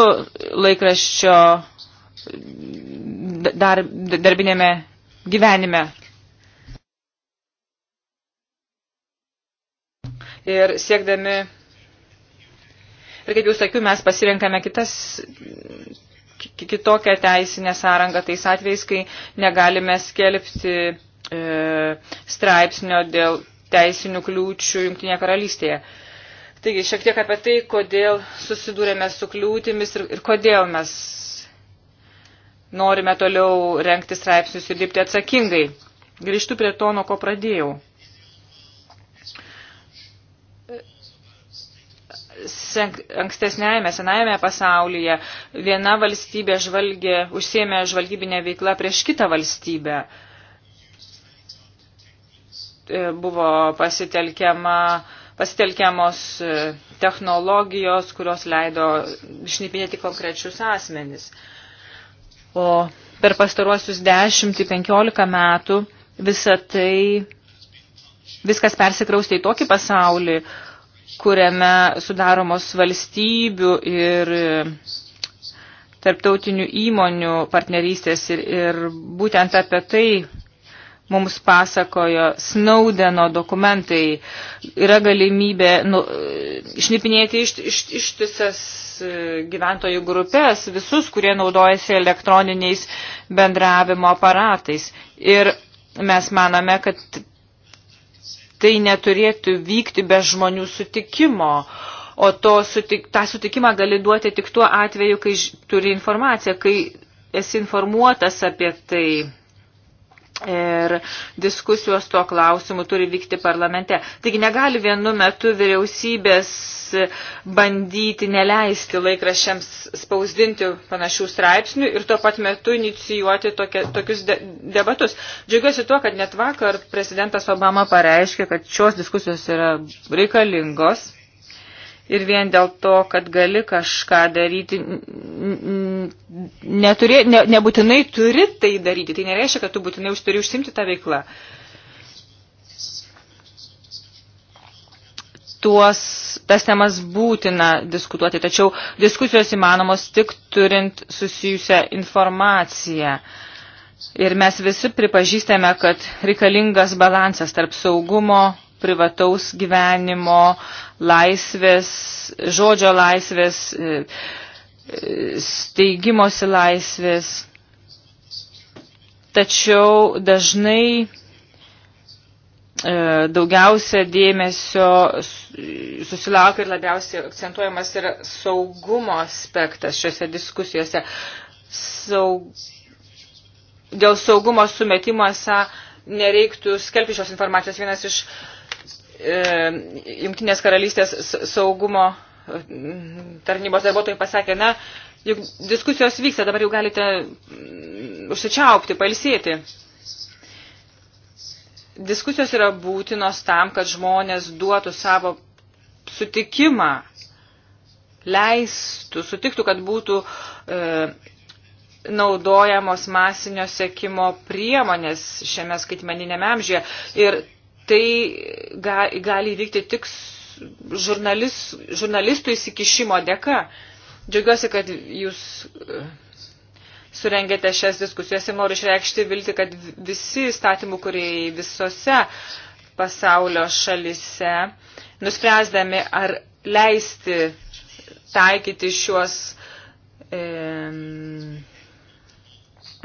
laikraščio dar, darbinėme gyvenime. Ir siekdami, ir kaip jau sakiau, mes pasirinkame kitas, kitokią teisinę sąrangą tais atvejais, kai negalime skelbti e, straipsnio dėl teisinių kliūčių Junktinėje karalystėje. Taigi, šiek tiek apie tai, kodėl susidūrėme su kliūtimis ir, ir kodėl mes norime toliau renkti straipsnius ir dirbti atsakingai. Grįžtu prie to, nuo ko pradėjau. ankstesnėme, senajame pasaulyje viena valstybė žvalgė, užsiemė žvalgybinę veiklą prieš kitą valstybę. E, buvo pasitelkiama, pasitelkiamos e, technologijos, kurios leido šnipinėti konkrečius asmenis. Uh, O per pastaruosius 10-15 metų visa tai, viskas persikraustė į tokį pasaulį, kuriame sudaromos valstybių ir tarptautinių įmonių partnerystės ir, ir būtent apie tai mums pasakojo Snaudeno dokumentai, yra galimybė nu, išnipinėti iš, iš, ištisas e, gyventojų grupės, visus, kurie naudojasi elektroniniais bendravimo aparatais. Ir mes manome, kad tai neturėtų vykti be žmonių sutikimo. O to sutik, tą sutikimą gali duoti tik tuo atveju, kai turi informaciją, kai esi informuotas apie tai Ir diskusijos tuo klausimu turi vykti parlamente. Taigi negali vienu metu vyriausybės bandyti neleisti laikrašiams spausdinti panašių straipsnių ir tuo pat metu inicijuoti tokie, tokius de, debatus. Džiaugiuosi tuo, kad net vakar prezidentas Obama pareiškė, kad šios diskusijos yra reikalingos ir vien dėl to, kad gali kažką daryti, neturė, ne, nebūtinai turi tai daryti. Tai nereiškia, kad tu būtinai už, turi užsimti tą veiklą. Tuos, tas temas būtina diskutuoti, tačiau diskusijos įmanomos tik turint susijusią informaciją. Ir mes visi pripažįstame, kad reikalingas balansas tarp saugumo, privataus gyvenimo, laisvės, žodžio laisvės, e, e, steigimosi laisvės. Tačiau dažnai e, daugiausia dėmesio susilaukia ir labiausiai akcentuojamas yra saugumo aspektas šiuose diskusijose. Saug... Dėl saugumo sumetimo esą nereiktų skelbti šios informacijos. Vienas iš uh, E, Junktinės karalystės saugumo tarnybos darbuotojai pasakė, na, juk diskusijos vyksta, dabar jau galite užsičiaupti, palsėti. Diskusijos yra būtinos tam, kad žmonės duotų savo sutikimą, leistų, sutiktų, kad būtų e, naudojamos masinio sekimo priemonės šiame skaitmeninėme amžiuje. Ir tai ga, gali įvykti tik žurnalis, žurnalistų įsikišimo dėka. Džiaugiuosi, kad jūs e, surengėte šias diskusijas ir noriu išreikšti vilti, kad visi įstatymų, kurie visose pasaulio šalise, nuspręsdami ar leisti taikyti šiuos e,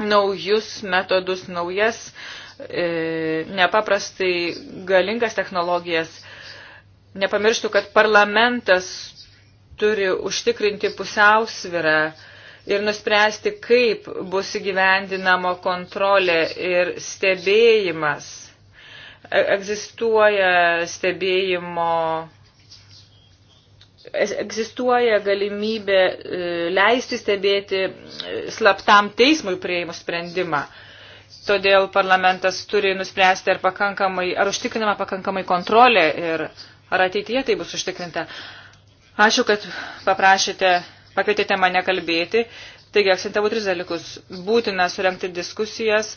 naujus metodus, naujas e, E, nepaprastai galingas technologijas. Nepamirštų, kad parlamentas turi užtikrinti pusiausvirą ir nuspręsti, kaip bus įgyvendinama kontrolė ir stebėjimas. E, egzistuoja stebėjimo egzistuoja galimybė e, leisti stebėti slaptam teismui prieimus sprendimą. Todėl parlamentas turi nuspręsti, ar, pakankamai, ar užtikrinama pakankamai kontrolė ir ar ateityje tai bus užtikrinta. Ačiū, kad paprašėte, pakvietėte mane kalbėti. Taigi, akcentavau tris dalykus. Būtina surenkti diskusijas,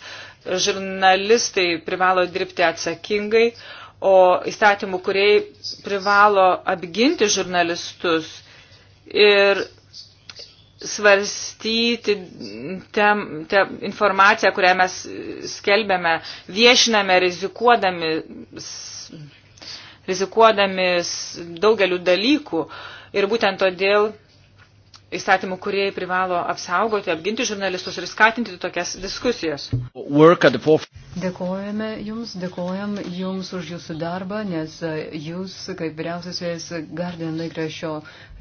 žurnalistai privalo dirbti atsakingai, o įstatymų kuriai privalo apginti žurnalistus ir svarstyti tem, tem, informaciją, kurią mes skelbėme, viešiname, rizikuodami, rizikuodami daugeliu dalykų. Ir būtent todėl įstatymų, kurie privalo apsaugoti, apginti žurnalistus ir skatinti tokias diskusijas. Dėkojame Jums, dėkojam Jums už Jūsų darbą, nes Jūs, kaip vyriausiasis Guardian laikraščio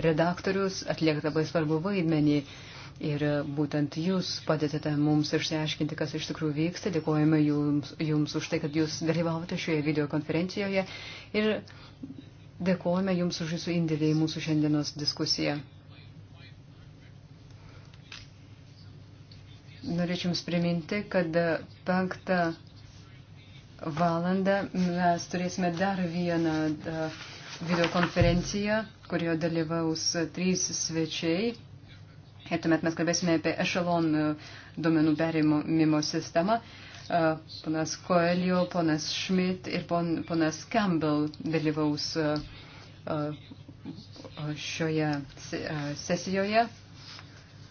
redaktorius, atliekate labai svarbu vaidmenį. Ir būtent jūs padėtėte mums išsiaiškinti, kas iš tikrųjų vyksta. Dėkojame jums, jums už tai, kad jūs dalyvavote šioje videokonferencijoje. Ir dėkojame jums už jūsų indėlį į mūsų šiandienos diskusiją. Norėčiau Jums priminti, kad penktą valandą mes turėsime dar vieną videokonferenciją, kurioje dalyvaus trys svečiai. Ir tuomet mes kalbėsime apie ešalon duomenų perėmimo sistemą. Ponas Koelio, ponas Schmidt ir pon, ponas Campbell dalyvaus šioje sesijoje.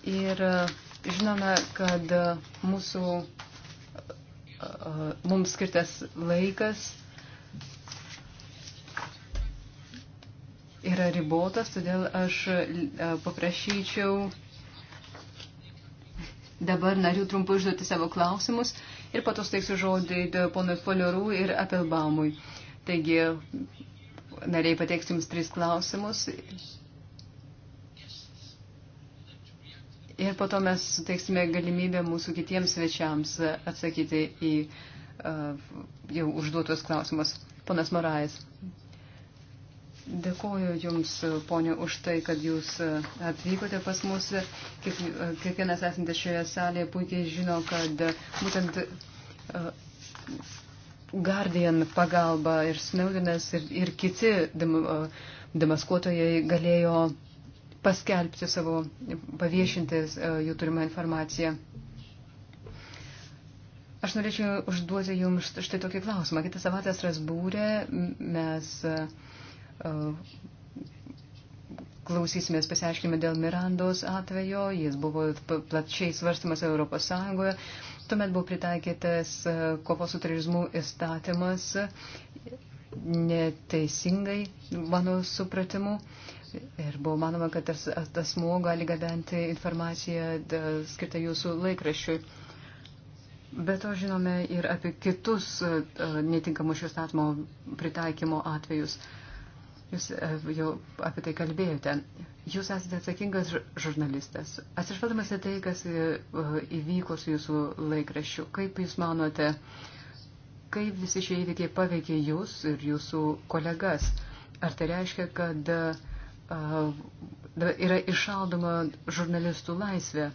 Ir uh, Žinome, kad e, mūsų, e, e, mums skirtas laikas yra ribotas, todėl aš paprašyčiau dabar narių trumpai užduoti savo klausimus ir po to steiksiu žodį ponui Foliorų ir Apelbaumui. Taigi, nariai pateiks jums tris klausimus Ir po to mes suteiksime galimybę mūsų kitiems svečiams atsakyti į uh, jau užduotus klausimus. Ponas Morais, dėkoju Jums, ponė, už tai, kad Jūs atvykote pas mus. Kiek, kiekvienas esate šioje salėje puikiai žino, kad būtent uh, Guardian pagalba ir Snowdenas ir, ir kiti dem, uh, demaskuotojai galėjo paskelbti savo, paviešinti e, jų turimą informaciją. Aš norėčiau užduoti jums štai tokį klausimą. Kitą savaitę Strasbūrė mes e, e, klausysimės pasiaiškinimą dėl Mirandos atvejo. Jis buvo plačiai svarstamas Europos Sąjungoje. Tuomet buvo pritaikytas kovos su terorizmu įstatymas neteisingai, mano supratimu. Uh, Ir buvo manoma, kad tas asmuo gali gabenti informaciją skirtą jūsų laikraščiui. Bet to žinome ir apie kitus netinkamus šio statymo pritaikymo atvejus. Jūs jau apie tai kalbėjote. Jūs esate atsakingas žurnalistas. Atsižvelgdamas į tai, kas e, įvyko su jūsų laikraščiu, kaip jūs manote, kaip visi šie įvykiai paveikė jūs ir jūsų kolegas? Ar tai reiškia, kad uh, yra išaldoma žurnalistų laisvė?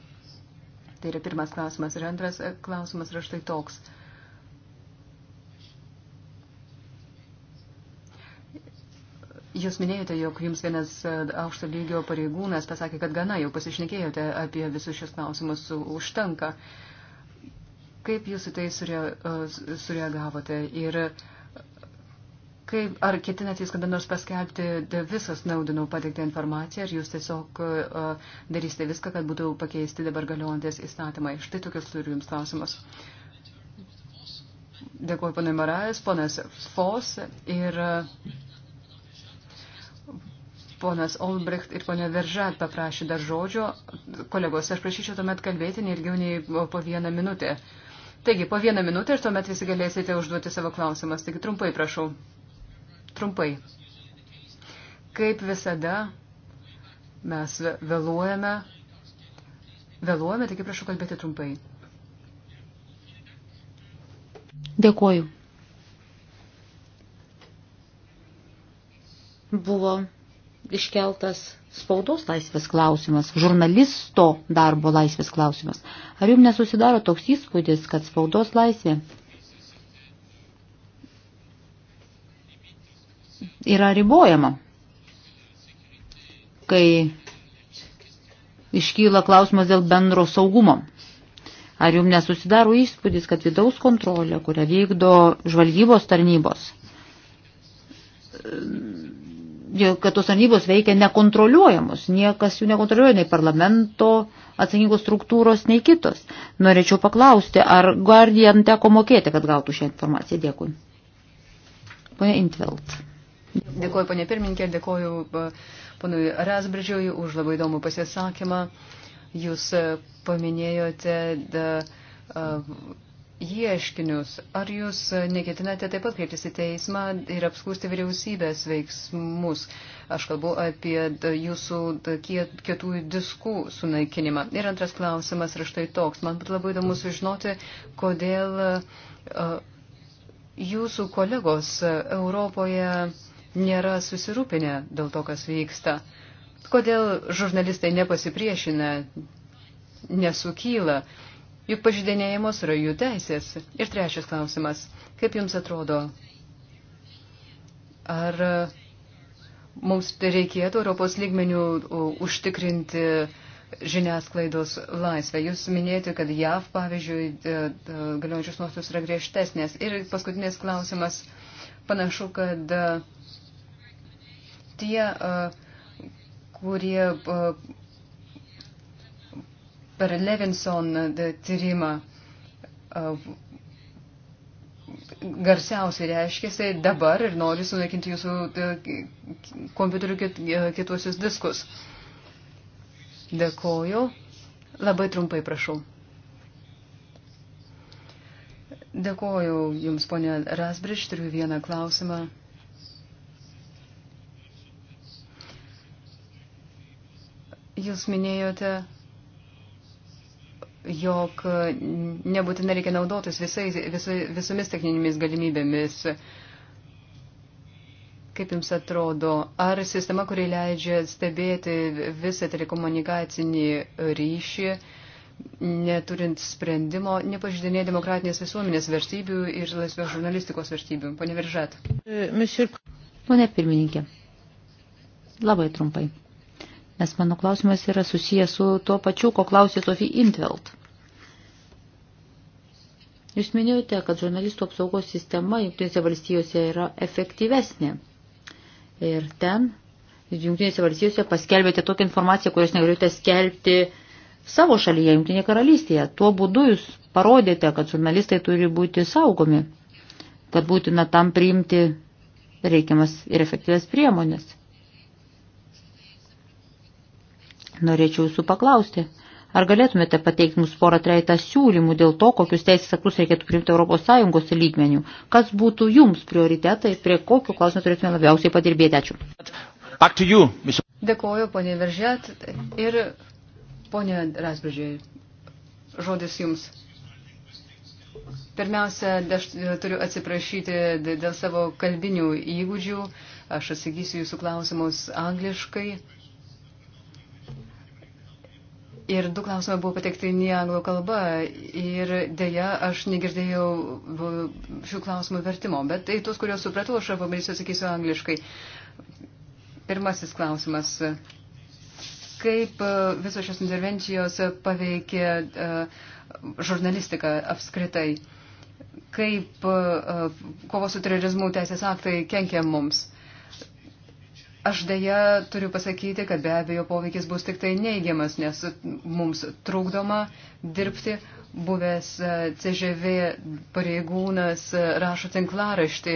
Tai yra pirmas klausimas. Ir antras e, klausimas yra štai toks. Jūs minėjote, jog jums vienas e, aukšto lygio pareigūnas pasakė, kad gana jau pasišnekėjote apie visus šios klausimus užtenka. Kaip jūs į tai e, sureagavote? Ir uh, Kaip, ar ketinat jūs kada nors paskelbti visą Snaudinų pateiktą informaciją, ar jūs tiesiog uh, darysite viską, kad būtų pakeisti dabar galiojantis įstatymai? Štai tokius turiu jums klausimus. Dėkuoju, ponai Marais, ponas Fos ir ponas Olbrecht ir ponia Veržat paprašė dar žodžio. Kolegos, aš prašyčiau tuomet kalbėti neilgiau nei po vieną minutę. Taigi, po vieną minutę ir tuomet visi galėsite užduoti savo klausimas. Taigi, trumpai prašau. Trumpai. Kaip visada, mes vėluojame. Vėluojame, taigi prašau kalbėti trumpai. Dėkuoju. Buvo iškeltas spaudos laisvės klausimas, žurnalisto darbo laisvės klausimas. Ar jums nesusidaro toks įspūdis, kad spaudos laisvė yra ribojama. Kai iškyla klausimas dėl bendro saugumo. Ar jums nesusidaro įspūdis, kad vidaus kontrolė, kurią vykdo žvalgybos tarnybos, e, kad tos tarnybos veikia nekontroliuojamos, niekas jų nekontroliuoja, nei parlamento atsakingos struktūros, nei kitos. Norėčiau paklausti, ar Guardian teko mokėti, kad gautų šią informaciją. Dėkui. Pone Intveld. Dėkuoju, ponė pirmininkė, dėkuoju ponui Rasbridžiui už labai įdomų pasisakymą. Jūs e, paminėjote da, ieškinius. Ar jūs e, neketinate taip pat kreiptis į teismą ir apskūsti vyriausybės veiksmus? Aš kalbu apie jūsų kietųjų diskų sunaikinimą. Ir antras klausimas yra štai toks. Man būtų labai įdomu sužinoti, kodėl jūsų kolegos e, Europoje nėra susirūpinę dėl to, kas vyksta. Kodėl žurnalistai nepasipriešina, nesukyla, juk pažydinėjimos yra jų teisės. Ir trečias klausimas, kaip jums atrodo, ar mums reikėtų Europos lygmenių užtikrinti žiniasklaidos laisvę. Jūs minėjote, kad JAV, pavyzdžiui, galiojančios nuostatos yra griežtesnės. Ir paskutinis klausimas. Panašu, kad tie, e, kurie e, per Levinson e, tyrimą garsiausiai reiškėsi dabar ir nori sunaikinti jūsų kompiuterių kituosius diskus. Dėkoju. Labai trumpai prašau. Dėkoju Jums, ponė Rasbriš, turiu vieną klausimą. Jūs minėjote, jog nebūtinai reikia naudotis visai, visai, visomis techninėmis galimybėmis. Kaip jums atrodo, ar sistema, kuri leidžia stebėti visą telekomunikacinį ryšį, neturint sprendimo, nepažydinė demokratinės visuomenės vertybių ir laisvės žurnalistikos vertybių? Pane Viržat. Pone pirmininkė, labai trumpai nes mano klausimas yra susijęs su tuo pačiu, ko klausė Sofija Intveld. Jūs minėjote, kad žurnalistų apsaugos sistema Junktinėse valstijose yra efektyvesnė. Ir ten Junktinėse valstijose paskelbėte tokią informaciją, kurios negalėjote skelbti savo šalyje, Junktinėje karalystėje. Tuo būdu jūs parodėte, kad žurnalistai turi būti saugomi, kad būtina tam priimti reikiamas ir efektyvės priemonės. Norėčiau jūsų paklausti, ar galėtumėte pateikti mums porą treitą siūlymų dėl to, kokius teisės aktus reikėtų priimti ES lygmenių? Kas būtų jums prioritetai, prie kokių klausimų turėtume labiausiai padirbėti? Ačiū. Dėkuoju, ponė Veržet ir ponė Rasbridžiai. Žodis jums. Pirmiausia, aš turiu atsiprašyti dėl savo kalbinių įgūdžių. Aš atsakysiu jūsų klausimus angliškai. Ir du klausimai buvo patekti į anglų kalbą ir dėja aš negirdėjau šių klausimų vertimo, bet tai tuos, kuriuos supratau, aš pabandysiu atsakysiu angliškai. Pirmasis klausimas. Kaip e, visos šios intervencijos paveikė e, žurnalistiką apskritai? Kaip e, kovo su terorizmu teisės aktai kenkia mums? Aš dėja turiu pasakyti, kad be abejo poveikis bus tik tai neigiamas, nes mums trukdoma dirbti. Buvęs e, CŽV pareigūnas e, rašo tinklaraštį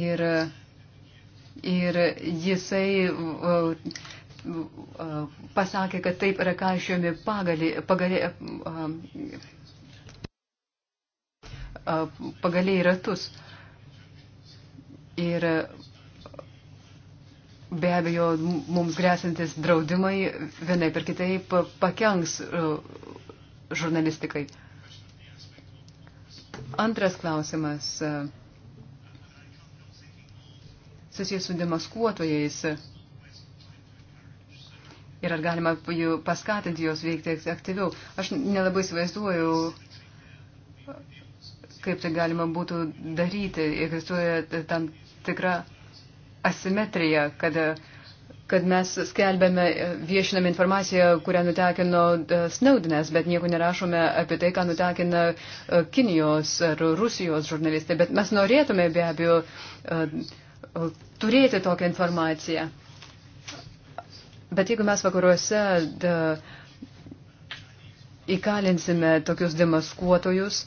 ir, ir jisai e, pasakė, kad taip yra kaišiomi pagaliai. Pagali, pagaliai ratus. Ir be abejo mums grėsintis draudimai vienai per kitaip pakenks e, žurnalistikai. Antras klausimas e, susijęs su demaskuotojais. Ir ar galima paskatinti jos veikti aktyviau? Aš nelabai įsivaizduoju, kaip tai galima būtų daryti. Egzistuoja tam tikra asimetrija, kad, kad mes skelbėme, viešiname informaciją, kurią nutekino e, Snaudinas, bet nieko nerašome apie tai, ką nutekina e, Kinijos ar Rusijos žurnalistai. Bet mes norėtume be abejo e, turėti tokią informaciją. Bet jeigu mes vakaruose da, įkalinsime tokius demaskuotojus,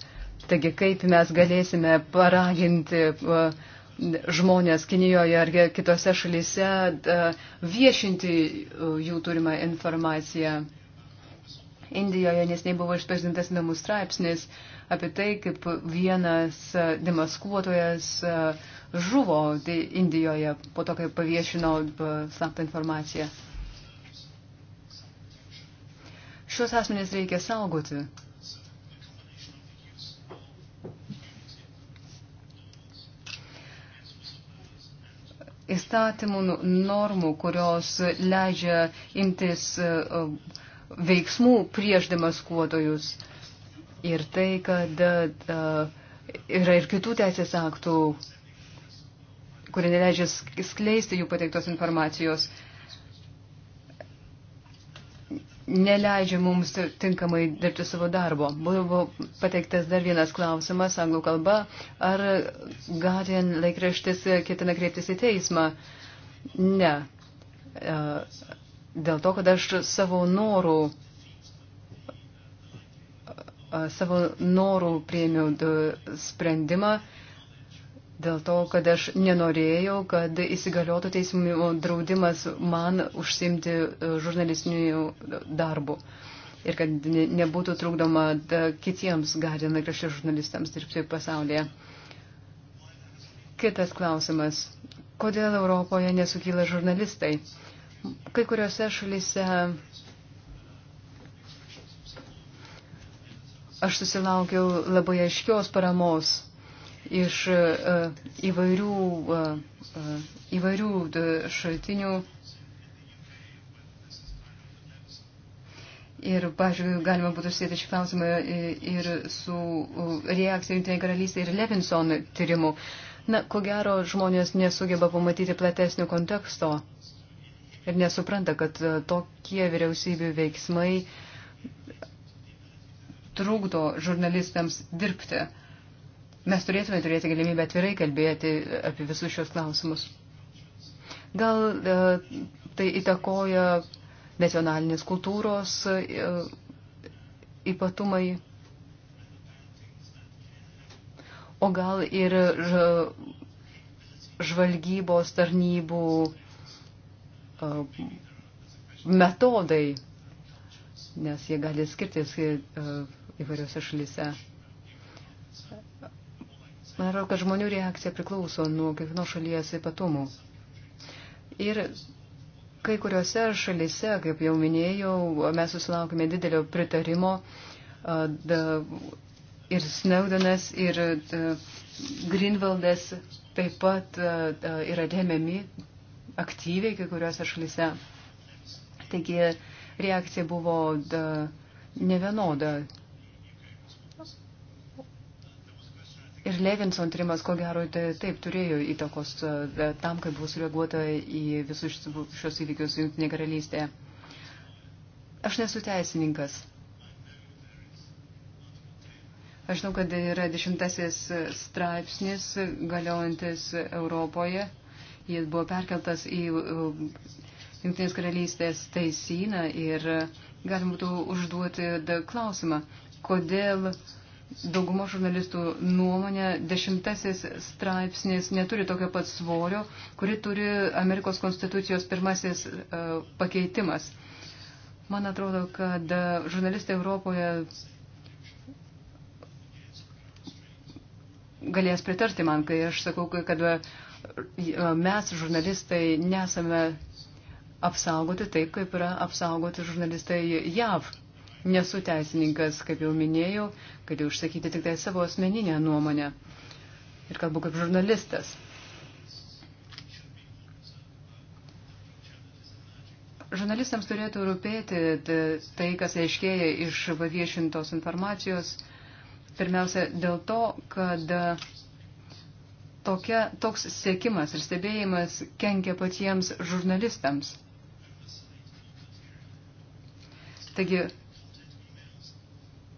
taigi kaip mes galėsime paraginti uh, žmonės Kinijoje ar kitose šalyse e, viešinti e, jų turimą informaciją. Indijoje nesnei buvo išpažintas namų straipsnis apie tai, kaip vienas e, demaskuotojas žuvo tai Indijoje po to, kai paviešino slaptą informaciją. Šios asmenys reikia saugoti. įstatymų nu, normų, kurios leidžia imtis e, e, veiksmų prieš demaskuotojus. Ir tai, kad e, yra ir kitų teisės aktų, kurie neleidžia skleisti jų pateiktos informacijos neleidžia mums tinkamai dirbti savo darbo. Buvo pateiktas dar vienas klausimas anglų kalba, ar Guardian laikraštis ketina kreiptis į teismą. Ne. E, dėl to, kad aš savo norų e, savo norų priėmiau sprendimą dėl to, kad aš nenorėjau, kad įsigaliotų teismų draudimas man užsimti e, žurnalistiniu darbu ir kad nebūtų trukdoma e, kitiems Guardian laikraščio žurnalistams dirbti pasaulyje. Kitas klausimas. Kodėl Europoje nesukyla žurnalistai? Kai kuriuose šalyse aš susilaukiau labai aiškios paramos iš e, įvairių, e, e, įvairių šaltinių. Ir, pažiūrėjau, galima būtų sėti šį klausimą ir su reakcija Junktinė karalystė ir Levinson tyrimu. Na, ko gero, žmonės nesugeba pamatyti platesnio konteksto ir nesupranta, kad tokie vyriausybių veiksmai trukdo žurnalistams dirbti. Uh, Mes turėtume turėti galimybę atvirai kalbėti apie visus šios klausimus. Gal e, tai įtakoja nacionalinės kultūros e, ypatumai, o gal ir žvalgybos tarnybų e, metodai, nes jie gali skirtis įvairiose šalyse. Man atrodo, kad žmonių reakcija priklauso nuo kiekvienos šalies ypatumų. Ir kai kuriuose šalise, kaip jau minėjau, mes susilaukime didelio pritarimo da, ir Snowdenas, ir da, Greenwaldas taip pat da, yra dėmiami aktyviai kai kuriuose šalise. Taigi reakcija buvo da, nevienoda Ir Levinson trimas, ko gero, tai taip turėjo įtakos e, tam, kaip buvo sureaguota į visus šios įvykius Junktinė karalystė. Aš nesu teisininkas. Aš žinau, kad yra dešimtasis straipsnis galiojantis Europoje. Jis buvo perkeltas į e, Junktinės karalystės teisyną ir galima būtų užduoti klausimą, kodėl uh, daugumo žurnalistų nuomonė, dešimtasis straipsnis neturi tokio pat svorio, kuri turi Amerikos konstitucijos pirmasis e, pakeitimas. Man atrodo, kad e, žurnalistai Europoje galės pritarti man, kai aš sakau, kad e, mes, žurnalistai, nesame apsaugoti taip, kaip yra apsaugoti žurnalistai JAV. Nesu teisininkas, kaip jau minėjau, galiu užsakyti tik tai savo asmeninę nuomonę ir kalbu kaip žurnalistas. Žurnalistams turėtų rūpėti tai, kas aiškėja iš paviešintos informacijos, pirmiausia dėl to, kad tokia, toks sėkimas ir stebėjimas kenkia patiems žurnalistams. Taigi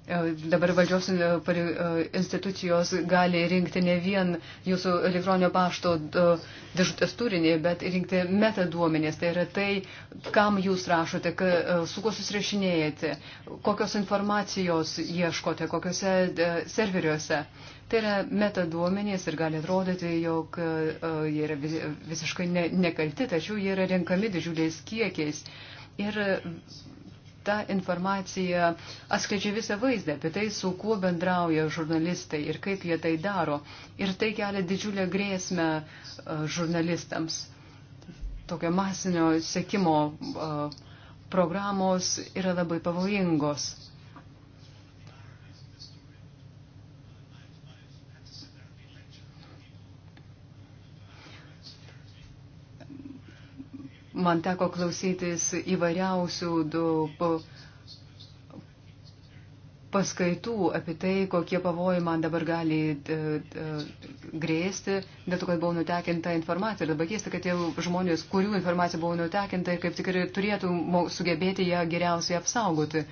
E, dabar valdžios e, e, institucijos gali rinkti ne vien jūsų elektroninio pašto dėžutės turinį, bet rinkti metaduomenės. Tai yra tai, kam jūs rašote, su kuo susirašinėjate, kokios informacijos ieškote, kokiuose serveriuose. Tai yra metaduomenės ir gali atrodyti, jog jie yra visiškai nekalti, tačiau jie yra renkami didžiuliais kiekiais. Ir ta informacija atskleidžia visą vaizdą apie tai, su kuo bendrauja žurnalistai ir kaip jie tai daro. Ir tai kelia didžiulę grėsmę e, žurnalistams. Tokio masinio sekimo e, programos yra labai pavojingos. Man teko klausytis įvairiausių du paskaitų apie tai, kokie pavojai man dabar gali e, e, grėsti, dėl to, kad buvau nutekinta informacija. Ir dabar keista, kad tie žmonės, kurių informacija buvo nutekinta, kaip tik ir turėtų sugebėti ją geriausiai apsaugoti.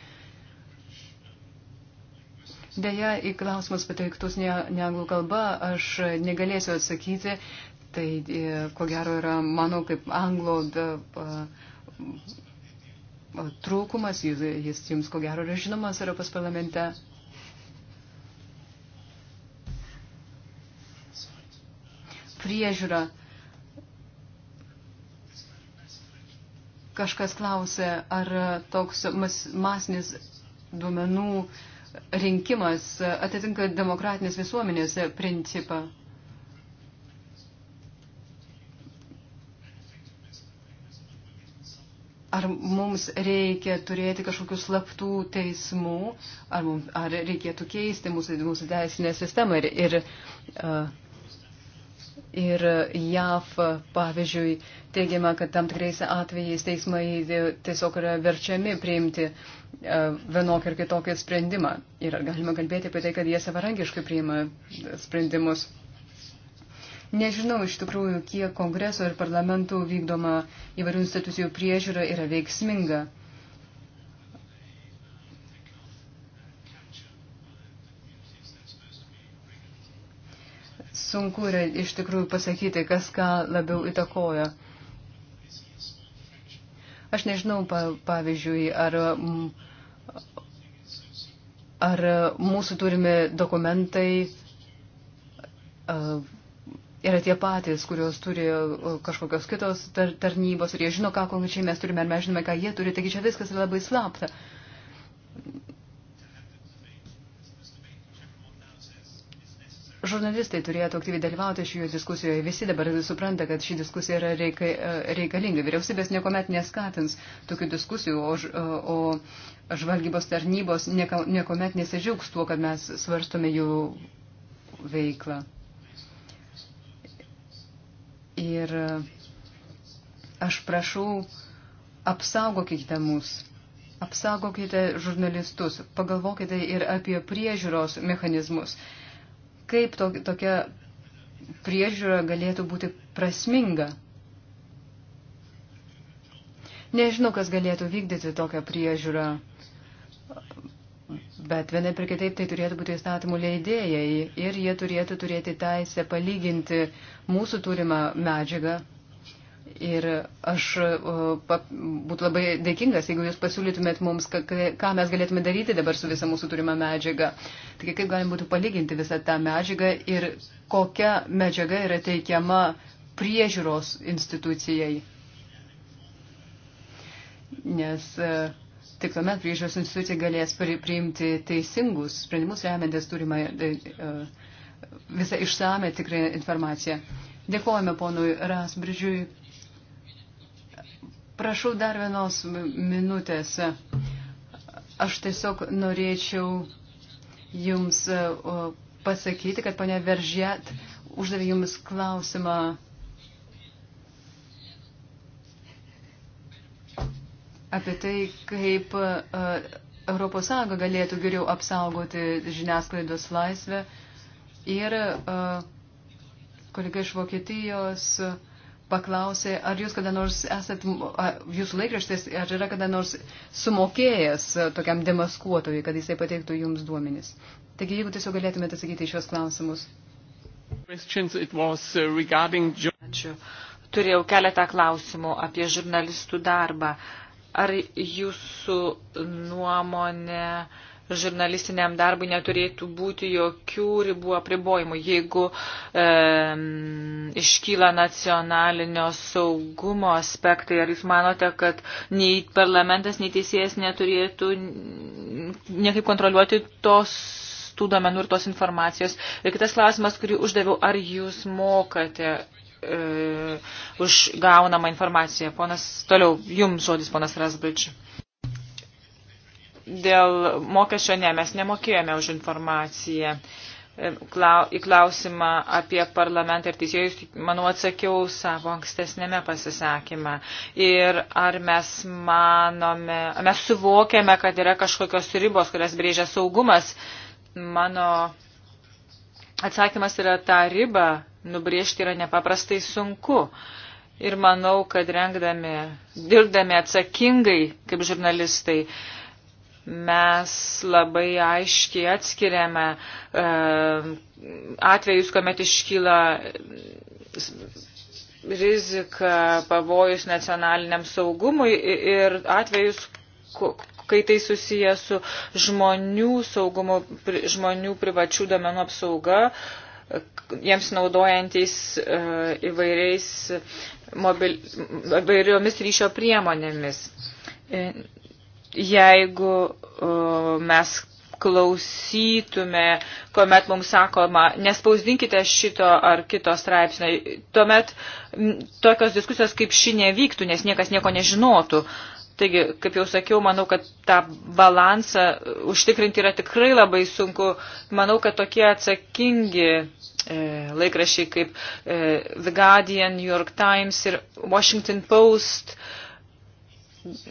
Deja, į klausimus pateiktus ne, ne anglų kalba aš negalėsiu atsakyti, Tai e, ko gero yra mano kaip anglo trūkumas, jis jums ko gero yra žinomas Europos parlamente. Priežiūra. Kažkas klausė, ar toks mas, masinis duomenų rinkimas atitinka demokratinės visuomenės principą. ar mums reikia turėti kažkokių slaptų teismų, ar, mums, ar reikėtų keisti mūsų, mūsų teisinę sistemą. Ir, ir, uh, ir JAV, pavyzdžiui, teigiama, kad tam tikrais atvejais teismai tiesiog yra verčiami priimti uh, vienokį ir kitokį sprendimą. Ir galima kalbėti apie tai, kad jie savarankiškai priima sprendimus. Nežinau iš tikrųjų, kiek kongreso ir parlamentų vykdoma įvairių institucijų priežiūra yra veiksminga. Sunku yra iš tikrųjų pasakyti, kas ką labiau įtakoja. Aš nežinau, pavyzdžiui, ar, ar mūsų turime dokumentai yra tie patys, kurios turi e, kažkokios kitos tar tarnybos ir jie žino, ką konkrečiai mes turime ir mes žinome, ką jie turi, taigi čia viskas yra labai slapta. Žurnalistai turėtų aktyviai dalyvauti šioje diskusijoje. Visi dabar supranta, kad ši diskusija yra reika, e, reikalinga. Vyriausybės niekuomet neskatins tokių diskusijų, o, o žvalgybos tarnybos niekuomet nesidžiaugs tuo, kad mes svarstome jų veiklą. Ir aš prašau, apsaugokite mus, apsaugokite žurnalistus, pagalvokite ir apie priežiūros mechanizmus. Kaip to, tokia priežiūra galėtų būti prasminga? Nežinau, kas galėtų vykdyti tokią priežiūrą. Bet vienai per kitaip tai turėtų būti įstatymų leidėjai ir jie turėtų turėti teisę palyginti mūsų turimą medžiagą. Ir aš būtų labai dėkingas, jeigu jūs pasiūlytumėt mums, ką mes galėtume daryti dabar su visa mūsų turima medžiaga. Taigi kaip galim būtų palyginti visą tą medžiagą ir kokia medžiaga yra teikiama priežiūros institucijai. Nes uh, Tik tuomet priežiūros institucija galės priimti teisingus sprendimus, remiantis turimą e, e, visą išsame tikrą informaciją. Dėkojame ponui Rasbridžiui. Prašau dar vienos minutės. Aš tiesiog norėčiau Jums e, pasakyti, kad ponia Veržėt uždavė Jums klausimą apie tai, kaip ES galėtų geriau apsaugoti žiniasklaidos laisvę. Ir e, kolega iš Vokietijos paklausė, ar jūs kada nors esat, jūsų laikraštis, ar yra kada nors sumokėjęs tokiam demaskuotojui, kad jisai pateiktų jums duomenis. Taigi, jeigu tiesiog galėtumėte atsakyti į šios klausimus. Uh, Ačiū. Turėjau keletą klausimų apie žurnalistų darbą. Uh, Ar jūsų nuomonė žurnalistiniam darbui neturėtų būti jokių ribų apribojimų, jeigu e, iškyla nacionalinio saugumo aspektai. Ar jūs manote, kad nei parlamentas, nei teisėjas neturėtų niekaip kontroliuoti tos tų domenų ir tos informacijos. Ir kitas klausimas, kurį uždaviau, ar jūs mokate e, už gaunamą informaciją. Ponas, toliau jums žodis, ponas Rasbridž. Dėl mokesčio ne, mes nemokėjome už informaciją. E, klau, į klausimą apie parlamentą ir teisėjus, manau, atsakiau savo ankstesnėme pasisakymą. Ir ar mes manome, mes suvokiame, kad yra kažkokios ribos, kurias brėžia saugumas. Mano atsakymas yra ta riba nubriežti yra nepaprastai sunku. Ir manau, kad rengdami, dirbdami atsakingai kaip žurnalistai, mes labai aiškiai atskiriame e, atvejus, kuomet iškyla rizika, pavojus nacionaliniam saugumui ir atvejus, kai tai susiję su žmonių saugumu, žmonių privačių domenų apsauga, jiems naudojantys e, įvairiais mobil, įvairiomis ryšio priemonėmis. E, jeigu e, mes klausytume, kuomet mums sakoma, nespausdinkite šito ar kito straipsnio, tuomet tokios diskusijos kaip ši nevyktų, nes niekas nieko nežinotų. Uh, Taigi, kaip jau sakiau, manau, kad tą balansą užtikrinti yra tikrai labai sunku. Manau, kad tokie atsakingi e, laikrašiai kaip e, The Guardian, New York Times ir Washington Post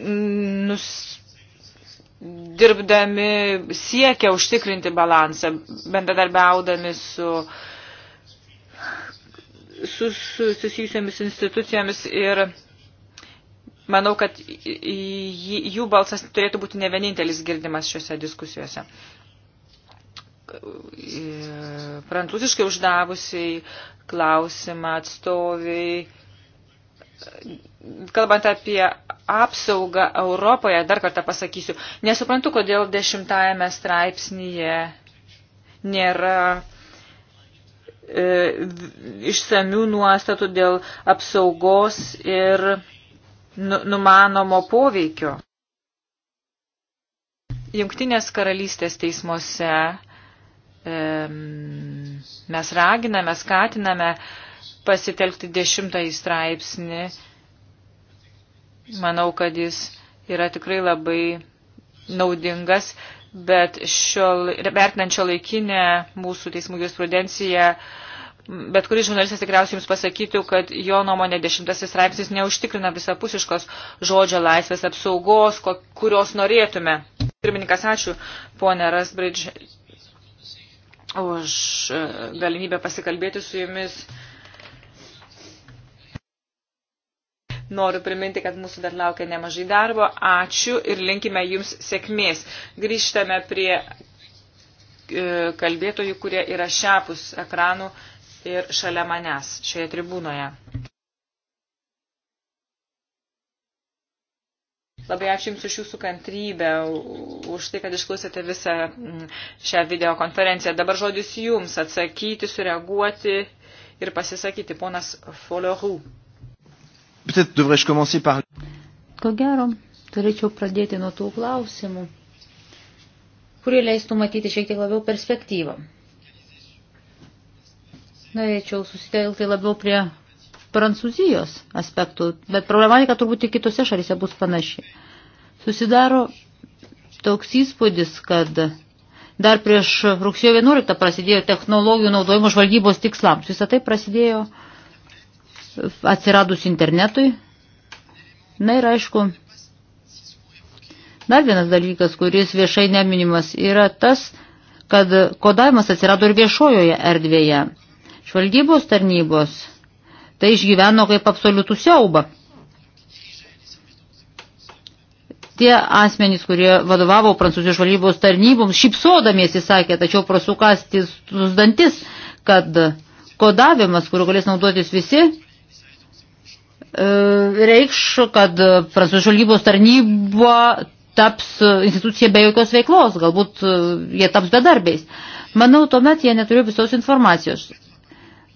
nus, dirbdami siekia užtikrinti balansą, bendradarbiaudami su susijusiamis institucijomis ir manau, kad jų balsas turėtų būti ne vienintelis girdimas šiuose diskusijose. Prancūziškai uždavusiai klausimą atstoviai, kalbant apie apsaugą Europoje, dar kartą pasakysiu, nesuprantu, kodėl dešimtajame straipsnyje nėra e, išsamių nuostatų dėl apsaugos ir Nu, numanomo poveikio. Jungtinės karalystės teismuose mes raginame, skatiname pasitelkti dešimtąjį straipsnį. Manau, kad jis yra tikrai labai naudingas, bet šio, vertinant šio laikinę mūsų teismų jurisprudenciją, Bet kuris žurnalistas tikriausiai jums pasakytų, kad jo nuomonė dešimtasis straipsnis neužtikrina visapusiškos žodžio laisvės apsaugos, kurios norėtume. Pirmininkas, ačiū, ponė Rasbridž, už e, galimybę pasikalbėti su jumis. Noriu priminti, kad mūsų dar laukia nemažai darbo. Ačiū ir linkime jums sėkmės. Grįžtame prie e, kalbėtojų, kurie yra šiapus ekranų ir šalia manęs šioje tribūnoje. Labai ačiū Jums už Jūsų kantrybę, už tai, kad išklausėte visą šią videokonferenciją. Dabar žodis Jums atsakyti, sureaguoti ir pasisakyti, ponas Foliohu. Ko gero, turėčiau pradėti nuo tų klausimų, kurie leistų matyti šiek tiek labiau perspektyvą norėčiau susitelkti labiau prie Prancūzijos aspektų, bet problematika turbūt ir kitose šalyse bus panaši. Susidaro toks įspūdis, kad dar prieš rugsėjo 11 prasidėjo technologijų naudojimo žvalgybos tikslams. Visą tai prasidėjo atsiradus internetui. Na ir aišku, dar vienas dalykas, kuris viešai neminimas, yra tas, kad kodavimas atsirado ir viešojoje erdvėje Žvalgybos tarnybos tai išgyveno kaip absoliutų siaubą. Tie asmenys, kurie vadovavo prancūzijos žvalgybos tarnyboms, šipsodamiesi sakė, tačiau prasukasti dantis, kad kodavimas, kuriuo galės naudotis visi, e, reikš, kad prancūzijos žvalgybos tarnyba taps institucija be jokios veiklos, galbūt e, jie taps bedarbiais. Manau, tuomet jie neturėjo visos informacijos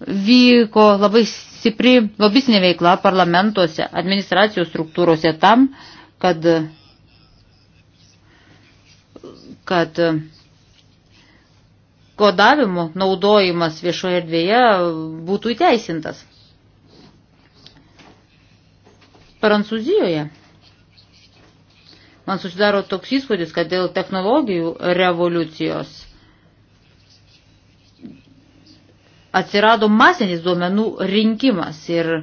vyko labai stipri lobistinė veikla parlamentuose, administracijos struktūrose tam, kad, kad kodavimo naudojimas viešoje erdvėje būtų įteisintas. Prancūzijoje man susidaro toks įspūdis, kad dėl technologijų revoliucijos atsirado masinis duomenų rinkimas ir e,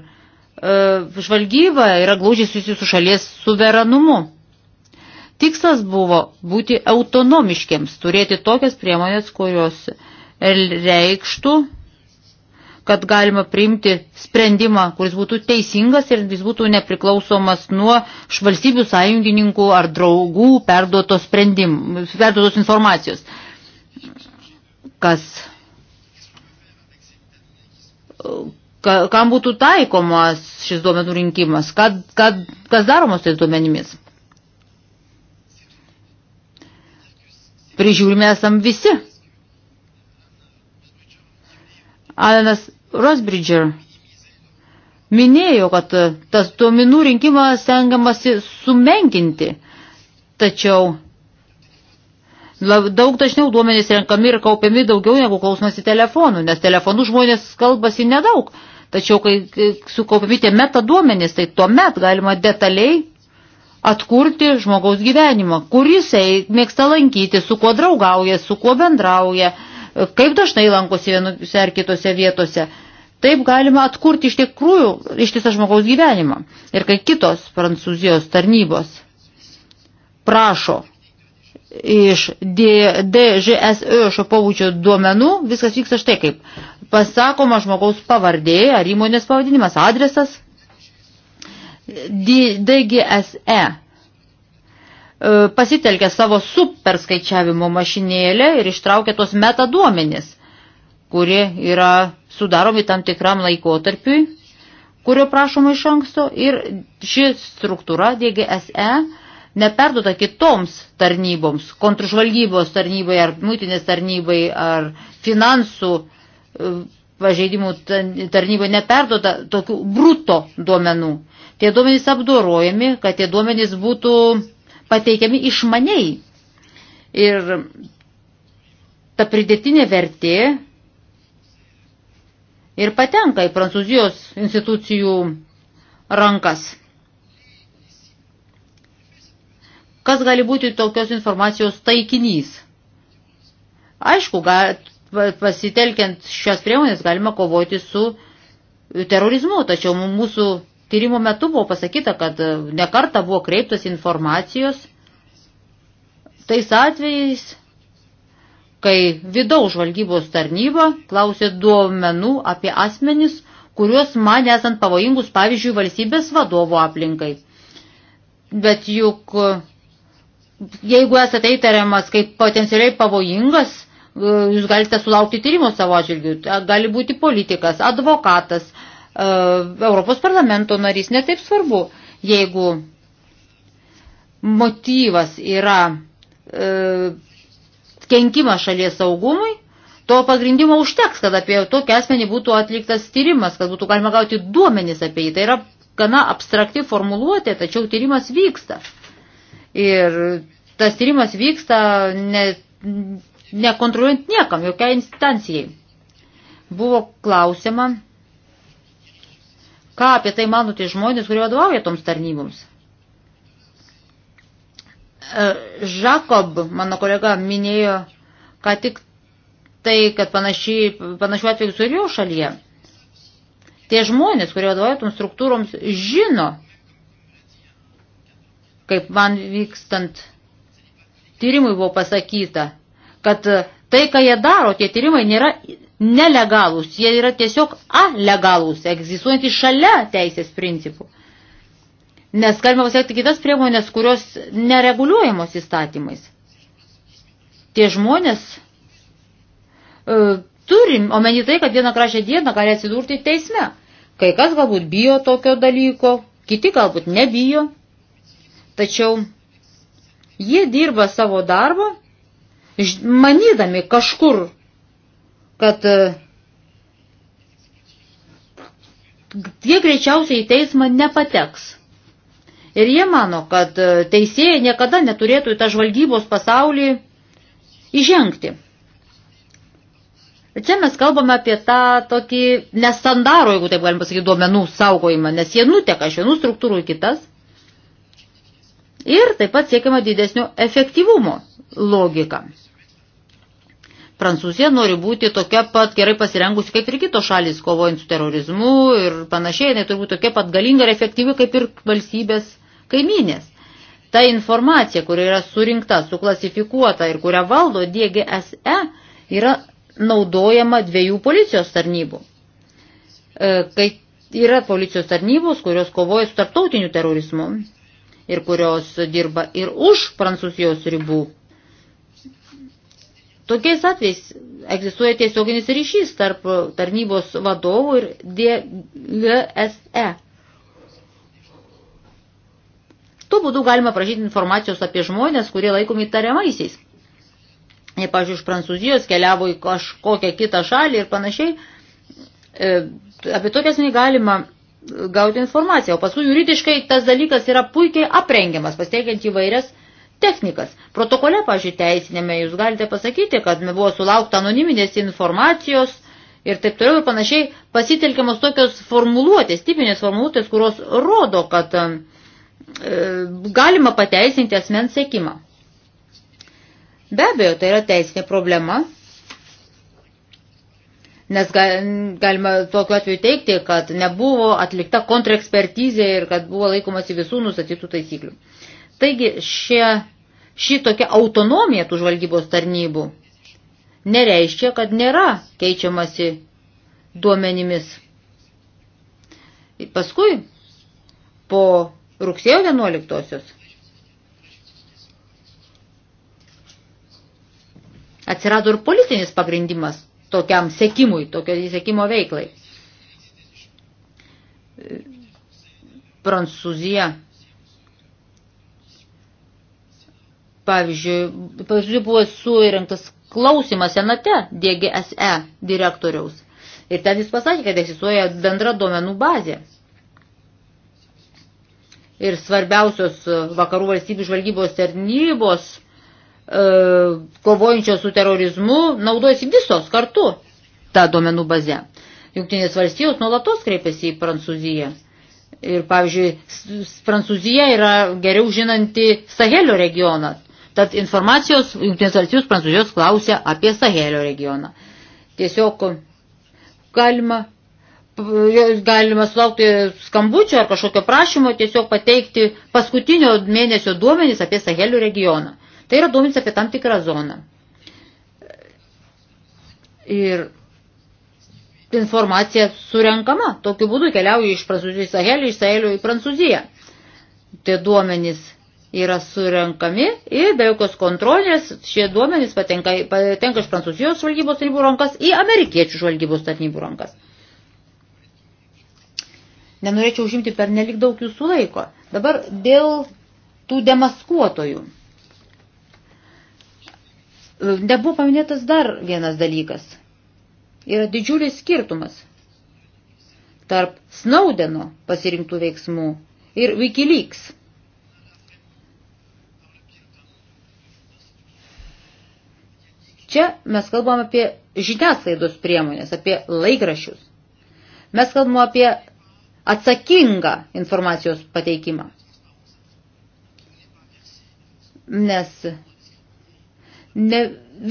žvalgyba yra glaužiai susijusi su šalies suverenumu. Tikslas buvo būti autonomiškiams, turėti tokias priemonės, kurios reikštų, kad galima priimti sprendimą, kuris būtų teisingas ir jis būtų nepriklausomas nuo valstybių sąjungininkų ar draugų perduotos, perduotos informacijos. Kas kam būtų taikomas šis duomenų rinkimas, kad, kad, kas daromos tais duomenimis. Prižiūrime esam visi. Alenas Rosbridger minėjo, kad tas duomenų rinkimas stengiamasi sumenkinti, tačiau Daug dažniau duomenys renkami ir kaupiami daugiau negu klausomasi telefonų, nes telefonų žmonės kalbasi nedaug. Tačiau, kai sukaupiami tie metaduomenys, tai tuomet galima detaliai atkurti žmogaus gyvenimą, kur jisai mėgsta lankyti, su kuo draugauja, su kuo bendrauja, kaip dažnai lankosi vienose ar kitose vietose. Taip galima atkurti iš tikrųjų ištisą žmogaus gyvenimą. Ir kai kitos prancūzijos tarnybos prašo iš DŽSÖ e pobūdžio duomenų, viskas vyksta štai kaip. Pasakoma žmogaus pavardė ar įmonės pavadinimas, adresas. DGSE e, pasitelkia savo superskaičiavimo mašinėlę ir ištraukia tuos metaduomenis, kurie yra sudaromi tam tikram laikotarpiui, kurio prašoma iš anksto ir ši struktūra DGSE neperduota kitoms tarnyboms, kontržvalgybos tarnybai ar mūtinės tarnybai ar finansų e, pažeidimų tarnybai neperduota tokių bruto duomenų. Tie duomenys apdorojami, kad tie duomenys būtų pateikiami išmaniai. Ir ta pridėtinė vertė ir patenka į prancūzijos institucijų rankas. Kas gali būti tokios informacijos taikinys? Aišku, ga, pasitelkiant šias priemonės galima kovoti su terorizmu, tačiau mūsų tyrimo metu buvo pasakyta, kad e, nekarta buvo kreiptas informacijos tais atvejais, kai vidaus žvalgybos tarnyba klausė duomenų apie asmenis, kuriuos man esant pavojingus, pavyzdžiui, valstybės vadovo aplinkai. Bet juk jeigu esate įtariamas kaip potencialiai pavojingas, e, jūs galite sulaukti tyrimo savo atžvilgių. Gali būti politikas, advokatas, e, Europos parlamento narys, netaip svarbu. Jeigu motyvas yra e, kenkimas šalies saugumui, to pagrindimo užteks, kad apie tokį asmenį būtų atliktas tyrimas, kad būtų galima gauti duomenis apie jį. Tai yra gana abstrakti formuluotė, tačiau tyrimas vyksta. Ir tas tyrimas vyksta ne, nekontroliuojant niekam, jokiai instancijai. Buvo klausima, ką apie tai manote žmonės, kurie vadovauja toms tarnyboms. E, Žakob, mano kolega, minėjo, ką tik tai, kad panašiai, panašių atvejų ir jo šalyje. Tie žmonės, kurie vadovauja toms struktūroms, žino, kaip man vykstant tyrimui buvo pasakyta, kad tai, ką jie daro, tie tyrimai nėra nelegalūs, jie yra tiesiog alegalūs, egzistuojantys šalia teisės principų. Nes galima pasiekti kitas priemonės, kurios nereguliuojamos įstatymais. Tie žmonės e, turim omeny tai, kad vieną gražią dieną gali atsidurti teisme. Kai kas galbūt bijo tokio dalyko, kiti galbūt nebijo. Tačiau jie dirba savo darbą, manydami kažkur, kad e, jie greičiausiai į teismą nepateks. Ir jie mano, kad e, teisėjai niekada neturėtų į tą žvalgybos pasaulį įžengti. Čia mes kalbame apie tą tokį nestandaro, jeigu taip galim pasakyti, duomenų saugojimą, nes jie nuteka iš vienų struktūrų į kitas. Ir taip pat siekiama didesnio efektyvumo logika. Prancūzija nori būti tokia pat gerai pasirengusi kaip ir kitos šalis, kovojant su terorizmu ir panašiai, jinai turbūt tokia pat galinga ir efektyvi kaip ir valstybės kaiminės. Ta informacija, kuri yra surinkta, suklasifikuota ir kurią valdo DGSE, yra naudojama dviejų policijos tarnybų. E, kai yra policijos tarnybos, kurios kovoja su tarptautiniu terorizmu ir kurios dirba ir už Prancūzijos ribų. Tokiais atvejais egzistuoja tiesioginis ryšys tarp tarnybos vadovų ir DGSE. Tuo būdu galima prašyti informacijos apie žmonės, kurie laikomi tariamaisiais. Jei, pažiūrėjau, iš Prancūzijos keliavo į kažkokią kitą šalį ir panašiai, e, apie tokias negalima gauti informaciją. O paskui juridiškai tas dalykas yra puikiai aprengiamas, pasteikiant įvairias technikas. Protokole, pažiūrėjau, teisinėme jūs galite pasakyti, kad buvo sulaukta anoniminės informacijos ir taip toliau ir panašiai pasitelkiamos tokios formuluotės, tipinės formuluotės, kurios rodo, kad e, galima pateisinti asmens sėkimą. Be abejo, tai yra teisinė problema, Nes galima tokiu atveju teikti, kad nebuvo atlikta kontraekspertizė ir kad buvo laikomasi visų nustatytų taisyklių. Taigi šie, ši tokia autonomija tų žvalgybos tarnybų nereiškia, kad nėra keičiamasi duomenimis. Paskui, po rugsėjo 11-osios, atsirado ir politinis pagrindimas tokiam sekimui, tokio sekimo veiklai. Prancūzija. Pavyzdžiui, pavyzdžiui, buvo suirinktas klausimas senate DGSE direktoriaus. Ir ten jis pasakė, kad egzistuoja bendra duomenų bazė. Ir svarbiausios vakarų valstybių žvalgybos tarnybos E, kovojančios su terorizmu naudojasi visos kartu tą duomenų bazę. Junktinės valstijos nuolatos kreipiasi į Prancūziją. Ir, pavyzdžiui, Prancūzija yra geriau žinanti Sahelio regioną. Tad informacijos Junktinės valstijos Prancūzijos klausia apie Sahelio regioną. Tiesiog galima, galima sulaukti skambučio ar kažkokio prašymo tiesiog pateikti paskutinio mėnesio duomenys apie Sahelio regioną Tai yra duomenys apie tam tikrą zoną. Ir informacija surenkama. Tokiu būdu keliauju iš Prancūzijos į Sahelį, iš Sahelio į Prancūziją. Tie duomenys yra surenkami ir be jokios kontrolės šie duomenys patenka, patenka iš Prancūzijos žvalgybos tarnybų rankas į amerikiečių žvalgybos tarnybų rankas. Nenorėčiau užimti per nelik daug jūsų laiko. Dabar dėl tų demaskuotojų. Nebuvo paminėtas dar vienas dalykas. Yra didžiulis skirtumas tarp Snaudeno pasirinktų veiksmų ir Wikileaks. Čia mes kalbam apie žiniasklaidos priemonės, apie laikrašius. Mes kalbam apie atsakingą informacijos pateikimą. Nes ne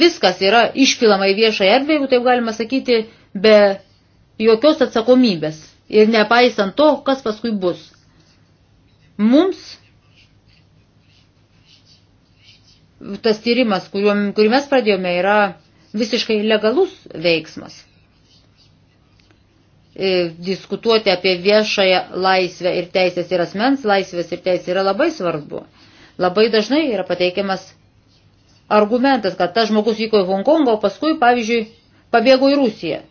viskas yra išpilama į viešą erdvę, jeigu taip galima sakyti, be jokios atsakomybės ir nepaisant to, kas paskui bus. Mums tas tyrimas, kuriuo, kurį mes pradėjome, yra visiškai legalus veiksmas. Ir e, diskutuoti apie viešąją laisvę ir teisės ir asmens laisvės ir teisės yra labai svarbu. Labai dažnai yra pateikiamas argumentas, kad tas žmogus vyko į Hongkongą, o paskui, pavyzdžiui, pabėgo į Rusiją.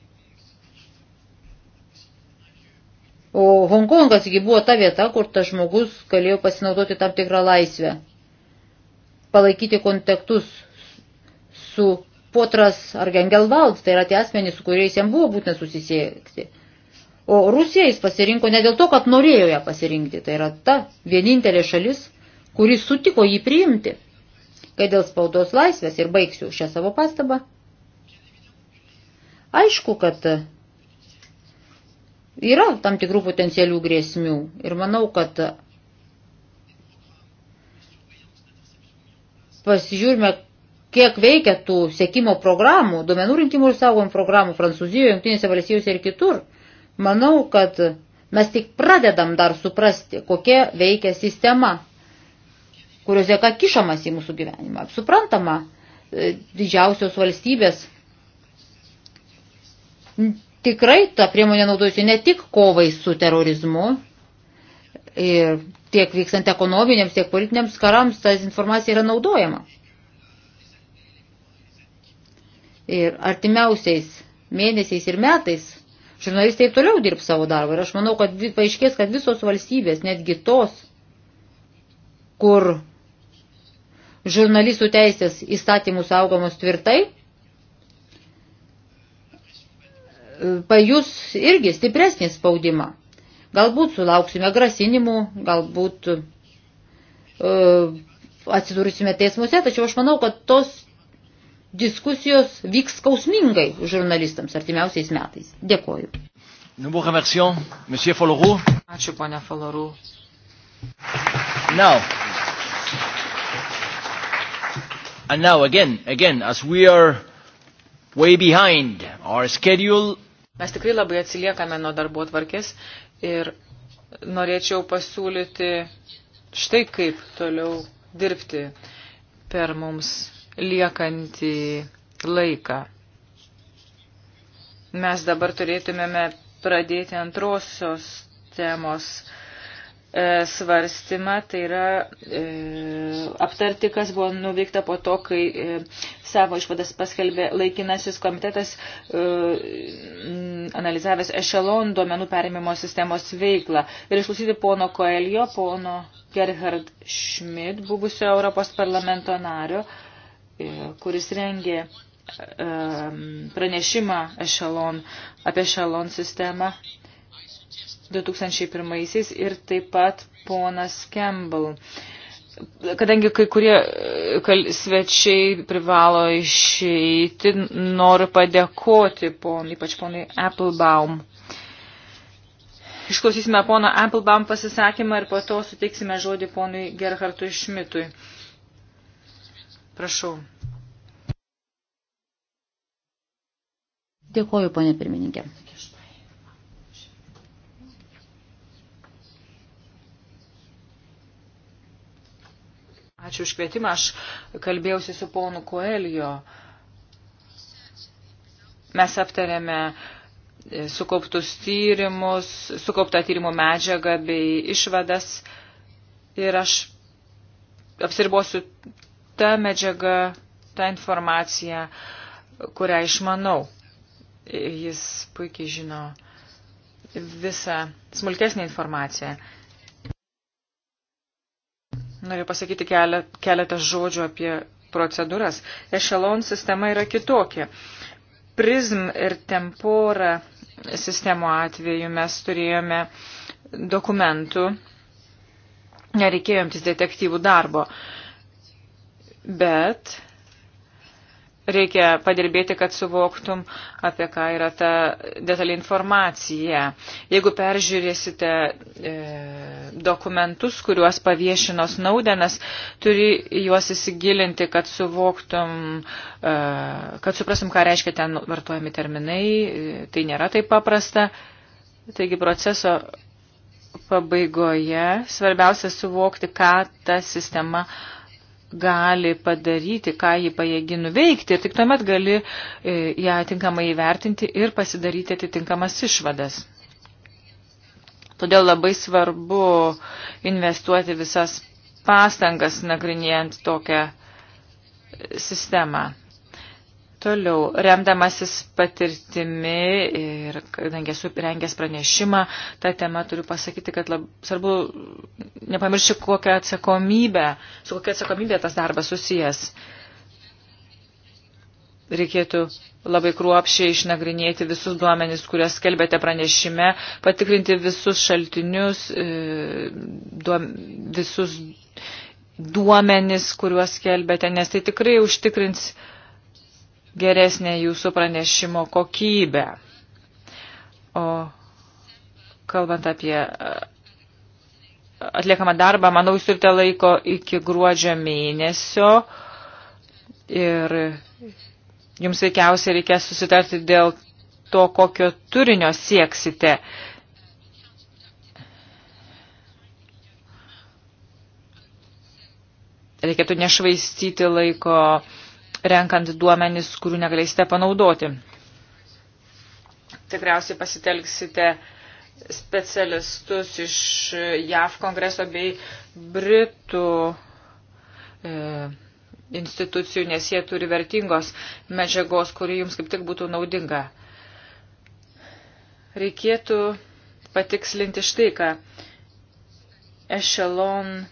O Hongkongas buvo ta vieta, kur tas žmogus galėjo pasinaudoti tam tikrą laisvę, palaikyti kontaktus su Potras ar Gengelvald, tai yra tie asmenys, su kuriais jam buvo būtina susisiekti. O Rusiją jis pasirinko ne dėl to, kad norėjo ją pasirinkti, tai yra ta vienintelė šalis, kuris sutiko jį priimti. Kai dėl spaudos laisvės ir baigsiu šią savo pastabą, aišku, kad yra tam tikrų potencialių grėsmių ir manau, kad pasižiūrime, kiek veikia tų sekimo programų, duomenų rinkimų ir saugomų programų Prancūzijoje, Junktinėse valstijose ir kitur, manau, kad mes tik pradedam dar suprasti, kokia veikia sistema kurios dėka kišamas į mūsų gyvenimą. Suprantama, e, didžiausios valstybės tikrai tą priemonę naudojasi ne tik kovai su terorizmu, ir tiek vykstant ekonominiams, tiek politiniams karams ta informacija yra naudojama. Ir artimiausiais mėnesiais ir metais žurnalistai toliau dirb savo darbą. Ir aš manau, kad paaiškės, kad visos valstybės, netgi tos, kur žurnalistų teisės įstatymus saugomos tvirtai, pajus irgi stipresnį spaudimą. Galbūt sulauksime grasinimų, galbūt e, atsidursime teismuose, tačiau aš manau, kad tos diskusijos vyks skausmingai žurnalistams artimiausiais metais. Dėkoju. Ačiū, ponia Falorų. Now. And now again, again, as we are way behind our schedule. Mes tikrai labai atsiliekame nuo darbo tvarkės ir norėčiau pasiūlyti štai kaip toliau dirbti per mums liekantį laiką. Mes dabar turėtumėme pradėti antrosios temos E, svarstymą, tai yra e, aptarti, kas buvo nuveikta po to, kai e, savo išvadas paskelbė laikinasis komitetas e, analizavęs ešelon duomenų perėmimo sistemos veiklą. Ir išklausyti pono Koelio, pono Gerhard Schmidt, buvusio Europos parlamento nario, e, kuris rengė e, pranešimą ešelon, apie ešelon sistemą 2001 ir taip pat ponas Campbell. Kadangi kai kurie e, svečiai privalo išeiti, noriu padėkoti pon, ypač ponui Applebaum. Išklausysime pono Applebaum pasisakymą ir po to suteiksime žodį ponui Gerhartui Šmitui. Prašau. Dėkoju, ponė pirmininkė. Ačiū už kvietimą. Aš kalbėjausi su ponu Koelio. Mes aptarėme e, sukauptus tyrimus, sukauptą tyrimų medžiagą bei išvadas. Ir aš apsiribosiu tą medžiagą, tą informaciją, kurią išmanau. Jis puikiai žino visą smulkesnį informaciją. Noriu pasakyti keletą žodžių apie procedūras. Echelon sistema yra kitokia. Prism ir tempora sistemo atveju mes turėjome dokumentų, nereikėjo imtis detektyvų darbo, bet reikia padirbėti, kad suvoktum, apie ką yra ta detalė informacija. Jeigu peržiūrėsite e, dokumentus, kuriuos paviešino Snaudenas, turi juos įsigilinti, kad suvoktum, e, kad suprastum, ką reiškia ten vartojami terminai. E, tai nėra taip paprasta. Taigi proceso pabaigoje svarbiausia suvokti, ką ta sistema e, gali padaryti, ką jį pajėgi nuveikti ir tik tuomet gali e, ją tinkamai įvertinti ir pasidaryti atitinkamas išvadas. Todėl labai svarbu investuoti visas pastangas nagrinėjant tokią sistemą. Toliau, remdamasis patirtimi ir kadangi esu rengęs pranešimą, tą temą turiu pasakyti, kad lab, svarbu nepamiršti, kokią atsakomybę, su kokia atsakomybė tas darbas susijęs. Reikėtų labai kruopšiai išnagrinėti visus duomenys, kurias skelbėte pranešime, patikrinti visus šaltinius, e, duom, visus duomenys, kuriuos skelbėte, nes tai tikrai užtikrins geresnę jūsų pranešimo kokybę. O kalbant apie e, atliekamą darbą, manau, jūs turite laiko iki gruodžio mėnesio ir jums veikiausiai reikės susitarti dėl to, kokio turinio sieksite. Reikėtų nešvaistyti laiko uh, renkant duomenis, kurių negalėsite panaudoti. Tikriausiai pasitelksite specialistus iš JAV kongreso bei Britų e, institucijų, nes jie turi vertingos medžiagos, kuri jums kaip tik būtų naudinga. Reikėtų patikslinti štai ką. Echelon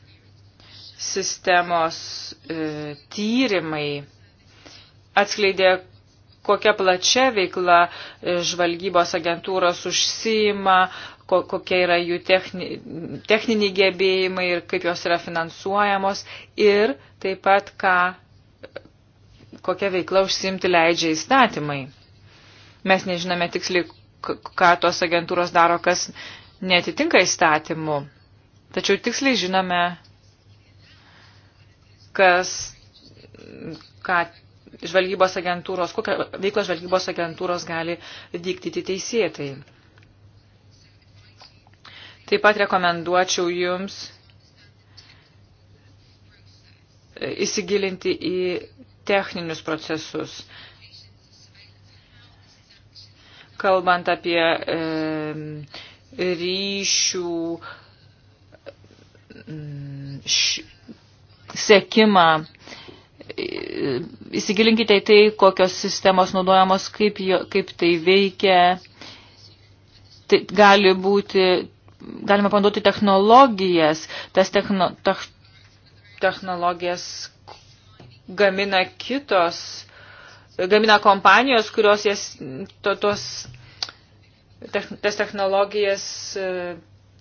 sistemos e, tyrimai atskleidė, kokia plačia veikla e, žvalgybos agentūros užsima, kokie yra jų techni, techniniai gebėjimai ir kaip jos yra finansuojamos ir taip pat ką, kokia veikla užsimti leidžia įstatymai. Mes nežinome tiksliai, ką tos agentūros daro, kas netitinka įstatymu. Tačiau tiksliai žinome, kas, ką žvalgybos agentūros, kokią veiklą žvalgybos agentūros gali vykdyti teisėtai. Taip pat rekomenduočiau jums įsigilinti į techninius procesus. Kalbant apie e, ryšių š, sekimą įsigilinkite į tai, kokios sistemos naudojamos, kaip, jo, kaip tai veikia. Tai gali būti, galime panduoti technologijas, tas techno, tech, technologijas gamina kitos, gamina kompanijos, kurios jas, to, tos, tech, tas technologijas e,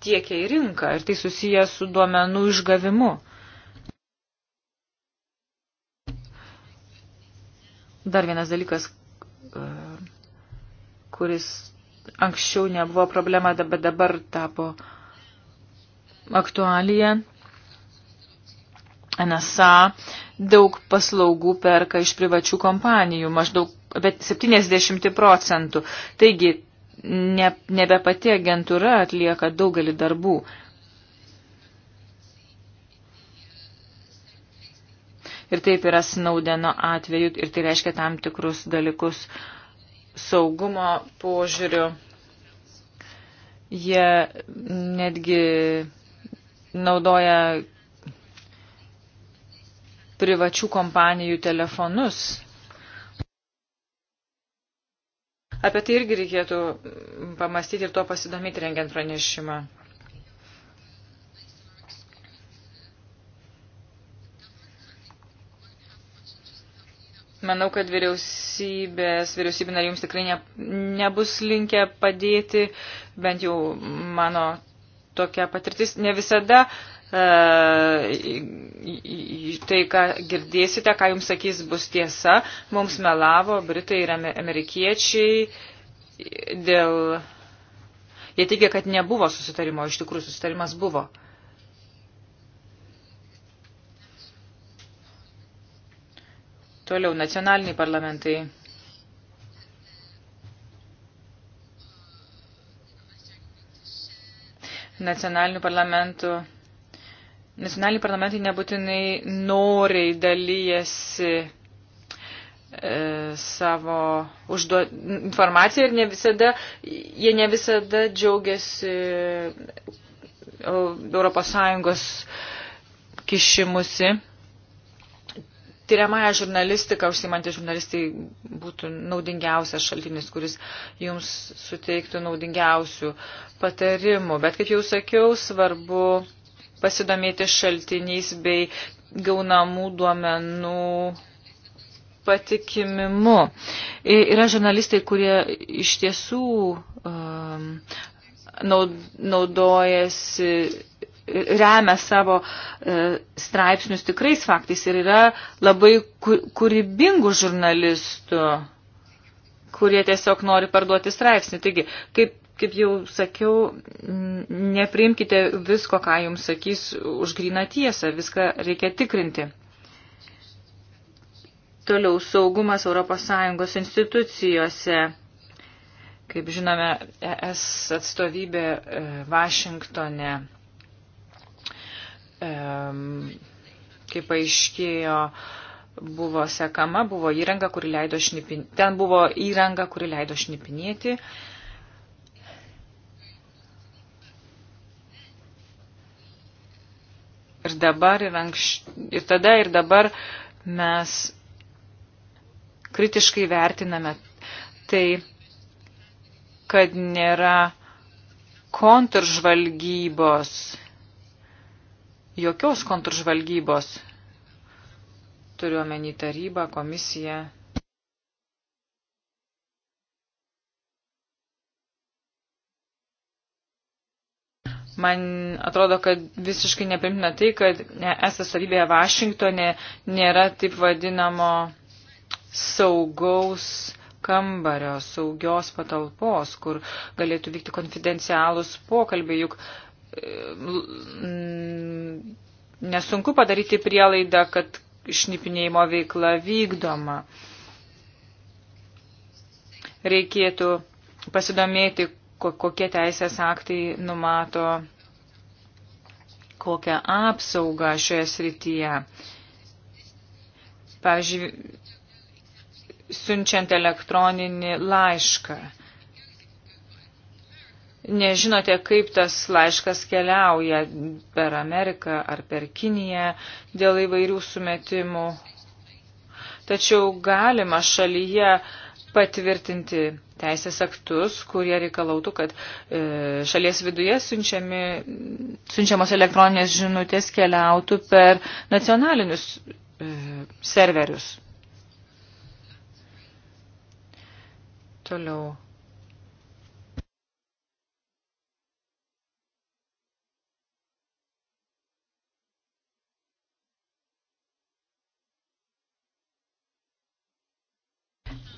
tiekia į rinką ir tai susiję su duomenų išgavimu. Dar vienas dalykas, e, kuris anksčiau nebuvo problema, bet dabar tapo aktualija. NSA daug paslaugų perka iš privačių kompanijų, maždaug bet 70 procentų. Taigi ne, nebe pati agentūra atlieka daugelį darbų. Uh, Ir taip yra Snaudeno atveju ir tai reiškia tam tikrus dalykus saugumo požiūriu. Jie netgi naudoja privačių kompanijų telefonus. Apie tai irgi reikėtų pamastyti ir tuo pasidomyti rengiant pranešimą. Manau, kad vyriausybės, vyriausybė nariai jums tikrai ne, nebus linkę padėti, bent jau mano tokia patirtis. Ne visada e, tai, ką girdėsite, ką jums sakys, bus tiesa. Mums melavo Britai ir amerikiečiai dėl. Jie teigia, kad nebuvo susitarimo, iš tikrųjų susitarimas buvo. Toliau nacionaliniai parlamentai. Nacionalinių parlamentų. Nacionaliniai parlamentai nebūtinai noriai dalyjasi e, savo užduo, informaciją ir ne visada, jie ne visada džiaugiasi e, Europos Sąjungos kišimusi tyriamąją žurnalistiką užsimantys žurnalistai būtų naudingiausias šaltinis, kuris jums suteiktų naudingiausių patarimų. Bet, kaip jau sakiau, svarbu pasidomėti šaltiniais bei gaunamų duomenų patikimimu. Yra žurnalistai, kurie iš tiesų um, naudojasi remia savo e, straipsnius tikrais faktais ir yra labai kūrybingų žurnalistų, kurie tiesiog nori parduoti straipsnį. Taigi, kaip, kaip jau sakiau, nepriimkite visko, ką jums sakys, už grįną tiesą, viską reikia tikrinti. Toliau saugumas ES institucijose. Kaip žinome, ES atstovybė e, Vašingtone kaip paaiškėjo, buvo sekama, buvo įranga, kuri leido šnipinėti. Ten buvo įranga, kuri leido šnipinėti. Ir dabar, ir, anks... ir tada, ir dabar mes kritiškai vertiname tai, kad nėra kontržvalgybos jokios kontržvalgybos. Turiuomenį tarybą, komisiją. Man atrodo, kad visiškai neprimtina tai, kad es atstovybėje Vašingtonė nėra taip vadinamo saugaus kambario, saugios patalpos, kur galėtų vykti konfidencialūs pokalbiai, juk Mm, nesunku padaryti prielaidą, kad šnipinėjimo veikla vykdoma. Reikėtų pasidomėti, kokie teisės aktai numato kokią apsaugą šioje srityje. Pavyzdžiui, siunčiant elektroninį laišką nežinote, kaip tas laiškas keliauja per Ameriką ar per Kiniją dėl įvairių sumetimų. Tačiau galima šalyje patvirtinti teisės aktus, kurie reikalautų, kad e, šalies viduje siunčiami, siunčiamos elektroninės žinutės keliautų per nacionalinius e, serverius. Toliau.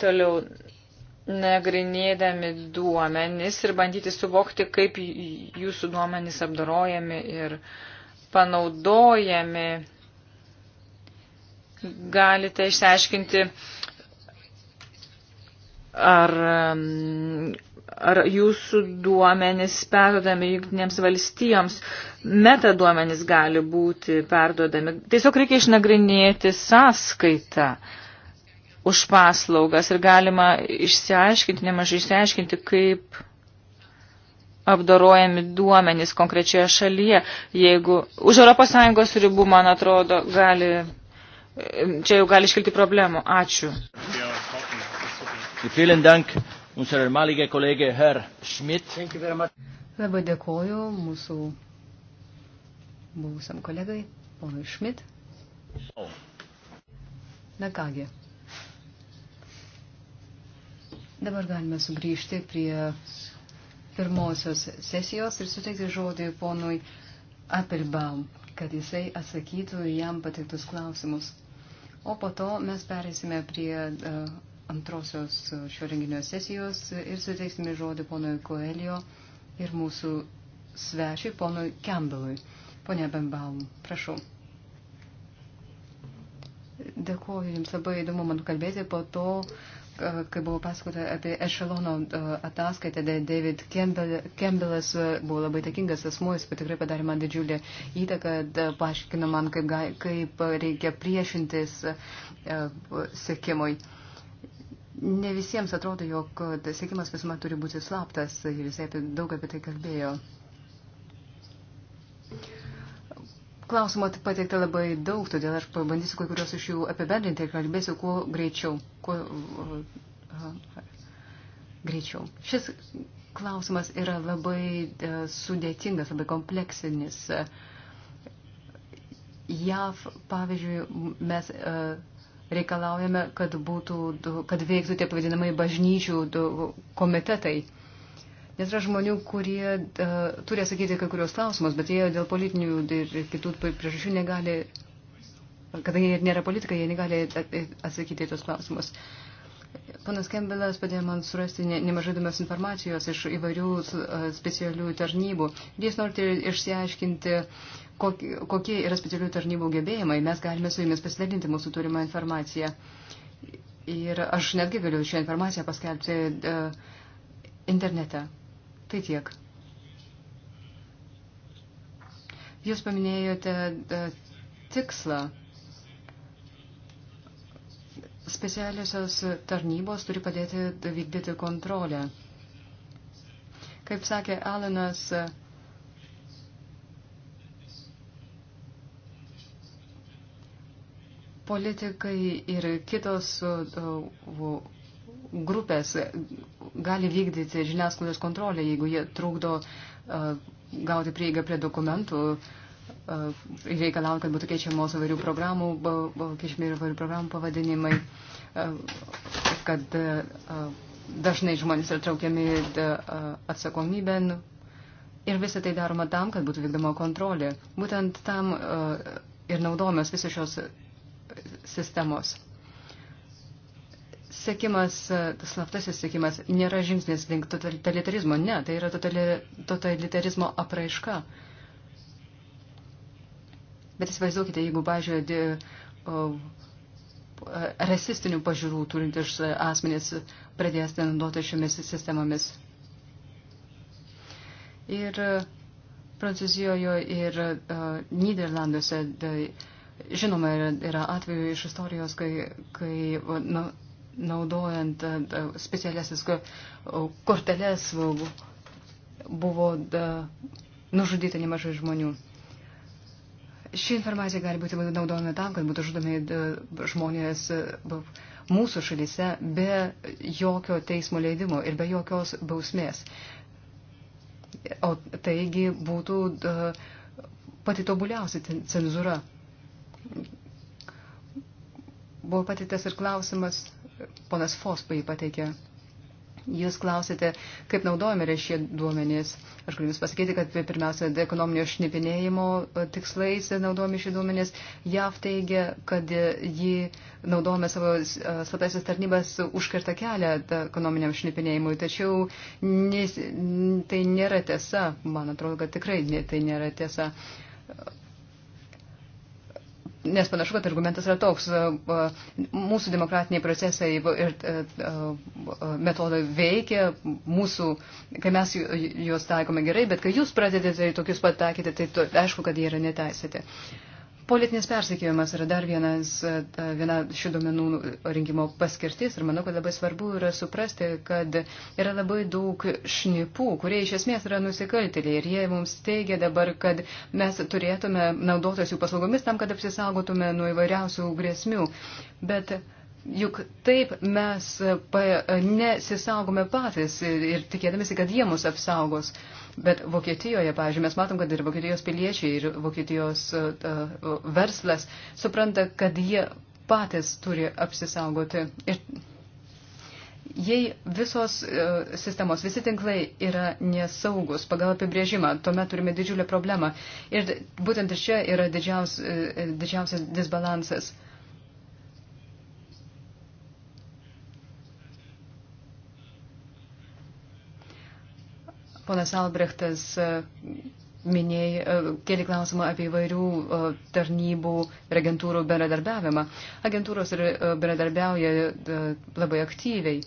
toliau nagrinėdami duomenis ir bandyti suvokti, kaip jūsų duomenis apdarojami ir panaudojami, galite išsiaiškinti, ar, ar jūsų duomenis perdodami jungtinėms valstijoms, metaduomenis gali būti perdodami. Tiesiog reikia išnagrinėti sąskaitą. Uh, už paslaugas ir galima išsiaiškinti, nemažai išsiaiškinti, kaip apdorojami duomenys konkrečioje šalyje. Jeigu už ES ribų, man atrodo, gali, čia jau gali iškilti problemų. Ačiū. Labai dėkoju mūsų buvusiam kolegai, ponui Šmit. Na kągi. Dabar galime sugrįžti prie pirmosios sesijos ir suteikti žodį ponui Appelbaum, kad jisai atsakytų jam pateiktus klausimus. O po to mes perėsime prie e, antrosios šio renginio sesijos ir suteiksime žodį ponui Koelio ir mūsų svečiui, ponui Campbellui. Pone Bembaum, prašau. Dėkuoju Jums labai įdomu man kalbėti po to, uh, kai buvo pasakota apie Ešelono e, ataskaitą, tai David Campbellas e, buvo labai takingas asmuo, jis tikrai padarė man didžiulę įtaką, paaiškino man, kaip, kaip reikia priešintis e, sekimui. Ne visiems atrodo, jog sekimas visuomet turi būti slaptas, jis apie, daug apie tai kalbėjo. Klausimų pateikta labai daug, todėl aš pabandysiu kai kurios iš jų apibendrinti ir kalbėsiu kuo greičiau. Kuo, uh, greičiau. Šis klausimas yra labai uh, sudėtingas, labai kompleksinis. JAV, pavyzdžiui, mes uh, reikalaujame, kad, būtų, kad veiktų tie vadinamai bažnyčių komitetai. Uh, Nes yra žmonių, kurie uh, turi atsakyti kai kurios klausimus, bet jie dėl politinių ir kitų priežasčių negali, kadangi jie nėra politikai, jie negali e, atsakyti į tos klausimus. Panas Kembelas padėjo man surasti nemažai įdomios informacijos iš įvairių uh, specialių tarnybų. Jis norite išsiaiškinti, kokie, kokie yra specialių tarnybų gebėjimai. Mes galime su jumis pasidalinti mūsų turimą informaciją. Ir aš netgi galiu šią informaciją paskelbti uh, internete. Tai tiek. Jūs paminėjote e, tikslą. Specialiosios tarnybos turi padėti vykdyti kontrolę. Kaip sakė Alanas, e, politikai ir kitos e, grupės gali vykdyti žiniasklaidos kontrolę, jeigu jie trukdo gauti prieigą prie dokumentų ir reikalaujant, kad būtų keičiamos įvairių programų, keičiami įvairių programų pavadinimai, kad dažnai žmonės yra traukiami atsakomybėn ir visą tai daroma tam, kad būtų vykdoma kontrolė. Būtent tam ir naudojamos visos šios sistemos sekimas, e, tas slaptasis sekimas nėra žingsnis link totalitarizmo, ne, tai yra totalitarizmo apraiška. Bet įsivaizduokite, jeigu, pažiūrėjau, rasistinių pažiūrų turintis asmenys pradės naudoti šiomis sistemomis. Ir e, Prancūzijoje ir uh, Niderlanduose, da, žinoma, yra, yra atveju iš istorijos, kai, kai nu, naudojant specialiasis korteles buvo da, nužudyta nemažai žmonių. Ši informacija gali būti naudojama tam, kad būtų žudomi žmonės e, mūsų šalyse be jokio teismo leidimo ir be jokios bausmės. O taigi būtų pati tobuliausia cenzūra. Buvo patytas ir klausimas ponas Fospai pateikė. Jūs klausite, kaip naudojami yra šie duomenys. Aš galiu Jums pasakyti, kad pirmiausia, ekonominio šnipinėjimo e, tikslais naudojami šie duomenys. JAV teigia, kad e, ji naudojame savo e, slaptasis tarnybas užkerta kelią ekonominiam šnipinėjimui. Tačiau nes, tai nėra tiesa. Man atrodo, kad tikrai tai nėra tiesa. Uh, Nes panašu, kad argumentas yra toks, e, e, mūsų demokratiniai procesai ir e, metodai veikia, mūsų, kai mes juos taikome gerai, bet kai jūs pradedate tokius pat taikyti, tai aišku, kad jie yra neteisėti. Politinis persikėjimas yra dar vienas, e, viena šių domenų rinkimo paskirtis ir manau, kad labai svarbu yra suprasti, kad yra labai daug šnipų, kurie iš esmės yra nusikaltėliai ir jie mums teigia dabar, kad mes turėtume naudotis jų paslaugomis tam, kad apsisaugotume nuo įvairiausių grėsmių. Bet Juk taip mes pa, nesisaugome patys ir tikėdamėsi, kad jie mus apsaugos. Uh, Bet Vokietijoje, pavyzdžiui, mes matom, kad ir Vokietijos piliečiai, ir Vokietijos uh, verslas supranta, kad jie patys turi apsisaugoti. Ir Jei visos e, sistemos, visi tinklai yra nesaugus pagal apibrėžimą, tuomet turime didžiulę problemą. Ir būtent ir čia yra didžiaus, didžiausias disbalansas. Ponas Albrechtas e, minėjai, e, keli klausimą apie įvairių e, tarnybų ir agentūrų bendradarbiavimą. Agentūros ir bendradarbiauja labai aktyviai.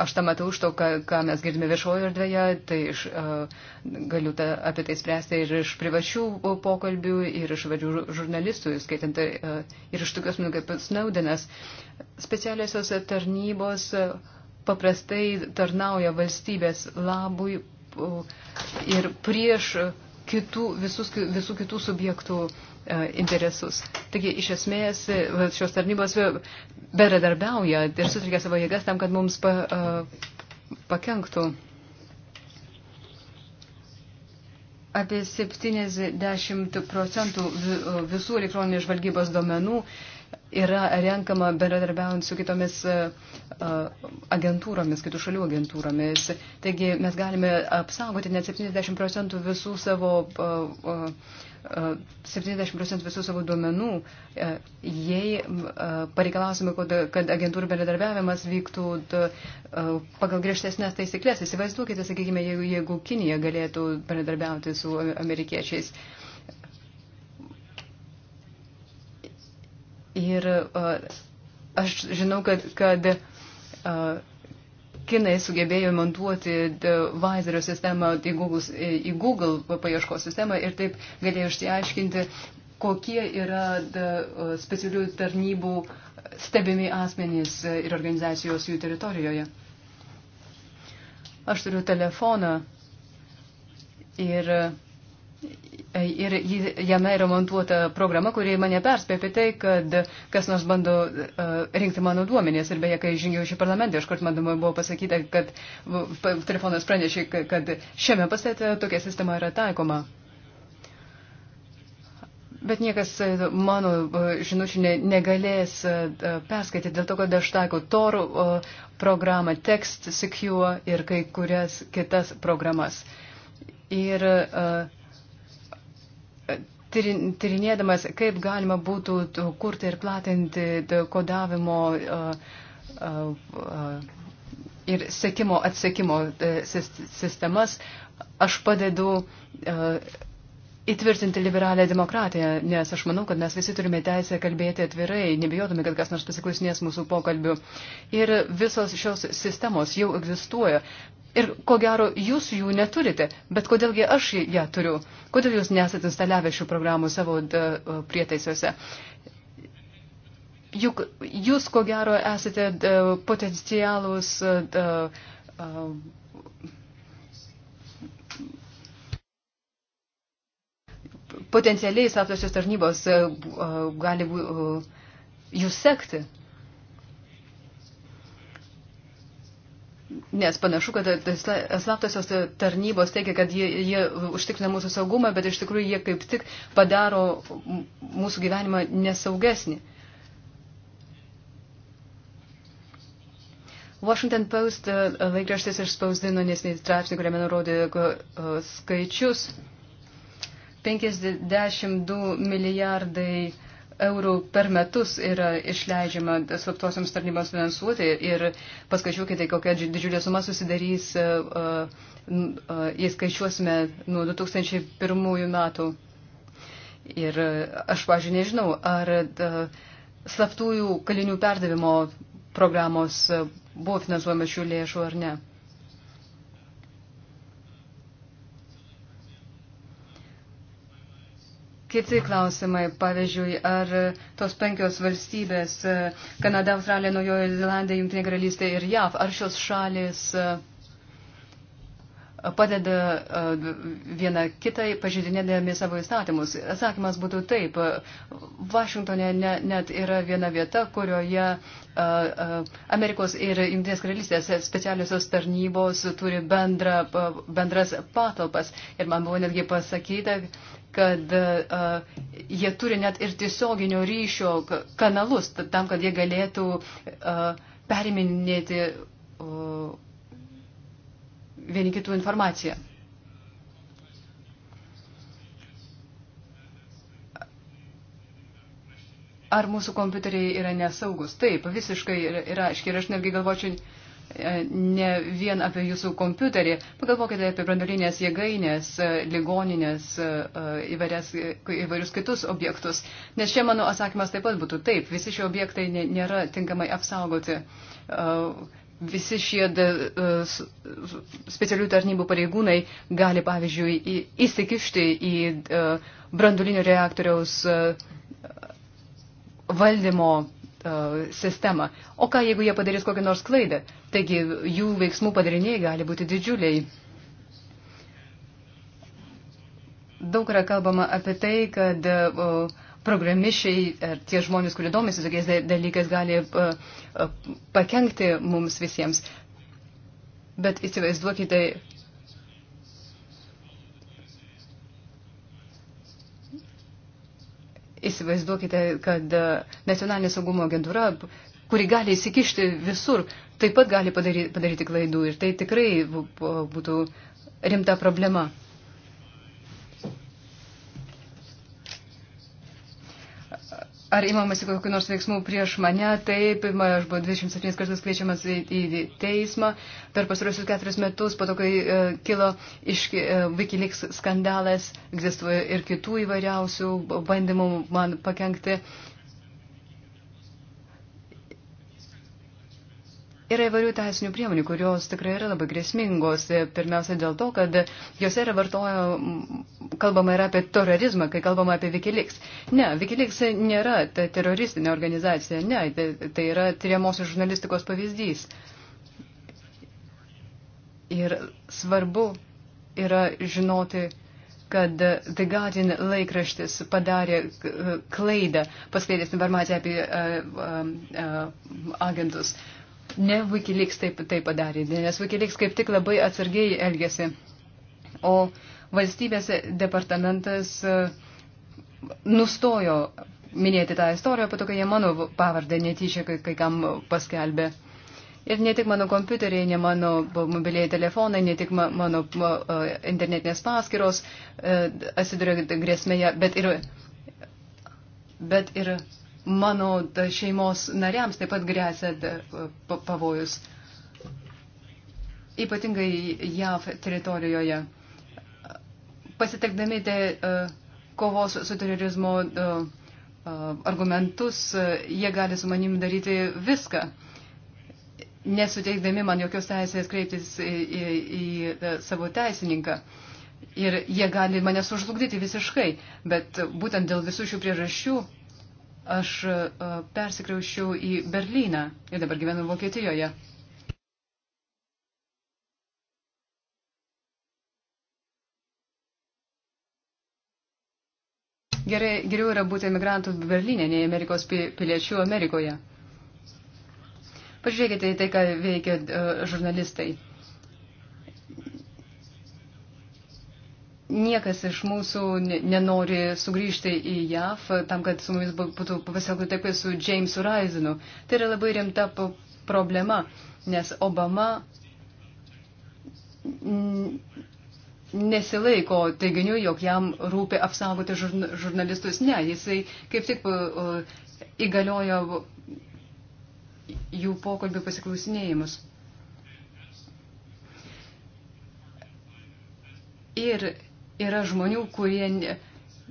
Aš tą matau iš to, ką, ką mes girdime viešojo erdvėje, tai iš, galiu ta, apie tai spręsti ir iš privačių pokalbių, ir iš varių žurnalistų, skaitant ir iš tokios minų kaip Snaudenas. Specialiosios tarnybos paprastai tarnauja valstybės labui ir prieš kitų, visus, visų kitų subjektų e, interesus. Taigi, iš esmės, šios tarnybos beradarbiauja ir sutrikia savo jėgas tam, kad mums pa, e, pakenktų. Apie 70 procentų visų elektroninės žvalgybos duomenų uh, yra renkama bendradarbiaujant su kitomis e, e, agentūromis, kitų šalių agentūromis. Taigi mes galime apsaugoti net 70 procentų visų savo, 70 e, procentų visų savo duomenų, jei pareikalausime, kad agentūrų bendradarbiavimas vyktų pagal griežtesnės taisyklės. Įsivaizduokite, sakykime, jeigu, jeigu Kinija galėtų bendradarbiauti su amerikiečiais. Ir aš žinau, kad, kad kinai sugebėjo montuoti Vizerio sistemą į Google, į Google paieškos sistemą ir taip galėjo išsiaiškinti, kokie yra da, specialių tarnybų stebimi asmenys ir organizacijos jų teritorijoje. Aš turiu telefoną ir Ir jame yra montuota programa, kuri mane perspėjo apie tai, kad kas nors bando uh, rinkti mano duomenės. Ir beje, kai žingiau šį parlamentą, iškart man buvo pasakyta, kad telefonas pranešė, kad šiame pastate tokia sistema yra taikoma. Bet niekas e, mano e, žinučių ne, negalės perskaityti dėl to, kad aš taikau TOR programą, Text Secure ir kai kurias kitas programas. Ir uh, tyrinėdamas, kaip galima būtų kurti ir platinti kodavimo ir sekimo atsekimo e, sistemas, aš padedu e, įtvirtinti liberalią demokratiją, nes aš manau, kad mes visi turime teisę kalbėti atvirai, nebijodami, kad kas nors pasiklausinės mūsų pokalbių. Ir visos šios sistemos jau egzistuoja. Ir ko gero, jūs jų neturite, bet kodėlgi aš ją turiu? Kodėl jūs nesat instaliavę šių programų savo prietaisiuose? Juk jūs ko gero esate potencialus potencialiai slaptosios tarnybos gali jūs sekti. Nes panašu, kad slaptosios tarnybos teigia, kad jie, jie užtikrina mūsų saugumą, bet iš tikrųjų jie kaip tik padaro mūsų gyvenimą nesaugesnį. Washington Post e, laikraštis išspausdino nesnį straipsnį, kuriame nurodė e, skaičius. 52 milijardai eurų per metus yra išleidžiama slaptosioms tarnybams finansuoti ir paskaičiuokite, kokia didžiulė suma susidarys, e, e, e, jei skaičiuosime nuo 2001 metų. Ir aš, pažiūrėjau, nežinau, ar slaptųjų kalinių perdavimo programos buvo finansuojama šių lėšų ar ne. Kiti klausimai, pavyzdžiui, ar tos penkios valstybės e, - Kanada, Australija, Naujoji Zelandija, Junktinė karalystė ir JAV - ar šios šalis e, padeda e, viena kitai pažydinėdami savo įstatymus. Atsakymas būtų taip. Vašingtonė ne, net yra viena vieta, kurioje Amerikos ir Junktinės karalystės specialiosios tarnybos turi bendra, bendras patalpas. Ir man buvo netgi pasakyta, kad uh, jie turi net ir tiesioginio ryšio kanalus, tam, kad jie galėtų uh, periminėti uh, vieni kitų informaciją. Ar mūsų kompiuteriai yra nesaugus? Taip, visiškai yra, aiškiai, ir aš netgi galvočiau, E, ne vien apie jūsų kompiuterį. Pagalvokite apie brandolinės jėgainės, e, ligoninės, e, įvairias, įvairius kitus objektus. Nes čia mano atsakymas taip pat būtų taip, visi šie objektai nėra tinkamai apsaugoti. Visi šie specialių tarnybų pareigūnai gali, pavyzdžiui, įsikišti į brandolinio reaktoriaus valdymo sistemą. O ką, jeigu jie padarys kokią nors klaidą? Taigi jų veiksmų padariniai gali būti didžiuliai. Daug yra kalbama apie tai, kad programišiai, e, tie žmonės, kurie domisi tokiais dalykais, gali e, e, pakengti mums visiems. Bet įsivaizduokite, įsivaizduokite, kad nacionalinė saugumo agentūra kuri gali įsikišti visur, taip pat gali padaryti, padaryti klaidų ir tai tikrai būtų rimta problema. Ar įmamasi kokiu nors veiksmu prieš mane? Taip, aš buvau 27 kartus kviečiamas į, į teismą per pasarosius keturis metus, po to, kai uh, kilo iš uh, Wikileaks skandalas, egzistuoja ir kitų įvairiausių bandymų man pakengti. Uh, Yra įvairių teisinių priemonių, kurios tikrai yra labai grėsmingos. Pirmiausia dėl to, kad jose yra vartojo, kalbama yra apie terorizmą, kai kalbama apie Wikileaks. Ne, Wikileaks nėra ta teroristinė organizacija, ne, tai, tai yra tyriamosios žurnalistikos pavyzdys. Ir svarbu yra žinoti, kad The Guardian laikraštis padarė uh, klaidą, paskleidęs informaciją apie uh, um, uh, agentus. Uh, Ne Wikileaks taip, taip padarė, nes Wikileaks kaip tik labai atsargiai elgėsi. O valstybės departamentas e, nustojo minėti tą istoriją, po to, kai jie mano pavardę netyčia kai, kai kam paskelbė. Ir ne tik mano kompiuteriai, ne mano mobiliai telefonai, ne tik ma, mano uh, internetinės paskiros uh, e, atsiduria grėsmėje, bet ir, bet ir mano šeimos nariams taip pat grėsia pavojus. Ypatingai JAV teritorijoje. Pasitekdami te e, kovos su terorizmo e, e, argumentus, jie gali su manim daryti viską nesuteikdami man jokios teisės kreiptis į, į, į savo teisininką. Ir jie gali mane sužlugdyti visiškai, bet būtent dėl visų šių priežasčių aš e, persikraušiau į Berlyną ir dabar gyvenu Vokietijoje. Gerai, geriau yra būti emigrantų Berlyne, nei Amerikos piliečių Amerikoje. Pažiūrėkite į tai, ką veikia e, žurnalistai. Niekas iš mūsų nenori sugrįžti į JAV tam, kad su mumis būtų pasielgta taip kaip su Jamesu Raisinu. Tai yra labai rimta problema, nes Obama nesilaiko teiginių, jog jam rūpi apsaugoti žurnalistus. Ne, jisai kaip tik uh, įgaliojo jų pokalbių pasiklausinėjimus. Ir yra žmonių, kurie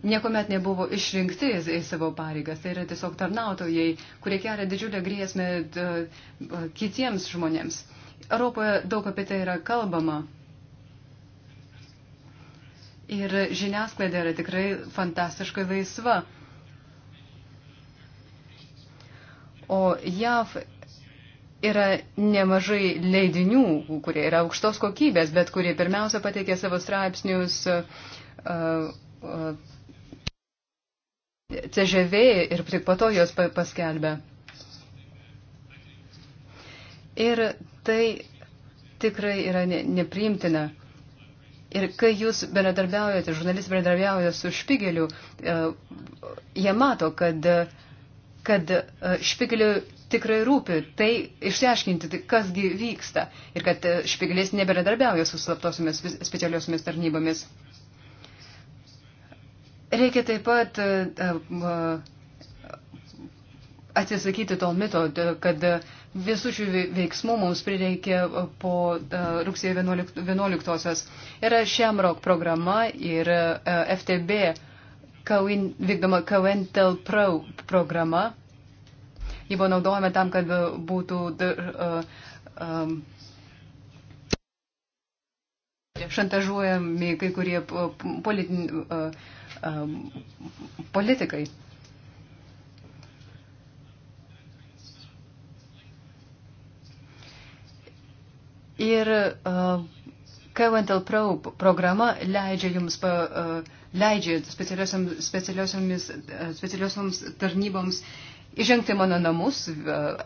niekuomet nebuvo išrinkti į savo pareigas. Tai yra tiesiog tarnautojai, kurie kelia didžiulę grėsmę e, e, kitiems žmonėms. Europoje daug apie tai yra kalbama. Ir žiniasklaida yra tikrai fantastiškai laisva. O JAV yra nemažai leidinių, kurie yra aukštos kokybės, bet kurie pirmiausia pateikė savo straipsnius e, e, CŽV ir tik po to jos paskelbė. Ir tai tikrai yra ne, nepriimtina. Ir kai jūs bendradarbiaujate, žurnalistai bendradarbiauja su Špigeliu, e, jie mato, kad kad špigelių tikrai rūpi, tai išsiaiškinti, tai kasgi vyksta ir kad e, špiglės neberedarbiauja su slaptosiomis specialiosiomis tarnybomis. Reikia taip pat e, e, atsisakyti to mito, kad visų šių veiksmų mums prireikė po rugsėjo 11, 11-osios. Yra Shamrock programa ir FTB Coin, vykdoma Cointel Pro programa ji buvo naudojama tam, kad e, būtų e, e, šantažuojami kai kurie politin, politikai. Ir uh, Covental Pro programa leidžia jums, pa, uh, leidžia specialiosioms, specialiosioms tarnyboms įžengti mano namus,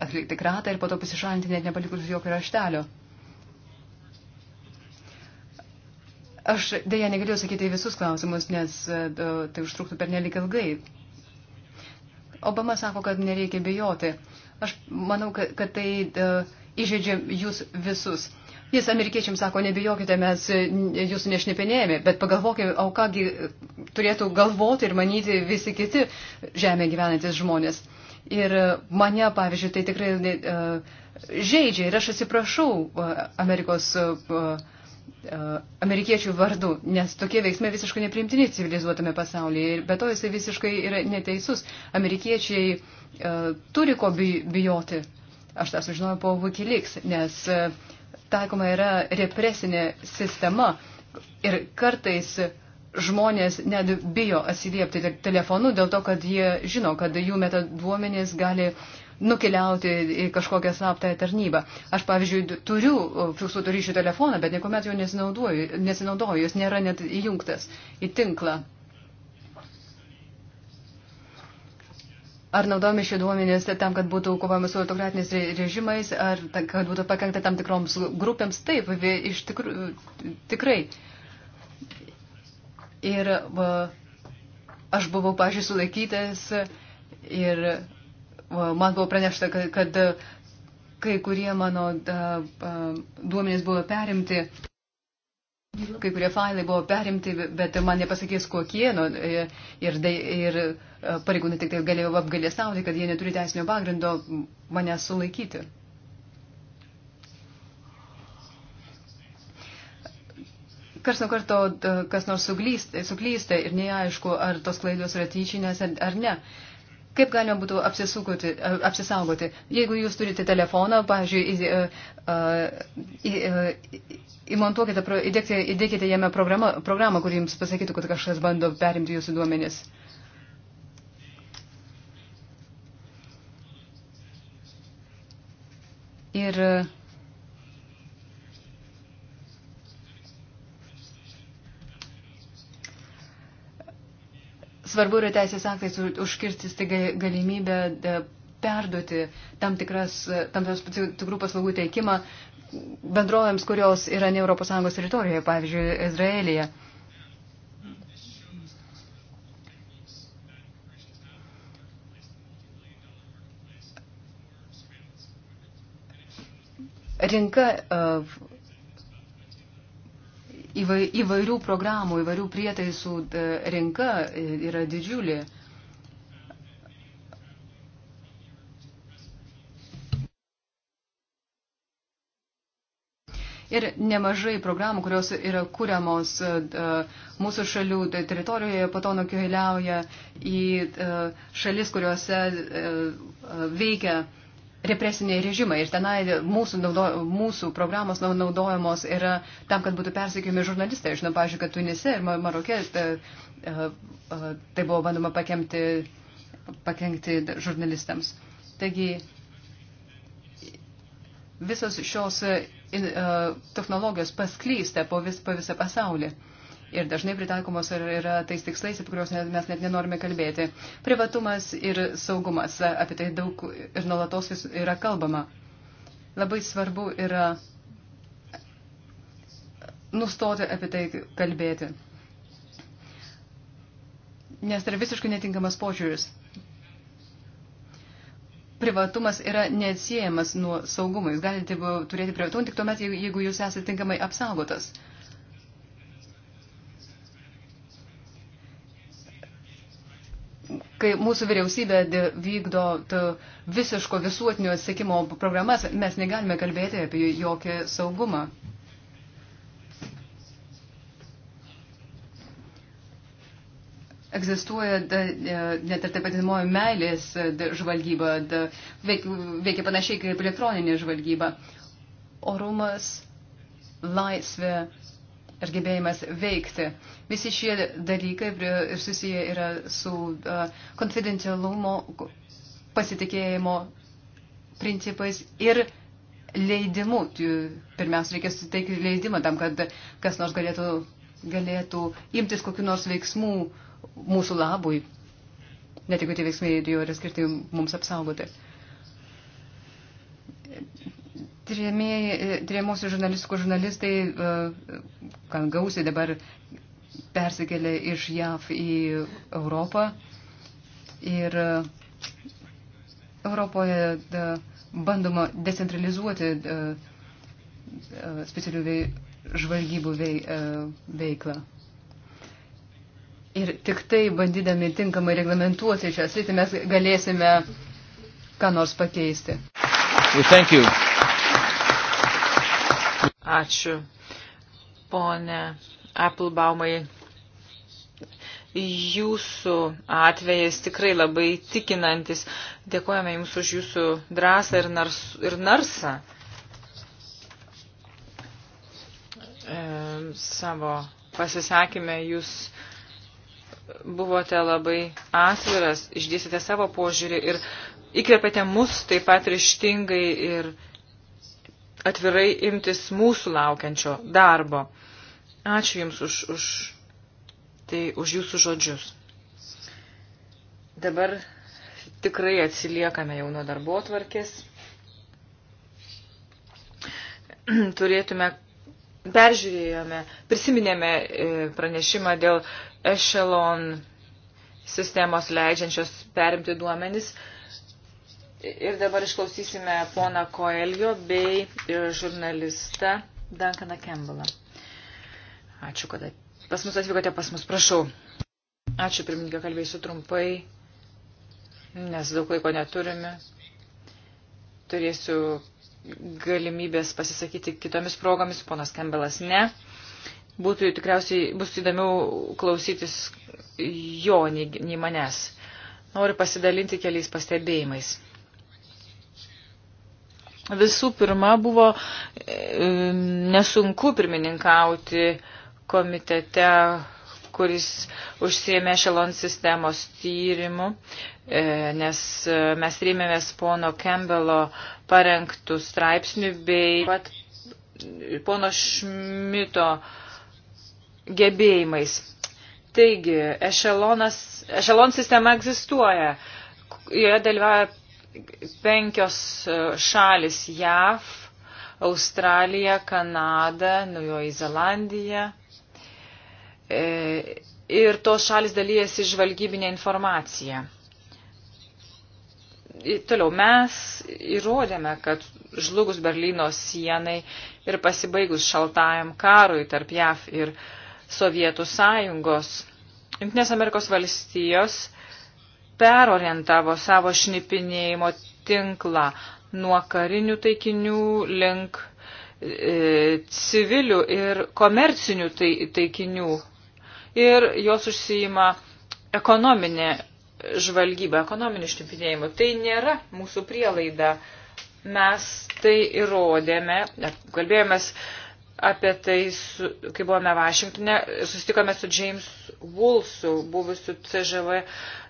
atlikti kratą ir po to pasišalinti net nepalikus jokio raštelio. Aš dėja negalėjau sakyti į visus klausimus, nes e, tai užtruktų per nelik ilgai. Obama sako, kad nereikia bijoti. Aš manau, kad, kad tai uh, įžeidžia jūs visus. Jis amerikiečiams sako, nebijokite, mes e, jūsų nešnipinėjame, bet pagalvokime, o kągi turėtų galvoti ir manyti visi kiti žemė gyvenantis žmonės. Ir mane, pavyzdžiui, tai tikrai uh, e, žaidžia ir aš atsiprašau uh, Amerikos, uh, amerikiečių vardu, nes tokie veiksmai visiškai nepriimtini civilizuotame pasaulyje ir be to jisai visiškai yra neteisus. Amerikiečiai turi ko bijoti. Aš tą sužinojau po Wikileaks, nes taikoma yra represinė sistema ir kartais uh, žmonės net bijo atsiliepti telefonu dėl to, kad jie žino, kad jų metaduomenys gali nukeliauti į kažkokią slaptąją tarnybą. Aš, pavyzdžiui, turiu fiksuotų ryšių telefoną, bet niekuomet jo nesinaudoju, nesinaudoju, jis nėra net įjungtas į tinklą. Ar naudojami šie duomenys tam, kad būtų kovojama su autokratiniais režimais, ar kad būtų pakengta tam tikroms grupėms? Taip, iš tikrų, tikrai. Ir aš buvau, pažiūrėjau, sulaikytas ir man buvo pranešta, kad, kad kai kurie mano duomenys buvo perimti, kai kurie failai buvo perimti, bet man nepasakys kokie, nu, e, ir, ir e, pareigūnai tik tai galėjo apgalėstauti, kad jie neturi teisinio pagrindo mane sulaikyti. Kars nuo karto e, kas nors suglysta, suklysta ir neaišku, ar tos klaidos yra tyčinės ar ne. Kaip galima būtų e, apsisaugoti? Jeigu jūs turite telefoną, pavyzdžiui, e, įmontuokite, įdėkite, įdėkite jame programą, programą, kur jums pasakytų, kad kažkas bando perimti jūsų duomenis. Ir uh, Svarbu yra teisės aktais užkirsti staiga galimybę e, perduoti tam, tikras, e, tam tikrų paslaugų teikimą bendrovėms, kurios yra ne ES teritorijoje, pavyzdžiui, Izraelija. Rinka uh, įvairių programų, įvairių prietaisų e, rinka e, yra didžiulė. ir nemažai programų, kurios yra kuriamos e, mūsų šalių teritorijoje, po to nukeliauja į šalis, kuriuose veikia represiniai režimai ir tenai mūsų, naudo, mūsų programos naudojamos yra tam, kad būtų persekiami žurnalistai. Žinau, pažiūrėjau, kad Tunise ir Marokė tai, e, e, e, tai buvo bandoma pakemti, pakengti žurnalistams. Taigi visos šios technologijos pasklysta po, vis, po visą pasaulį ir dažnai pritaikomos yra tais tikslais, apie kuriuos mes net nenorime kalbėti. Privatumas ir saugumas, apie tai daug ir nuolatos vis yra kalbama. Labai svarbu yra nustoti apie tai kalbėti. Nes tai yra visiškai netinkamas požiūris. Privatumas yra neatsiejamas nuo saugumo. Jūs galite turėti privatumą tik tuomet, jeigu jūs esate tinkamai apsaugotas. Uh, kai mūsų vyriausybė vykdo visiško visuotinio sekimo programas, mes negalime kalbėti apie jokį saugumą. Egzistuoja e, net ir taip vadinamoji meilės žvalgyba, veikia panašiai kaip elektroninė žvalgyba. Orumas, laisvė, ir gebėjimas veikti. Visi šie dalykai ir susiję yra su konfidencialumo, pasitikėjimo principais ir leidimu. Pirmiausia, reikia suteikti leidimą tam, kad kas nors galėtų, galėtų imtis kokiu nors veiksmų mūsų labui, net jeigu tie veiksmai jau yra skirti mums apsaugoti. Trėmėjusių e, žurnalistikų žurnalistai, kan e, gausiai dabar persikėlė iš JAV į Europą. Ir e, Europoje da, bandoma decentralizuoti da, specialių vei, žvalgybų vei, veiklą. Ir tik tai bandydami tinkamai reglamentuoti šią sritį mes galėsime ką nors pakeisti. We thank you. Ačiū, ponė Applebaumai. Jūsų atvejas tikrai labai tikinantis. Dėkojame Jums už Jūsų drąsą ir, nars, ir narsą e, savo pasisakymę. Jūs buvote labai atviras, išdėsite savo požiūrį ir įkvėpėte mus taip pat ryštingai ir atvirai imtis mūsų laukiančio darbo. Ačiū Jums už, už, tai, už Jūsų žodžius. Dabar tikrai atsiliekame jau nuo darbo tvarkės. (clears throat) Turėtume, peržiūrėjome, prisiminėme e, pranešimą dėl Echelon sistemos leidžiančios perimti duomenis Ir dabar išklausysime pona Koelio bei e, žurnalistą Duncaną Campbellą. Ačiū, kad pas mus atvykote pas mus. Prašau. Ačiū, pirmininkė, kalbėsiu trumpai, nes daug laiko neturime. Turėsiu galimybės pasisakyti kitomis progomis, ponas Kembelas ne. Būtų tikriausiai, bus įdomiau klausytis jo nei, nei manęs. Noriu pasidalinti keliais pastebėjimais. Visų pirma, buvo e, nesunku pirmininkauti komitete, kuris užsiemė šelon sistemos tyrimu, e, nes e, mes rėmėmės pono Campbello parengtų straipsnių bei pat pono Šmito gebėjimais. Taigi, ešelonas, ešelon sistema egzistuoja. Joje dalyvauja penkios e, šalis JAV, Australija, Kanada, Naujoji Zelandija. E, ir tos šalis dalyjasi žvalgybinė informacija. Toliau mes įrodėme, kad žlugus Berlyno sienai ir pasibaigus šaltajam karui tarp JAV ir Sovietų sąjungos, Junktinės Amerikos valstijos perorientavo savo šnipinėjimo tinklą nuo karinių taikinių link e, civilių ir komercinių tai, taikinių. Ir jos užsijima ekonominė žvalgyba, ekonominių šnipinėjimų. Tai nėra mūsų prielaida. Mes tai įrodėme, kalbėjomės apie tai, su, kai buvome Vašingtone, susitikome su James Woolsu, buvusiu CŽV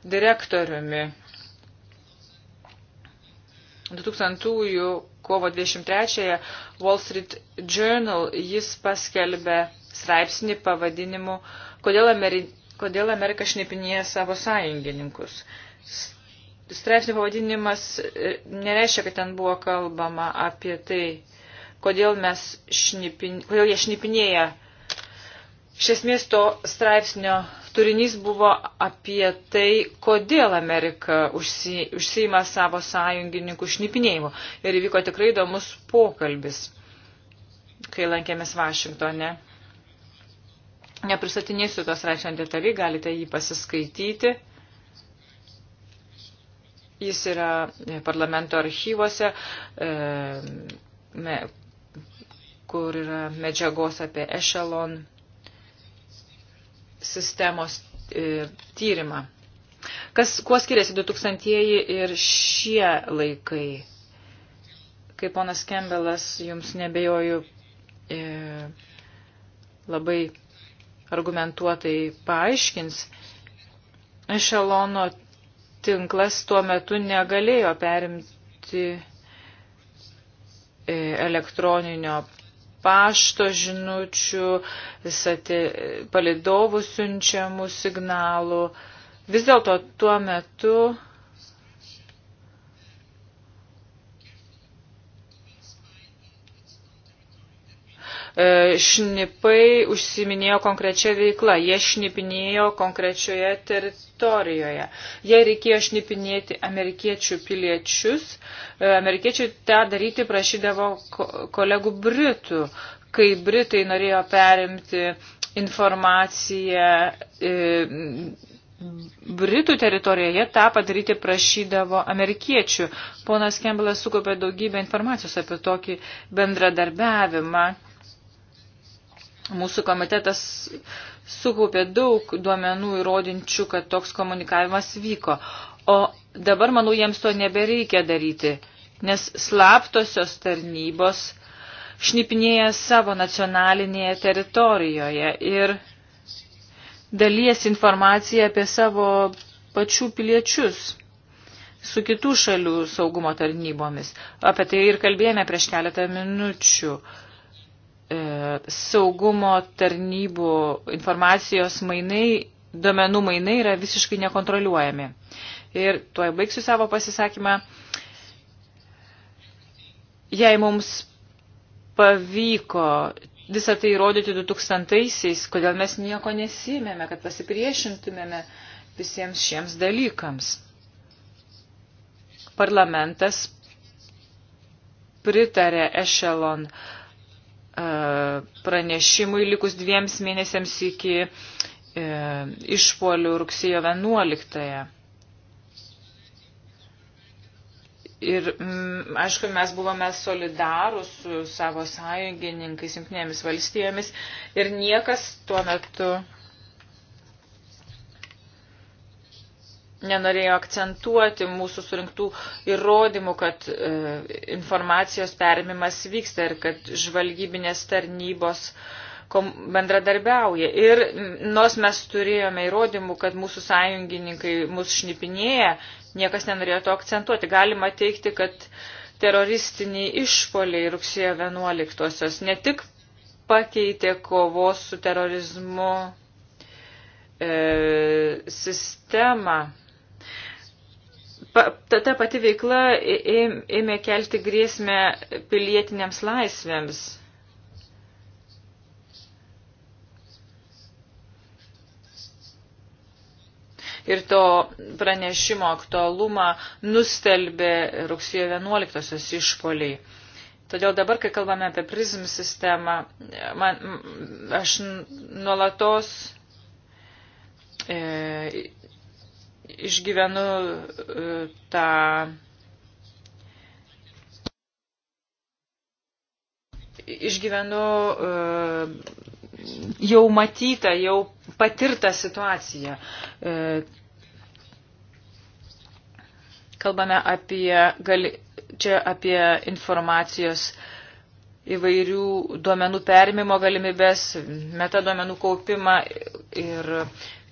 direktoriumi. 2000-ųjų kovo 23-ąją Wall Street Journal jis paskelbė straipsnį pavadinimu Kodėl, Ameri Kodėl Amerika šnipinėja savo sąjungininkus. Straipsnio pavadinimas e, nereiškia, kad ten buvo kalbama apie tai, kodėl, mes šnipin, kodėl jie šnipinėja. Iš esmės to straipsnio turinys buvo apie tai, kodėl Amerika užsi, užsima savo sąjungininkų šnipinėjimu. Ir įvyko tikrai įdomus pokalbis, kai lankėmės Vašingtone. Nepristatinėsiu tos straipsnio detaliai, galite jį pasiskaityti. Jis yra parlamento archyvose. E, me, kur yra medžiagos apie Echelon sistemos e, tyrimą. Kas, kuo skiriasi 2000-ieji ir šie laikai? Kaip ponas Kembelas, jums nebejoju e, labai argumentuotai paaiškins, ešelono tinklas tuo metu negalėjo perimti elektroninio pašto žinučių, sati, palidovų siunčiamų signalų. Vis dėlto tuo metu E, šnipai užsiminėjo konkrečią veiklą, jie šnipinėjo konkrečioje teritorijoje. Jie reikėjo šnipinėti amerikiečių piliečius, e, amerikiečiai tą daryti prašydavo kolegų Britų, kai Britai norėjo perimti informaciją. E, Britų teritorijoje tą padaryti prašydavo amerikiečių. Ponas Kembelas sukaupė daugybę informacijos apie tokį bendradarbiavimą. Mūsų komitetas sukaupė daug duomenų įrodinčių, kad toks komunikavimas vyko. O dabar, manau, jiems to nebereikia daryti, nes slaptosios tarnybos šnipinėja savo nacionalinėje teritorijoje ir dalies informaciją apie savo pačių piliečius su kitų šalių saugumo tarnybomis. Apie tai ir kalbėjome prieš keletą minučių. Uh, E, saugumo tarnybų informacijos mainai, domenų mainai yra visiškai nekontroliuojami. Ir tuoj baigsiu savo pasisakymą. Jei mums pavyko visą tai įrodyti 2000-aisiais, kodėl mes nieko nesimėme, kad pasipriešintumėme visiems šiems dalykams. Parlamentas pritarė Echelon uh, E, pranešimui likus dviems mėnesiams iki e, išpolių rugsėjo 11. -ąją. Ir, m, mm, aišku, mes buvome solidarūs su savo sąjungininkais, jungtinėmis valstijomis ir niekas tuo metu nenorėjo akcentuoti mūsų surinktų įrodymų, kad e, informacijos perimimas vyksta ir kad žvalgybinės tarnybos kom, bendradarbiauja. Ir nors mes turėjome įrodymų, kad mūsų sąjungininkai mūsų šnipinėja, niekas nenorėjo to akcentuoti. Galima teikti, kad teroristiniai išpoliai rugsėjo 11-osios ne tik pakeitė kovos su terorizmu e, sistemą, pa, ta, ta pati veikla ėmė kelti grėsmę pilietiniams laisvėms. ir to pranešimo aktualumą nustelbė rugsėjo 11-osios išpoliai. Todėl dabar, kai kalbame apie prizm sistemą, man, aš nuolatos e, išgyvenu e, tą išgyvenu e, jau matytą, jau patirtą situaciją. E, kalbame apie, gali, čia apie informacijos įvairių duomenų permimo galimybės, metaduomenų kaupimą ir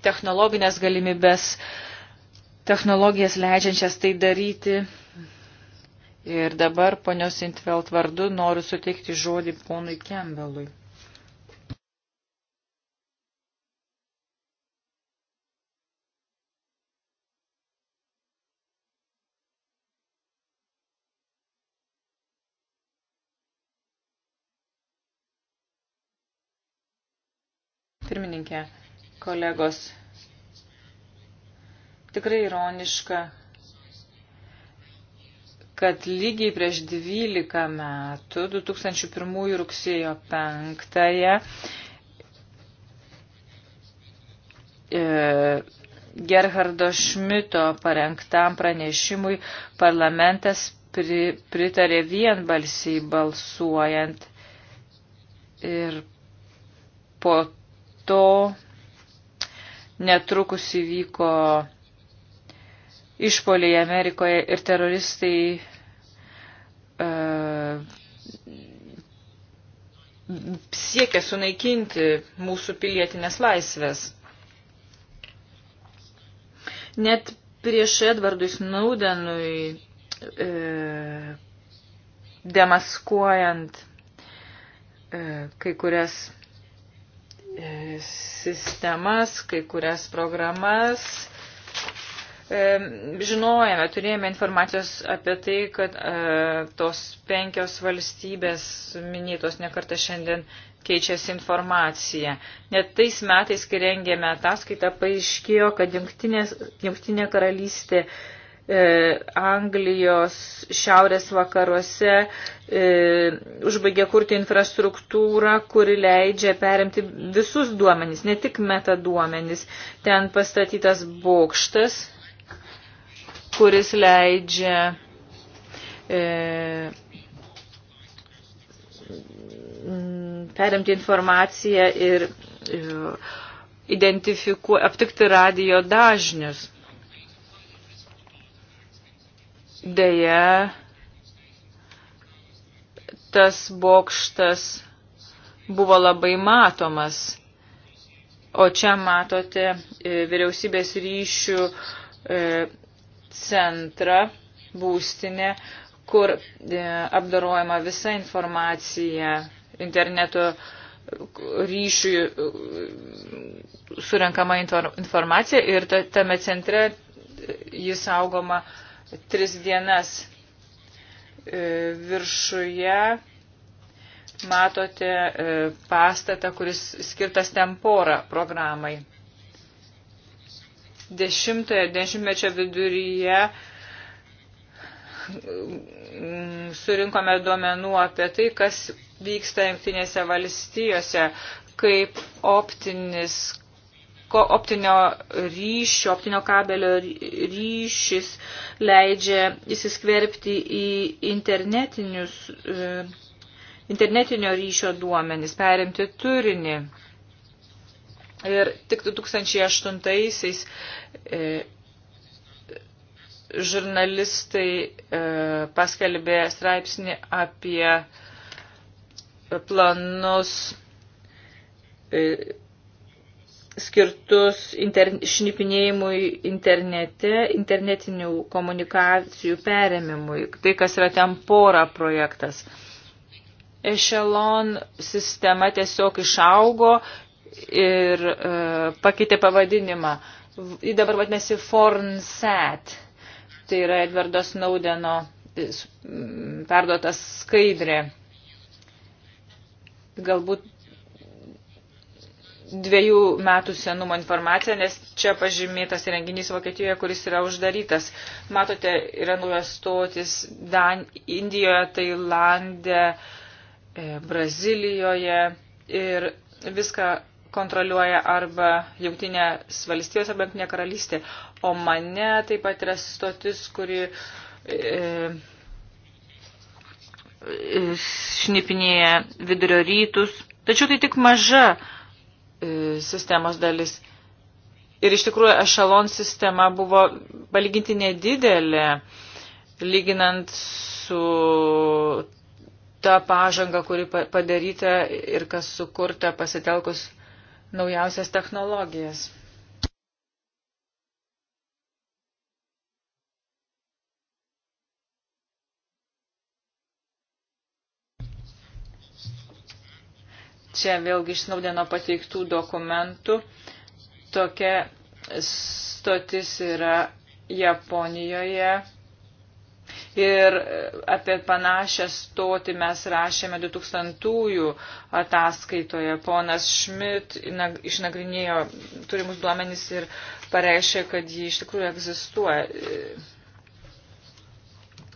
technologinės galimybės. Uh, technologijas leidžiančias tai daryti. Ir dabar ponios Intvelt vardu noriu suteikti žodį ponui Campbellui. Pirmininkė, kolegos, tikrai ironiška, kad lygiai prieš 12 metų, 2001 rugsėjo 5-ąją, e, Gerhardo Šmito parengtam pranešimui parlamentas pri, pritarė vienbalsiai balsuojant ir po to netrukus įvyko išpoliai Amerikoje ir teroristai uh, siekia sunaikinti mūsų pilietinės laisvės. Net prieš Edvardui Snaudenui e, demaskuojant e, kai kurias e, sistemas, kai kurias programas, žinojame, turėjome informacijos apie tai, kad e, tos penkios valstybės minėtos nekartą šiandien keičiasi informacija. Net tais metais, kai rengėme ataskaitą, paaiškėjo, kad Junktinė karalystė e, Anglijos šiaurės vakaruose e, užbaigė kurti infrastruktūrą, kuri leidžia perimti visus duomenys, ne tik metaduomenys. Ten pastatytas bokštas, kuris leidžia e, perimti informaciją ir e, identifiku, aptikti radijo dažnius. Deja, tas bokštas buvo labai matomas, o čia matote e, vyriausybės ryšių e, centrą, būstinę, kur e, apdarojama visa informacija interneto ryšių e, surenkama informacija ir tame centre e, jis saugoma tris dienas. Viršuje matote pastatą, kuris skirtas tempora programai dešimtojo dešimtmečio viduryje mm, surinkome duomenų apie tai, kas vyksta jungtinėse valstijose, kaip optinis, ko optinio ryšio, optinio kabelio ryšis leidžia įsiskverbti į internetinius, e, internetinio ryšio duomenis, perimti turinį. Ir tik 2008-aisiais e, žurnalistai e, paskelbė straipsnį apie planus e, skirtus inter, šnipinėjimui internete, internetinių komunikacijų perėmimui. Tai, kas yra tempora projektas. Echelon sistema tiesiog išaugo ir e, pakeitė pavadinimą. Jį dabar vadinasi Fornsat. Tai yra Edvardo Snaudeno e, perduotas skaidrė. Galbūt dviejų metų senumo informacija, nes čia pažymėtas renginys Vokietijoje, kuris yra uždarytas. Matote, yra naujos stotis Dan Indijoje, Tailandė, e, Brazilijoje ir viską kontroliuoja arba jungtinės valstijos arba jungtinė karalystė. O mane taip pat yra stotis, kuri e, e šnipinėja vidurio rytus. Tačiau tai tik maža e, sistemos dalis. Ir iš tikrųjų ešalon sistema buvo palyginti nedidelė, lyginant su ta pažanga, kuri padaryta ir kas sukurta pasitelkus naujausias technologijas. Čia vėlgi iš Snaudeno pateiktų dokumentų tokia stotis yra Japonijoje Ir apie panašią stotį mes rašėme 2000-ųjų ataskaitoje. Ponas Šmit išnagrinėjo turimus duomenys ir pareiškė, kad ji iš tikrųjų egzistuoja.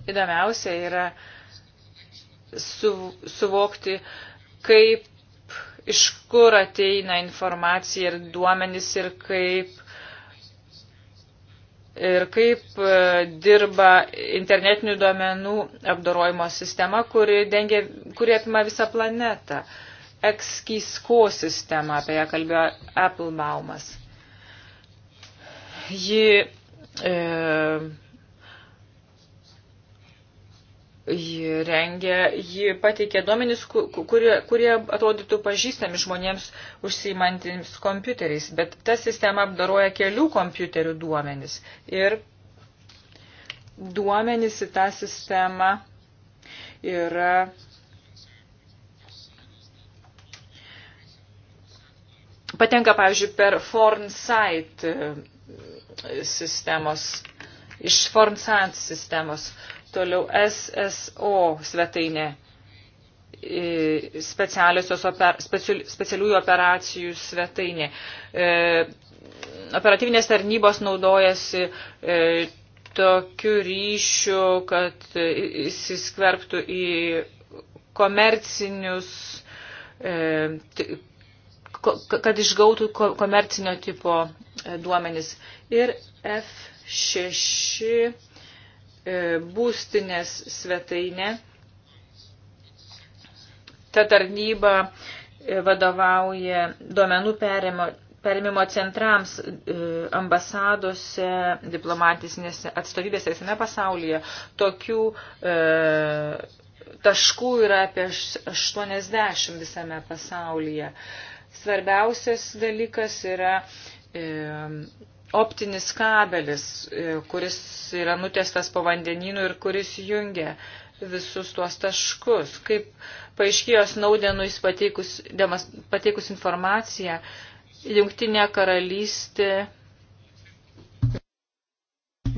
Įdomiausia yra su, suvokti, kaip, iš kur ateina informacija ir duomenys ir kaip ir kaip e, dirba internetinių duomenų apdorojimo sistema, kuri, dengia, kuri apima visą planetą. XKISCO sistema, apie ją kalbėjo Applebaumas. Ji e, ji rengia, ji pateikė duomenys, kurie, kurie atrodytų pažįstami žmonėms užsiimantiems kompiuteriais, bet ta sistema apdaroja kelių kompiuterių duomenys. Ir duomenys į tą sistemą yra. Patenka, pavyzdžiui, per FornSight e, sistemos, iš FornSight sistemos. Uh, Toliau SSO svetainė e, specialiosios oper, specialiųjų operacijų svetainė. E, operatyvinės tarnybos naudojasi e, tokiu ryšiu, kad įsiskverbtų į komercinius, kad išgautų komercinio tipo duomenis. Ir F6 E, būstinės svetainę. Ta tarnyba e, vadovauja duomenų perėmo, perėmimo centrams e, ambasadose, diplomatinėse atstovybėse visame pasaulyje. Tokių e, taškų yra apie 80 visame pasaulyje. Svarbiausias dalykas yra e, optinis kabelis, e, kuris yra nutestas po vandeninu ir kuris jungia visus tuos taškus. Kaip paaiškėjo Snaudenui pateikus, demas, pateikus informaciją, Jungtinė karalystė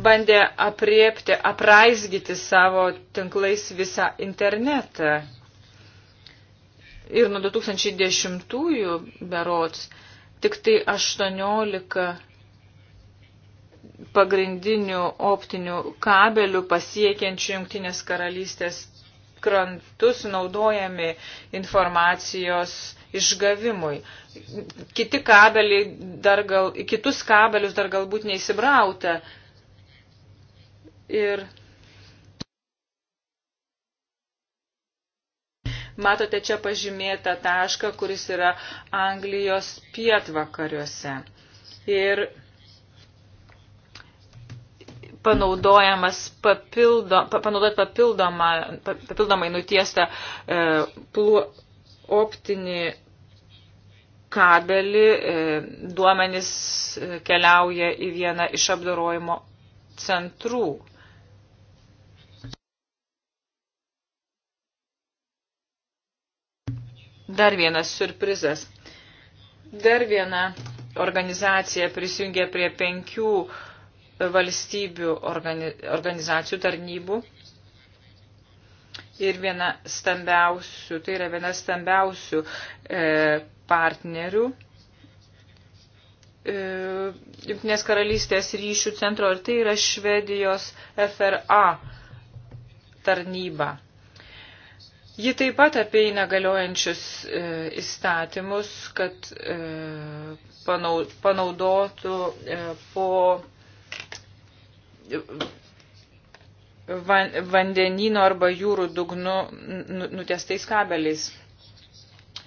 bandė apriepti, apraizgyti savo tinklais visą internetą. Ir nuo 2010-ųjų berots tik tai 18 pagrindinių optinių kabelių pasiekiančių Junktinės karalystės krantus naudojami informacijos išgavimui. Kiti kabeliai dar gal, kitus kabelius dar galbūt neįsibrauta. Ir matote čia pažymėtą tašką, kuris yra Anglijos pietvakariuose. Ir panaudojamas papildo, panaudot papildomą, papildomai nutiestą e, plu, optinį kabelį, e, duomenys e, keliauja į vieną iš apdorojimo centrų. Dar vienas surprizas. Dar viena organizacija prisijungė prie penkių uh, valstybių organizacijų tarnybų. Ir viena stambiausių, tai yra viena stambiausių e, partnerių e, Junktinės karalystės ryšių centro ir tai yra Švedijos FRA tarnyba. Ji taip pat apeina galiojančius e, įstatymus, kad e, panaudotų e, po vandenino arba jūrų dugnu nu, nutestais kabeliais.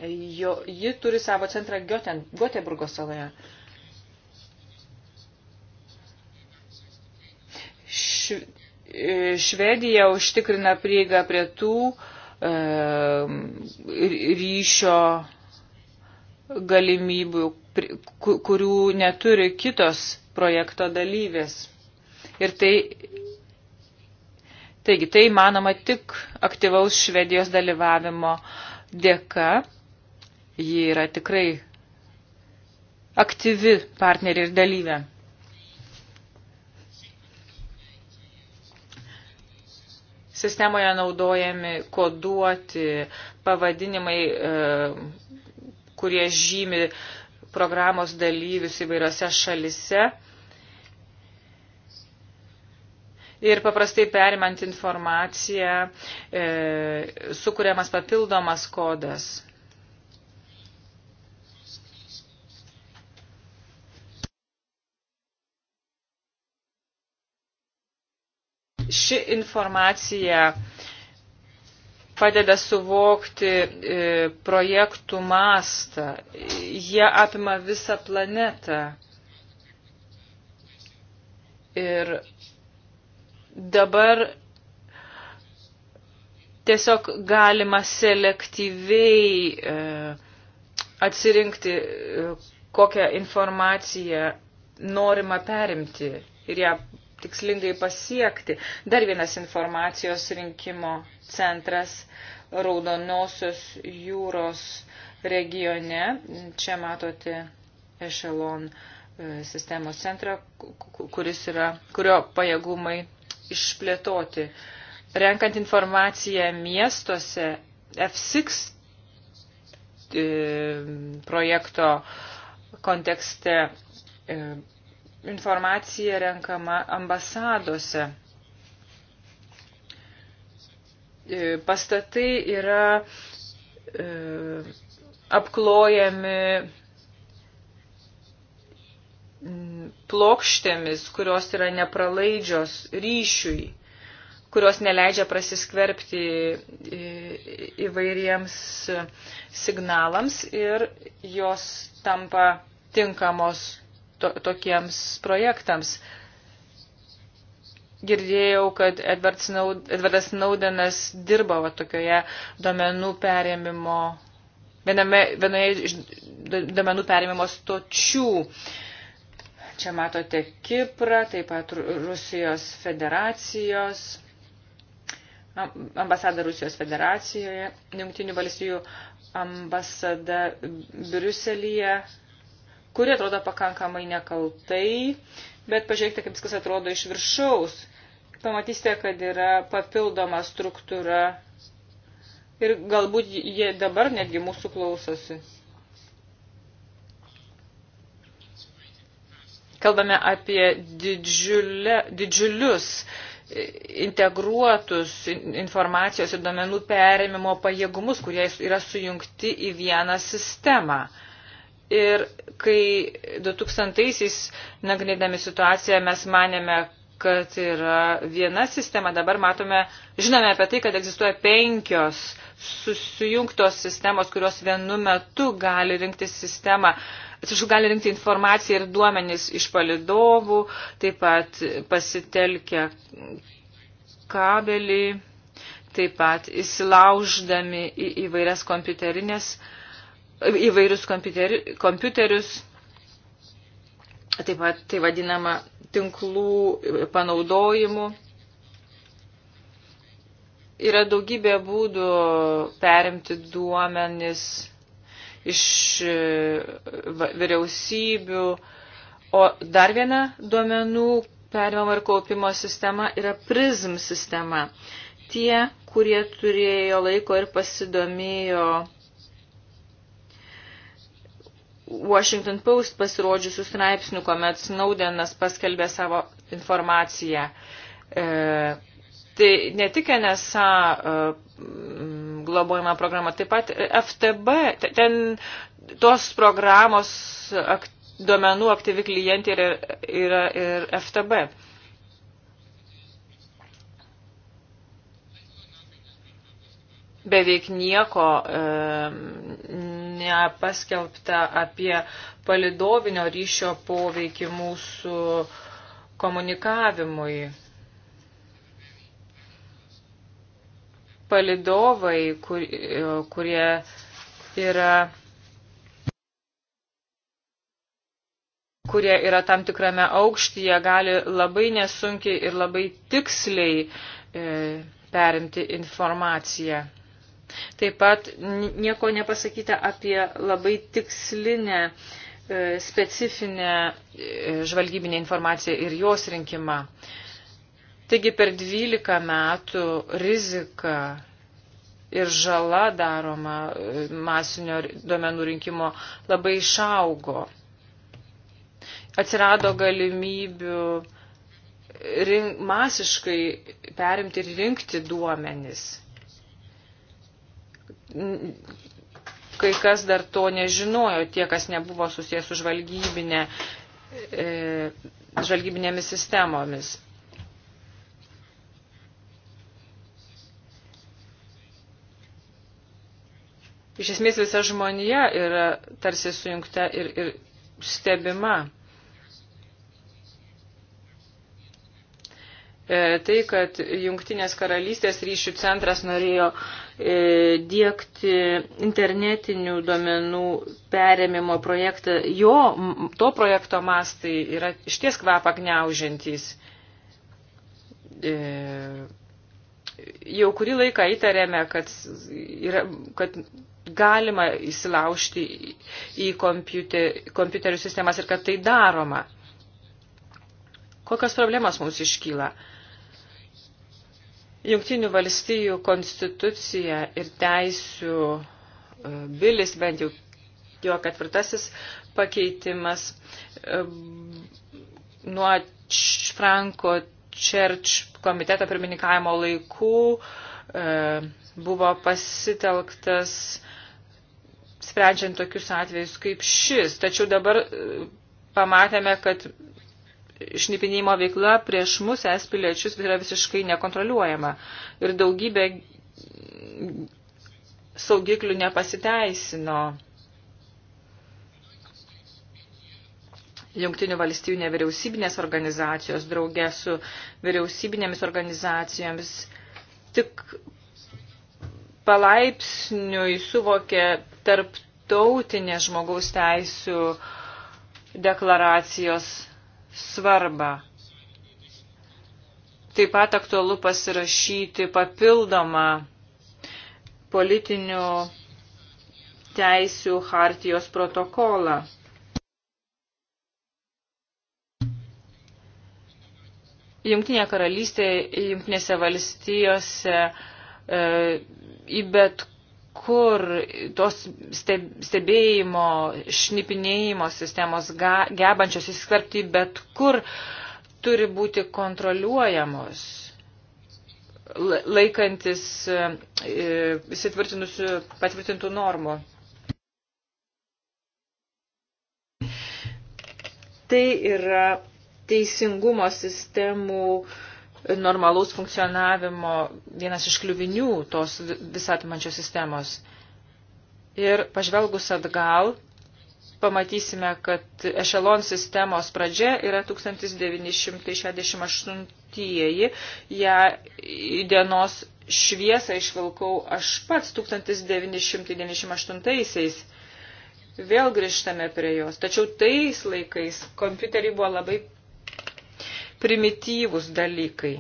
Jo, ji turi savo centrą Göten, Göteburgo saloje. Š, e, Švedija užtikrina prieigą prie tų e, ryšio galimybių, kurių neturi kitos projekto dalyvės. Ir tai, taigi, tai manoma tik aktyvaus Švedijos dalyvavimo dėka. Ji yra tikrai aktyvi partnerė ir dalyvė. sistemoje naudojami koduoti pavadinimai, e, kurie žymi programos dalyvius įvairiose šalise. Ir paprastai perimant informaciją e, sukūriamas papildomas kodas. Ši informacija padeda suvokti e, projektų mastą. Jie apima visą planetą. Ir dabar tiesiog galima selektyviai e, atsirinkti, e, kokią informaciją norima perimti ir ją tikslingai pasiekti. Dar vienas informacijos rinkimo centras Raudonosios jūros regione. Čia matote Echelon e, sistemos centrą, kuris yra, kurio pajėgumai išplėtoti. Renkant informaciją miestuose, F6 e, projekto kontekste e, informacija renkama ambasadose. E, pastatai yra apklojami plokštėmis, kurios yra nepralaidžios ryšiui, kurios neleidžia prasiskverbti įvairiems signalams ir jos tampa tinkamos to, tokiems projektams. Girdėjau, kad Edvardas Naudenas dirba va, tokioje domenų perėmimo, viename, vienoje iš domenų perėmimo stočių. E, Čia matote Kiprą, taip pat Rusijos federacijos, ambasada Rusijos federacijoje, Junktinių valstybių ambasada Briuselyje, kuri atrodo pakankamai nekaltai, bet pažiūrėkite, kaip viskas atrodo iš viršaus. Pamatysite, kad yra papildoma struktūra ir galbūt jie dabar netgi mūsų klausosi. Kalbame apie didžiulę, didžiulius integruotus informacijos ir domenų perėmimo pajėgumus, kurie yra sujungti į vieną sistemą. Ir kai 2000-aisiais nagrinėdami situaciją mes manėme, kad yra viena sistema, dabar matome, žinome apie tai, kad egzistuoja penkios susijungtos sistemos, kurios vienu metu gali rinkti sistemą, atsiprašau, gali rinkti informaciją ir duomenys iš palidovų, taip pat pasitelkia kabelį, taip pat įsilauždami į įvairias kompiuterinės, įvairius kompiuteri, kompiuterius, taip pat tai vadinama tinklų panaudojimu Yra daugybė būdų perimti duomenis iš e, vyriausybių. O dar viena duomenų perimama ir kaupimo sistema yra PRISM sistema. Tie, kurie turėjo laiko ir pasidomėjo Washington Post pasirodžiusių straipsnių, kuomet Snowdenas paskelbė savo informaciją. E, tai ne tik NSA e, globojama programa, taip pat FTB, ten tos programos ak, duomenų aktyvi klientė yra, yra ir FTB. Beveik nieko e, nepaskelbta apie palidovinio ryšio poveikį mūsų komunikavimui. palidovai, kur, e, kurie yra kurie yra tam tikrame aukštyje, gali labai nesunkiai ir labai tiksliai e, perimti informaciją. Taip pat nieko nepasakyta apie labai tikslinę, e, specifinę e, žvalgybinę informaciją ir jos rinkimą. E, Taigi per 12 metų rizika ir žala daroma e, masinio duomenų rinkimo labai išaugo. Atsirado galimybių rink, masiškai perimti ir rinkti duomenis. Kai kas dar to nežinojo, tie, kas nebuvo susijęs su žvalgybinė, e, žvalgybinėmis sistemomis. Iš esmės visa žmonija yra tarsi sujungta ir, ir stebima. E, tai, kad Jungtinės karalystės ryšių centras norėjo e, dėkti internetinių duomenų perėmimo projektą, jo, to projekto mastai yra išties kvapą gniaužiantys. E, jau kurį laiką įtarėme, kad, yra, kad galima įsilaužti į kompiuter, kompiuterių sistemas ir kad tai daroma. Kokios problemos mums iškyla? Jungtinių valstijų konstitucija ir teisių e, bilis, bent jau jo ketvirtasis pakeitimas e, nuo Franko Church komiteto pirmininkavimo laikų e, buvo pasitelktas sprendžiant tokius atvejus kaip šis. Tačiau dabar e, pamatėme, kad šnipinėjimo veikla prieš mus es piliečius yra visiškai nekontroliuojama. Ir daugybė saugiklių nepasiteisino. Junktinių valstybių nevyriausybinės organizacijos draugė su vyriausybinėmis organizacijomis tik palaipsniui suvokė tarptautinės žmogaus teisų deklaracijos svarbą. Taip pat aktualu pasirašyti papildomą politinių teisių hartijos protokolą. Jungtinėje karalystėje, Jungtinėse valstijose, e, į bet kur tos stebėjimo, šnipinėjimo sistemos ga, gebančios įskverbti bet kur turi būti kontroliuojamos, laikantis e, e, įsitvirtinusių patvirtintų normų. Tai yra teisingumo sistemų normalaus funkcionavimo vienas iš kliuvinių tos visatmančios sistemos. Ir pažvelgus atgal, pamatysime, kad ešelon sistemos pradžia yra 1968-ieji. Ja dienos šviesą išvilkau aš pats 1998-aisiais. Vėl grįžtame prie jos. Tačiau tais laikais kompiuteriai buvo labai primityvūs dalykai.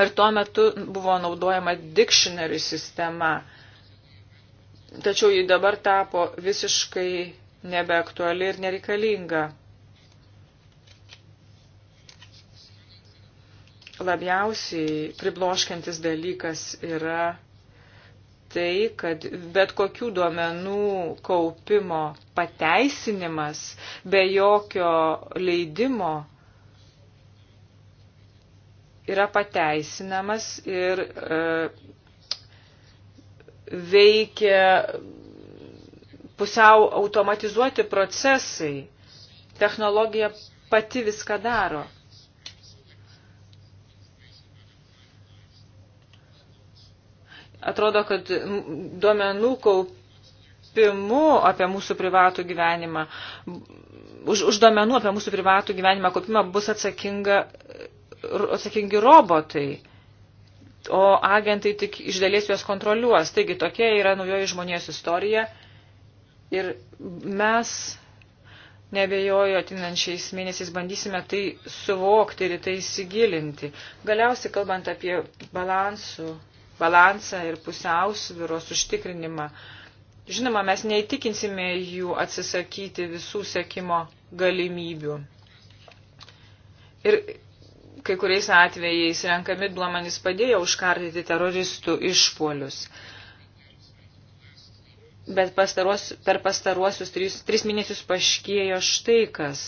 Ir tuo metu buvo naudojama dictionary sistema, tačiau ji dabar tapo visiškai nebeaktuali ir nereikalinga. Labiausiai pribloškiantis dalykas yra tai, kad bet kokių duomenų kaupimo pateisinimas be jokio leidimo yra pateisinamas ir e, veikia pusiau automatizuoti procesai. Technologija pati viską daro. Atrodo, kad duomenų kaupimu apie mūsų privatų gyvenimą, už, už duomenų apie mūsų privatų gyvenimą kaupimą bus atsakinga atsakingi robotai, o agentai tik iš dalies juos kontroliuos. Taigi tokia yra naujoji žmonijos istorija ir mes nebejoju atinančiais mėnesiais bandysime tai suvokti ir tai įsigilinti. Galiausiai kalbant apie balansų, balansą ir pusiausvyros užtikrinimą, žinoma, mes neįtikinsime jų atsisakyti visų sekimo galimybių. Ir kai kuriais atvejais renkami duomenys padėjo užkardyti teroristų išpolius. Bet pastaruos, per pastaruosius tris, tris mėnesius paškėjo štai kas,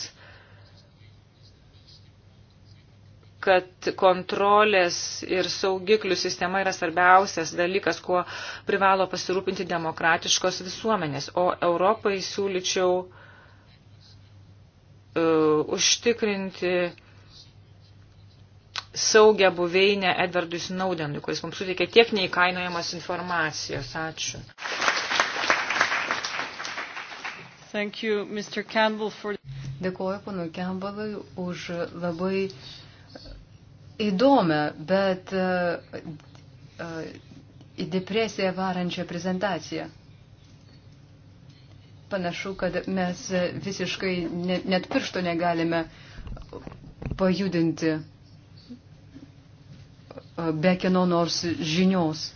kad kontrolės ir saugiklių sistema yra svarbiausias dalykas, kuo privalo pasirūpinti demokratiškos visuomenės. O Europai siūlyčiau uh, užtikrinti saugę buveinę Edvardui Snowdenui, kuris mums suteikė tiek neįkainojamos informacijos. Ačiū. Thank you, Mr. Campbell, for... Dėkuoju panu Campbellui už labai įdomią, bet uh, uh, į depresiją varančią prezentaciją panašu, kad mes visiškai net, net piršto negalime pajudinti be kieno nors žinios.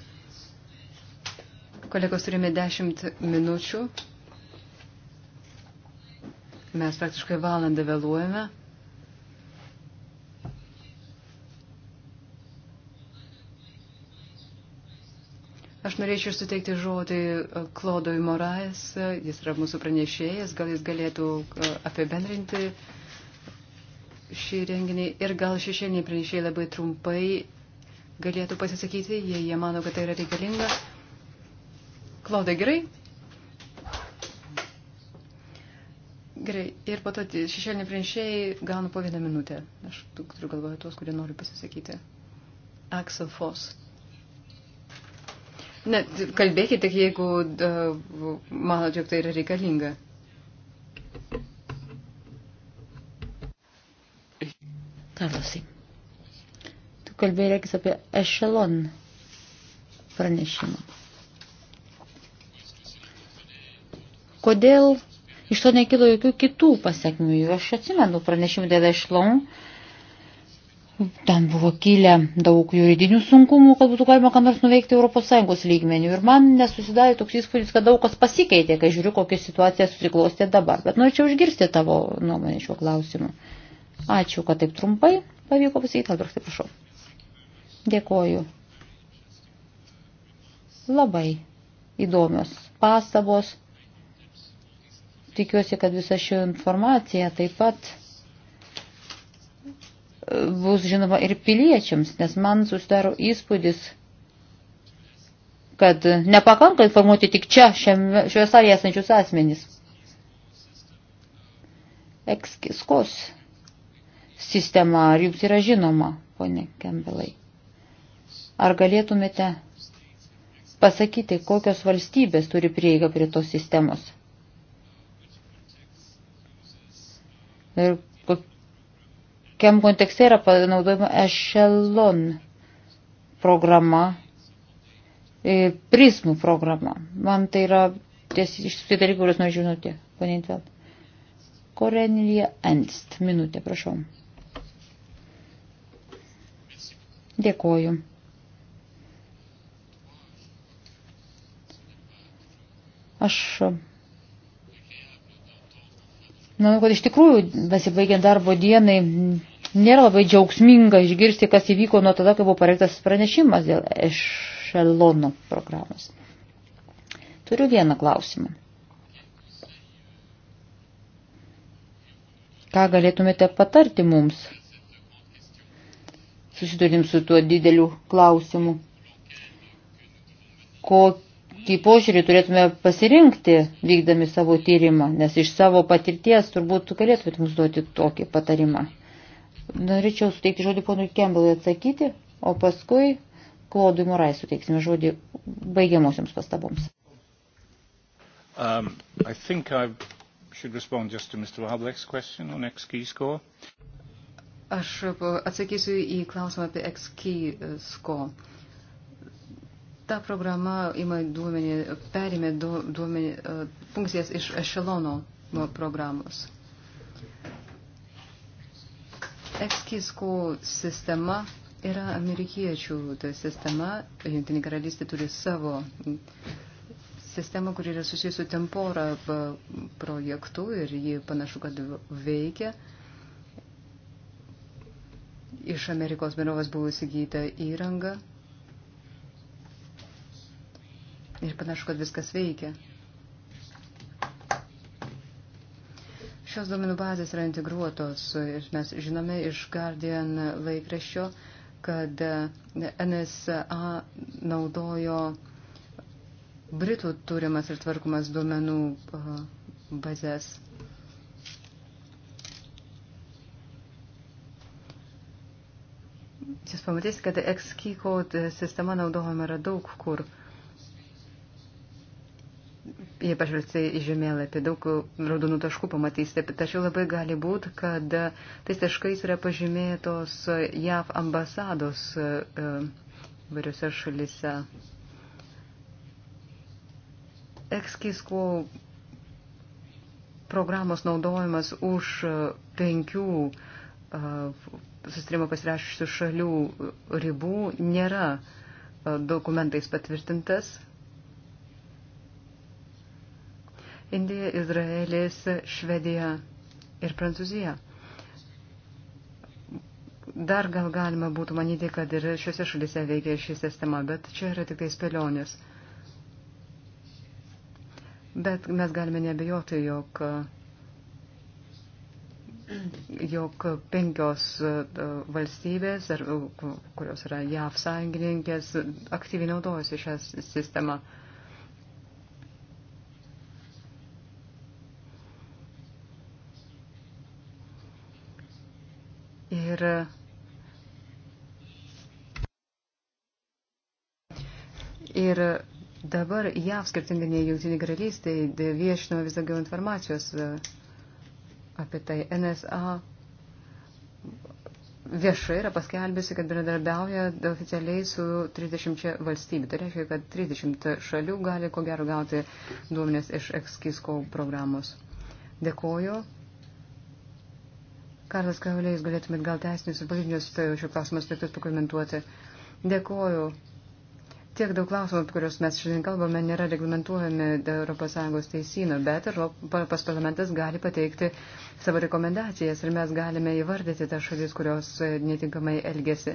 Kolegos, turime 10 minučių. Mes praktiškai valandą vėluojame. Aš norėčiau suteikti žodį Klodui Morais, jis yra mūsų pranešėjas, gal jis galėtų apibendrinti šį renginį ir gal šešėliniai pranešėjai labai trumpai galėtų pasisakyti, jei jie mano, kad tai yra reikalinga. Klaudai, gerai? Gerai, ir po to šešėlinį pranešėjai gaunu po vieną minutę. Aš turiu galvoje tuos, kurie nori pasisakyti. Axel Foss. Ne, kalbėkite tik, jeigu uh, manot, jog tai yra reikalinga. Karlosai kalbėjo reikis apie ešelon pranešimą. Kodėl iš to nekilo jokių kitų pasiekmių? Aš atsimenu pranešimą dėl ešelon. Ten buvo kilę daug juridinių sunkumų, kad būtų galima ką nors nuveikti ES lygmenių. Ir man nesusidarė toks įspūdis, kad daug kas pasikeitė, kai žiūriu, kokia situacija susiklostė dabar. Bet norėčiau išgirsti tavo nuomonę šiuo klausimu. Ačiū, kad taip trumpai pavyko pasakyti. Albertai, prašau. Dėkoju. Labai įdomios pastabos. Tikiuosi, kad visa ši informacija taip pat e, bus žinoma ir piliečiams, nes man susidaro įspūdis, kad nepakanka informuoti tik čia, šiame, šioje salėje esančius asmenys. Ekskiskos sistema, ar jums yra žinoma, ponė Kembelai? Ar galėtumėte pasakyti, kokios valstybės turi prieigą prie tos sistemos? Ir kokiam kontekste yra panaudojama Echelon programa, e, prismų programa. Man tai yra tiesiog iš tų dalykų, kuriuos noriu žinoti, ponė Intvelt. Korenilija Enst. Minutė, prašau. Dėkoju. Aš manau, kad iš tikrųjų, besibaigiant darbo dienai, nėra labai džiaugsminga išgirsti, kas įvyko nuo tada, kai buvo pareiktas pranešimas dėl ešelono programos. Turiu vieną klausimą. Ką galėtumėte patarti mums? Susidurim su tuo dideliu klausimu. Kokį kokį požiūrį turėtume pasirinkti vykdami savo tyrimą, nes iš savo patirties turbūt galėtumėte mums duoti tokį patarimą. Norėčiau suteikti žodį ponui Kembelui atsakyti, o paskui Klodui Morai suteiksime žodį baigiamosiams pastaboms. Um, I think I should respond just to Mr. Hablek's question on XKey score. Aš atsakysiu į klausimą apie XKey uh, score. Ta programa ima duomenį, perėmė duomenį, e, funkcijas iš ešelono programos. Ekskisko sistema yra amerikiečių tai sistema. Jungtinė karalystė turi savo sistemą, kuri yra susijusi su tempora projektu ir ji panašu, kad veikia. Iš Amerikos bendrovės buvo įsigyta įranga Ir panašu, kad viskas veikia. Šios duomenų bazės yra integruotos ir mes žinome iš Guardian laikraščio, kad NSA naudojo Britų turimas ir tvarkomas duomenų uh, bazės. Jūs pamatysite, kad XKeykod sistema naudojama yra daug kur. Uh, jei pažvelgsite į žemėlapį, daug raudonų taškų pamatysite, tačiau labai gali būti, kad tais taškais yra pažymėtos JAV ambasados e, įvairiose šalise. Ekskiskų programos naudojimas už penkių e, sustrimo pasirašysių šalių ribų nėra e, dokumentais patvirtintas, Indija, Izraelis, Švedija ir Prancūzija. Dar gal galima būtų manyti, kad ir šiuose šalyse veikia ši sistema, bet čia yra tik tai spėlionės. Bet mes galime nebejoti, jog, jog penkios e, valstybės, ar, e, kurios yra JAV sąjungininkės, aktyviai naudojasi šią sistemą. Ir Ir dabar JAV skirtingai nei Jungtinė karalystė viešino vis daugiau informacijos e, apie tai. NSA viešai yra paskelbiusi, kad bendradarbiauja oficialiai su 30 valstybių. Tai reiškia, kad 30 šalių gali ko gero gauti duomenės iš ekskisko programos. Dėkoju. Karlas Kaulė, jūs galėtumėt gal teisinius ir pagrindinius šio klausimo aspektus pakomentuoti. Dėkoju. Tiek daug klausimų, apie kuriuos mes šiandien kalbame, nėra reglamentuojami ES teisino, bet Europos parlamentas gali pateikti savo rekomendacijas ir mes galime įvardyti tas šalis, kurios e, netinkamai elgesi.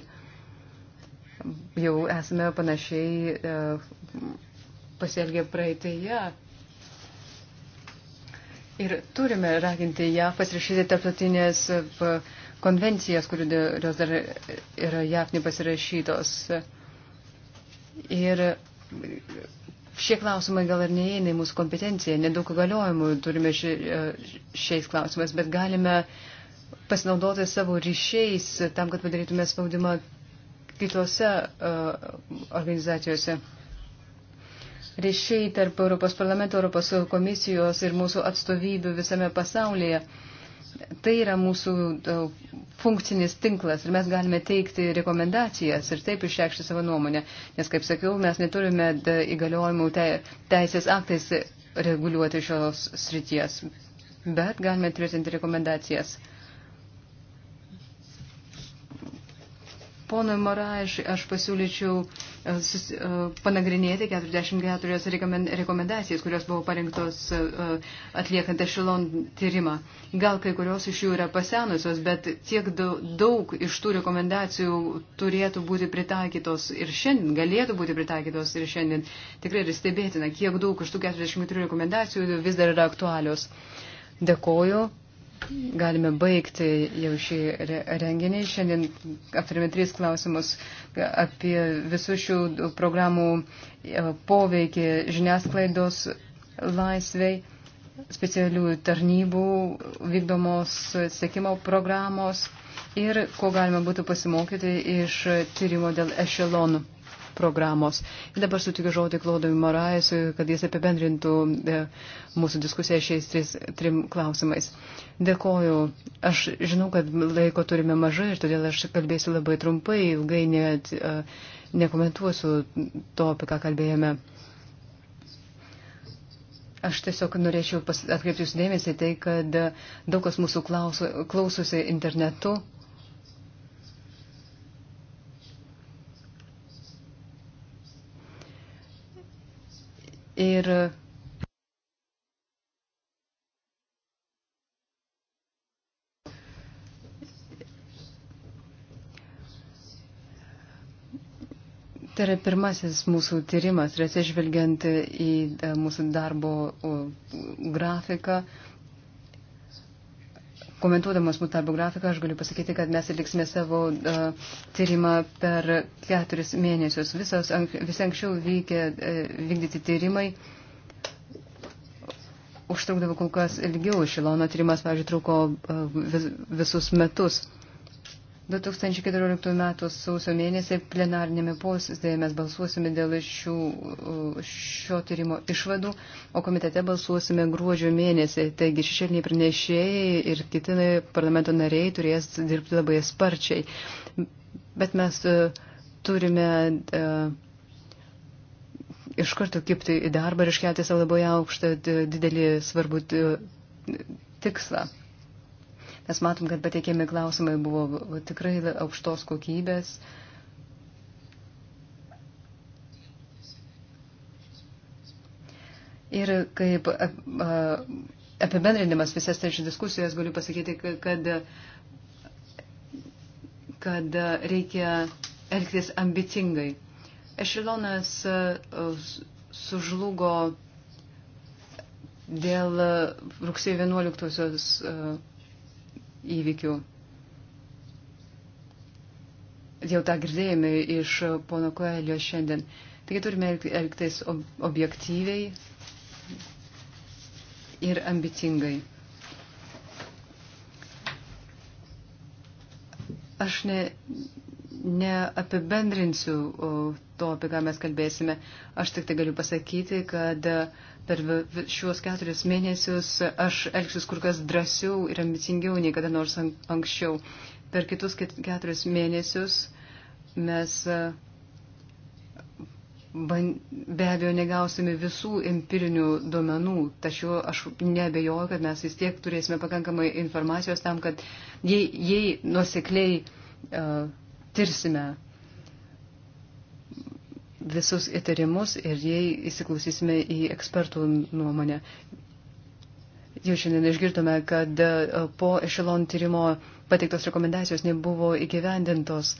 Jau esame panašiai e, pasielgę praeitėje. Ja Ir turime raginti ją pasirašyti tarptautinės e, konvencijas, kurios dar yra JAV nepasirašytos. Ir šie klausimai gal ir neįeina į mūsų kompetenciją, nedaug galiojimų turime ši, e, šiais klausimais, bet galime pasinaudoti savo ryšiais tam, kad padarytume spaudimą kitose uh, organizacijose ryšiai tarp Europos parlamento, Europos komisijos ir mūsų atstovybių visame pasaulyje. Tai yra mūsų e, funkcinis tinklas ir mes galime teikti rekomendacijas ir taip išreikšti savo nuomonę, nes, kaip sakiau, mes neturime e, įgaliojimų teisės aktais reguliuoti šios srities, bet galime tvirtinti rekomendacijas. Ponui Maraiš aš pasiūlyčiau uh, E, sus, e, panagrinėti 44 rekomendacijas, kurios buvo parinktos e, atliekant ešilon tyrimą. Gal kai kurios iš jų yra pasenusios, bet tiek daug iš tų rekomendacijų turėtų būti pritaikytos ir šiandien, galėtų būti pritaikytos ir šiandien. Tikrai ir stebėtina, kiek daug iš tų 43 rekomendacijų vis dar yra aktualios. Dėkoju galime baigti jau šį renginį. Šiandien aptarėme tris klausimus apie visų šių programų e, poveikį žiniasklaidos laisvei, specialių tarnybų vykdomos sekimo programos ir ko galima būtų pasimokyti iš tyrimo dėl ešelonų programos. Ir dabar sutikiu žodį Klaudui Moraisui, kad jis apibendrintų e, mūsų diskusiją šiais tris, trim klausimais. Dėkoju. Aš žinau, kad laiko turime mažai ir todėl aš kalbėsiu labai trumpai, ilgai net, e, nekomentuosiu to, apie ką kalbėjome. Aš tiesiog norėčiau atkreipti jūsų dėmesį tai, kad daug kas mūsų klauso, klausosi internetu Ir Tai yra pirmasis mūsų tyrimas, ir atsižvelgiant į e, mūsų darbo grafiką, komentuodamas mūsų darbo grafiką, aš galiu pasakyti, kad mes atliksime savo uh, tyrimą per keturis mėnesius. Visos, ank, visi anksčiau vykę, uh, vykdyti tyrimai užtrukdavo kol kas ilgiau. Šilono tyrimas, pavyzdžiui, truko uh, vis, visus metus. Uh, 2014 m. sausio mėnesį plenarnėme posėdėje mes balsuosime dėl šių, šio tyrimo išvadų, o komitete balsuosime gruodžio mėnesį. Taigi šešėliniai pranešėjai ir kiti parlamento nariai turės dirbti labai sparčiai. Bet mes e, turime e, iš karto kipti į darbą ir iškelti savo labai aukštą didelį svarbų tikslą. Mes matom, kad pateikėmi klausimai buvo tikrai aukštos kokybės. Ir kaip apibendrinimas visas tas tai diskusijas galiu pasakyti, kad, kad reikia elgtis ambicingai. Ešilonas sužlugo dėl rugsėjo 11 įvykių. Jau tą girdėjome iš pono Koelio šiandien. Taigi turime elgtis objektyviai ir ambicingai. Aš ne, neapibendrinsiu to, apie ką mes kalbėsime. Aš tik tai galiu pasakyti, kad uh, per šiuos keturis mėnesius aš elgsiuos kur kas drąsiau ir ambicingiau nei kada nors anksčiau. Per kitus keturis mėnesius mes e, be abejo negausime visų empirinių duomenų, tačiau aš nebejoju, kad mes vis tiek turėsime pakankamai informacijos tam, kad jei, jei nusekliai uh, e, tirsime visus įtarimus ir jei įsiklausysime į ekspertų nuomonę. Jau šiandien išgirdome, kad e, po Ešilon tyrimo pateiktos rekomendacijos nebuvo įgyvendintos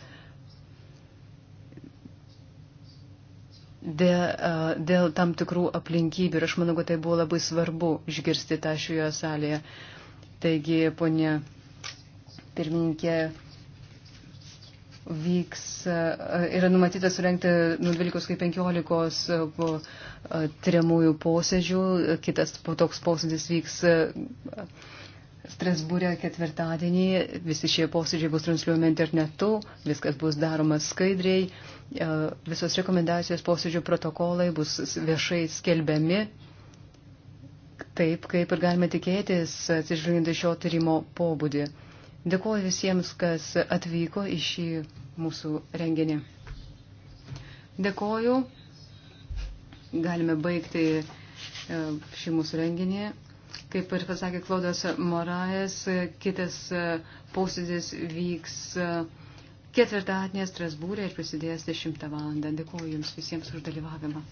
dėl, e, dėl tam tikrų aplinkybių ir aš manau, kad tai buvo labai svarbu išgirsti tą šioje salėje. Taigi, ponė pirmininkė, vyks, e, yra numatyta surenkti nuo 12 iki 15 e, e, tyriamųjų posėdžių, kitas po toks posėdis vyks Strasbūrė ketvirtadienį, visi šie posėdžiai bus transliuojami internetu, viskas bus daroma skaidriai, visos rekomendacijos posėdžių protokolai bus viešai skelbiami. Taip, kaip ir galime tikėtis, atsižvelgiant į šio tyrimo pobūdį. Dėkuoju visiems, kas atvyko į šį mūsų renginį. Dėkuoju. Galime baigti e, šį mūsų renginį. Kaip ir pasakė Klaudas Morajas, kitas e, posėdis vyks e, ketvirtadienį Strasbūrė ir prasidės 10 val. Dėkuoju Jums visiems už dalyvavimą.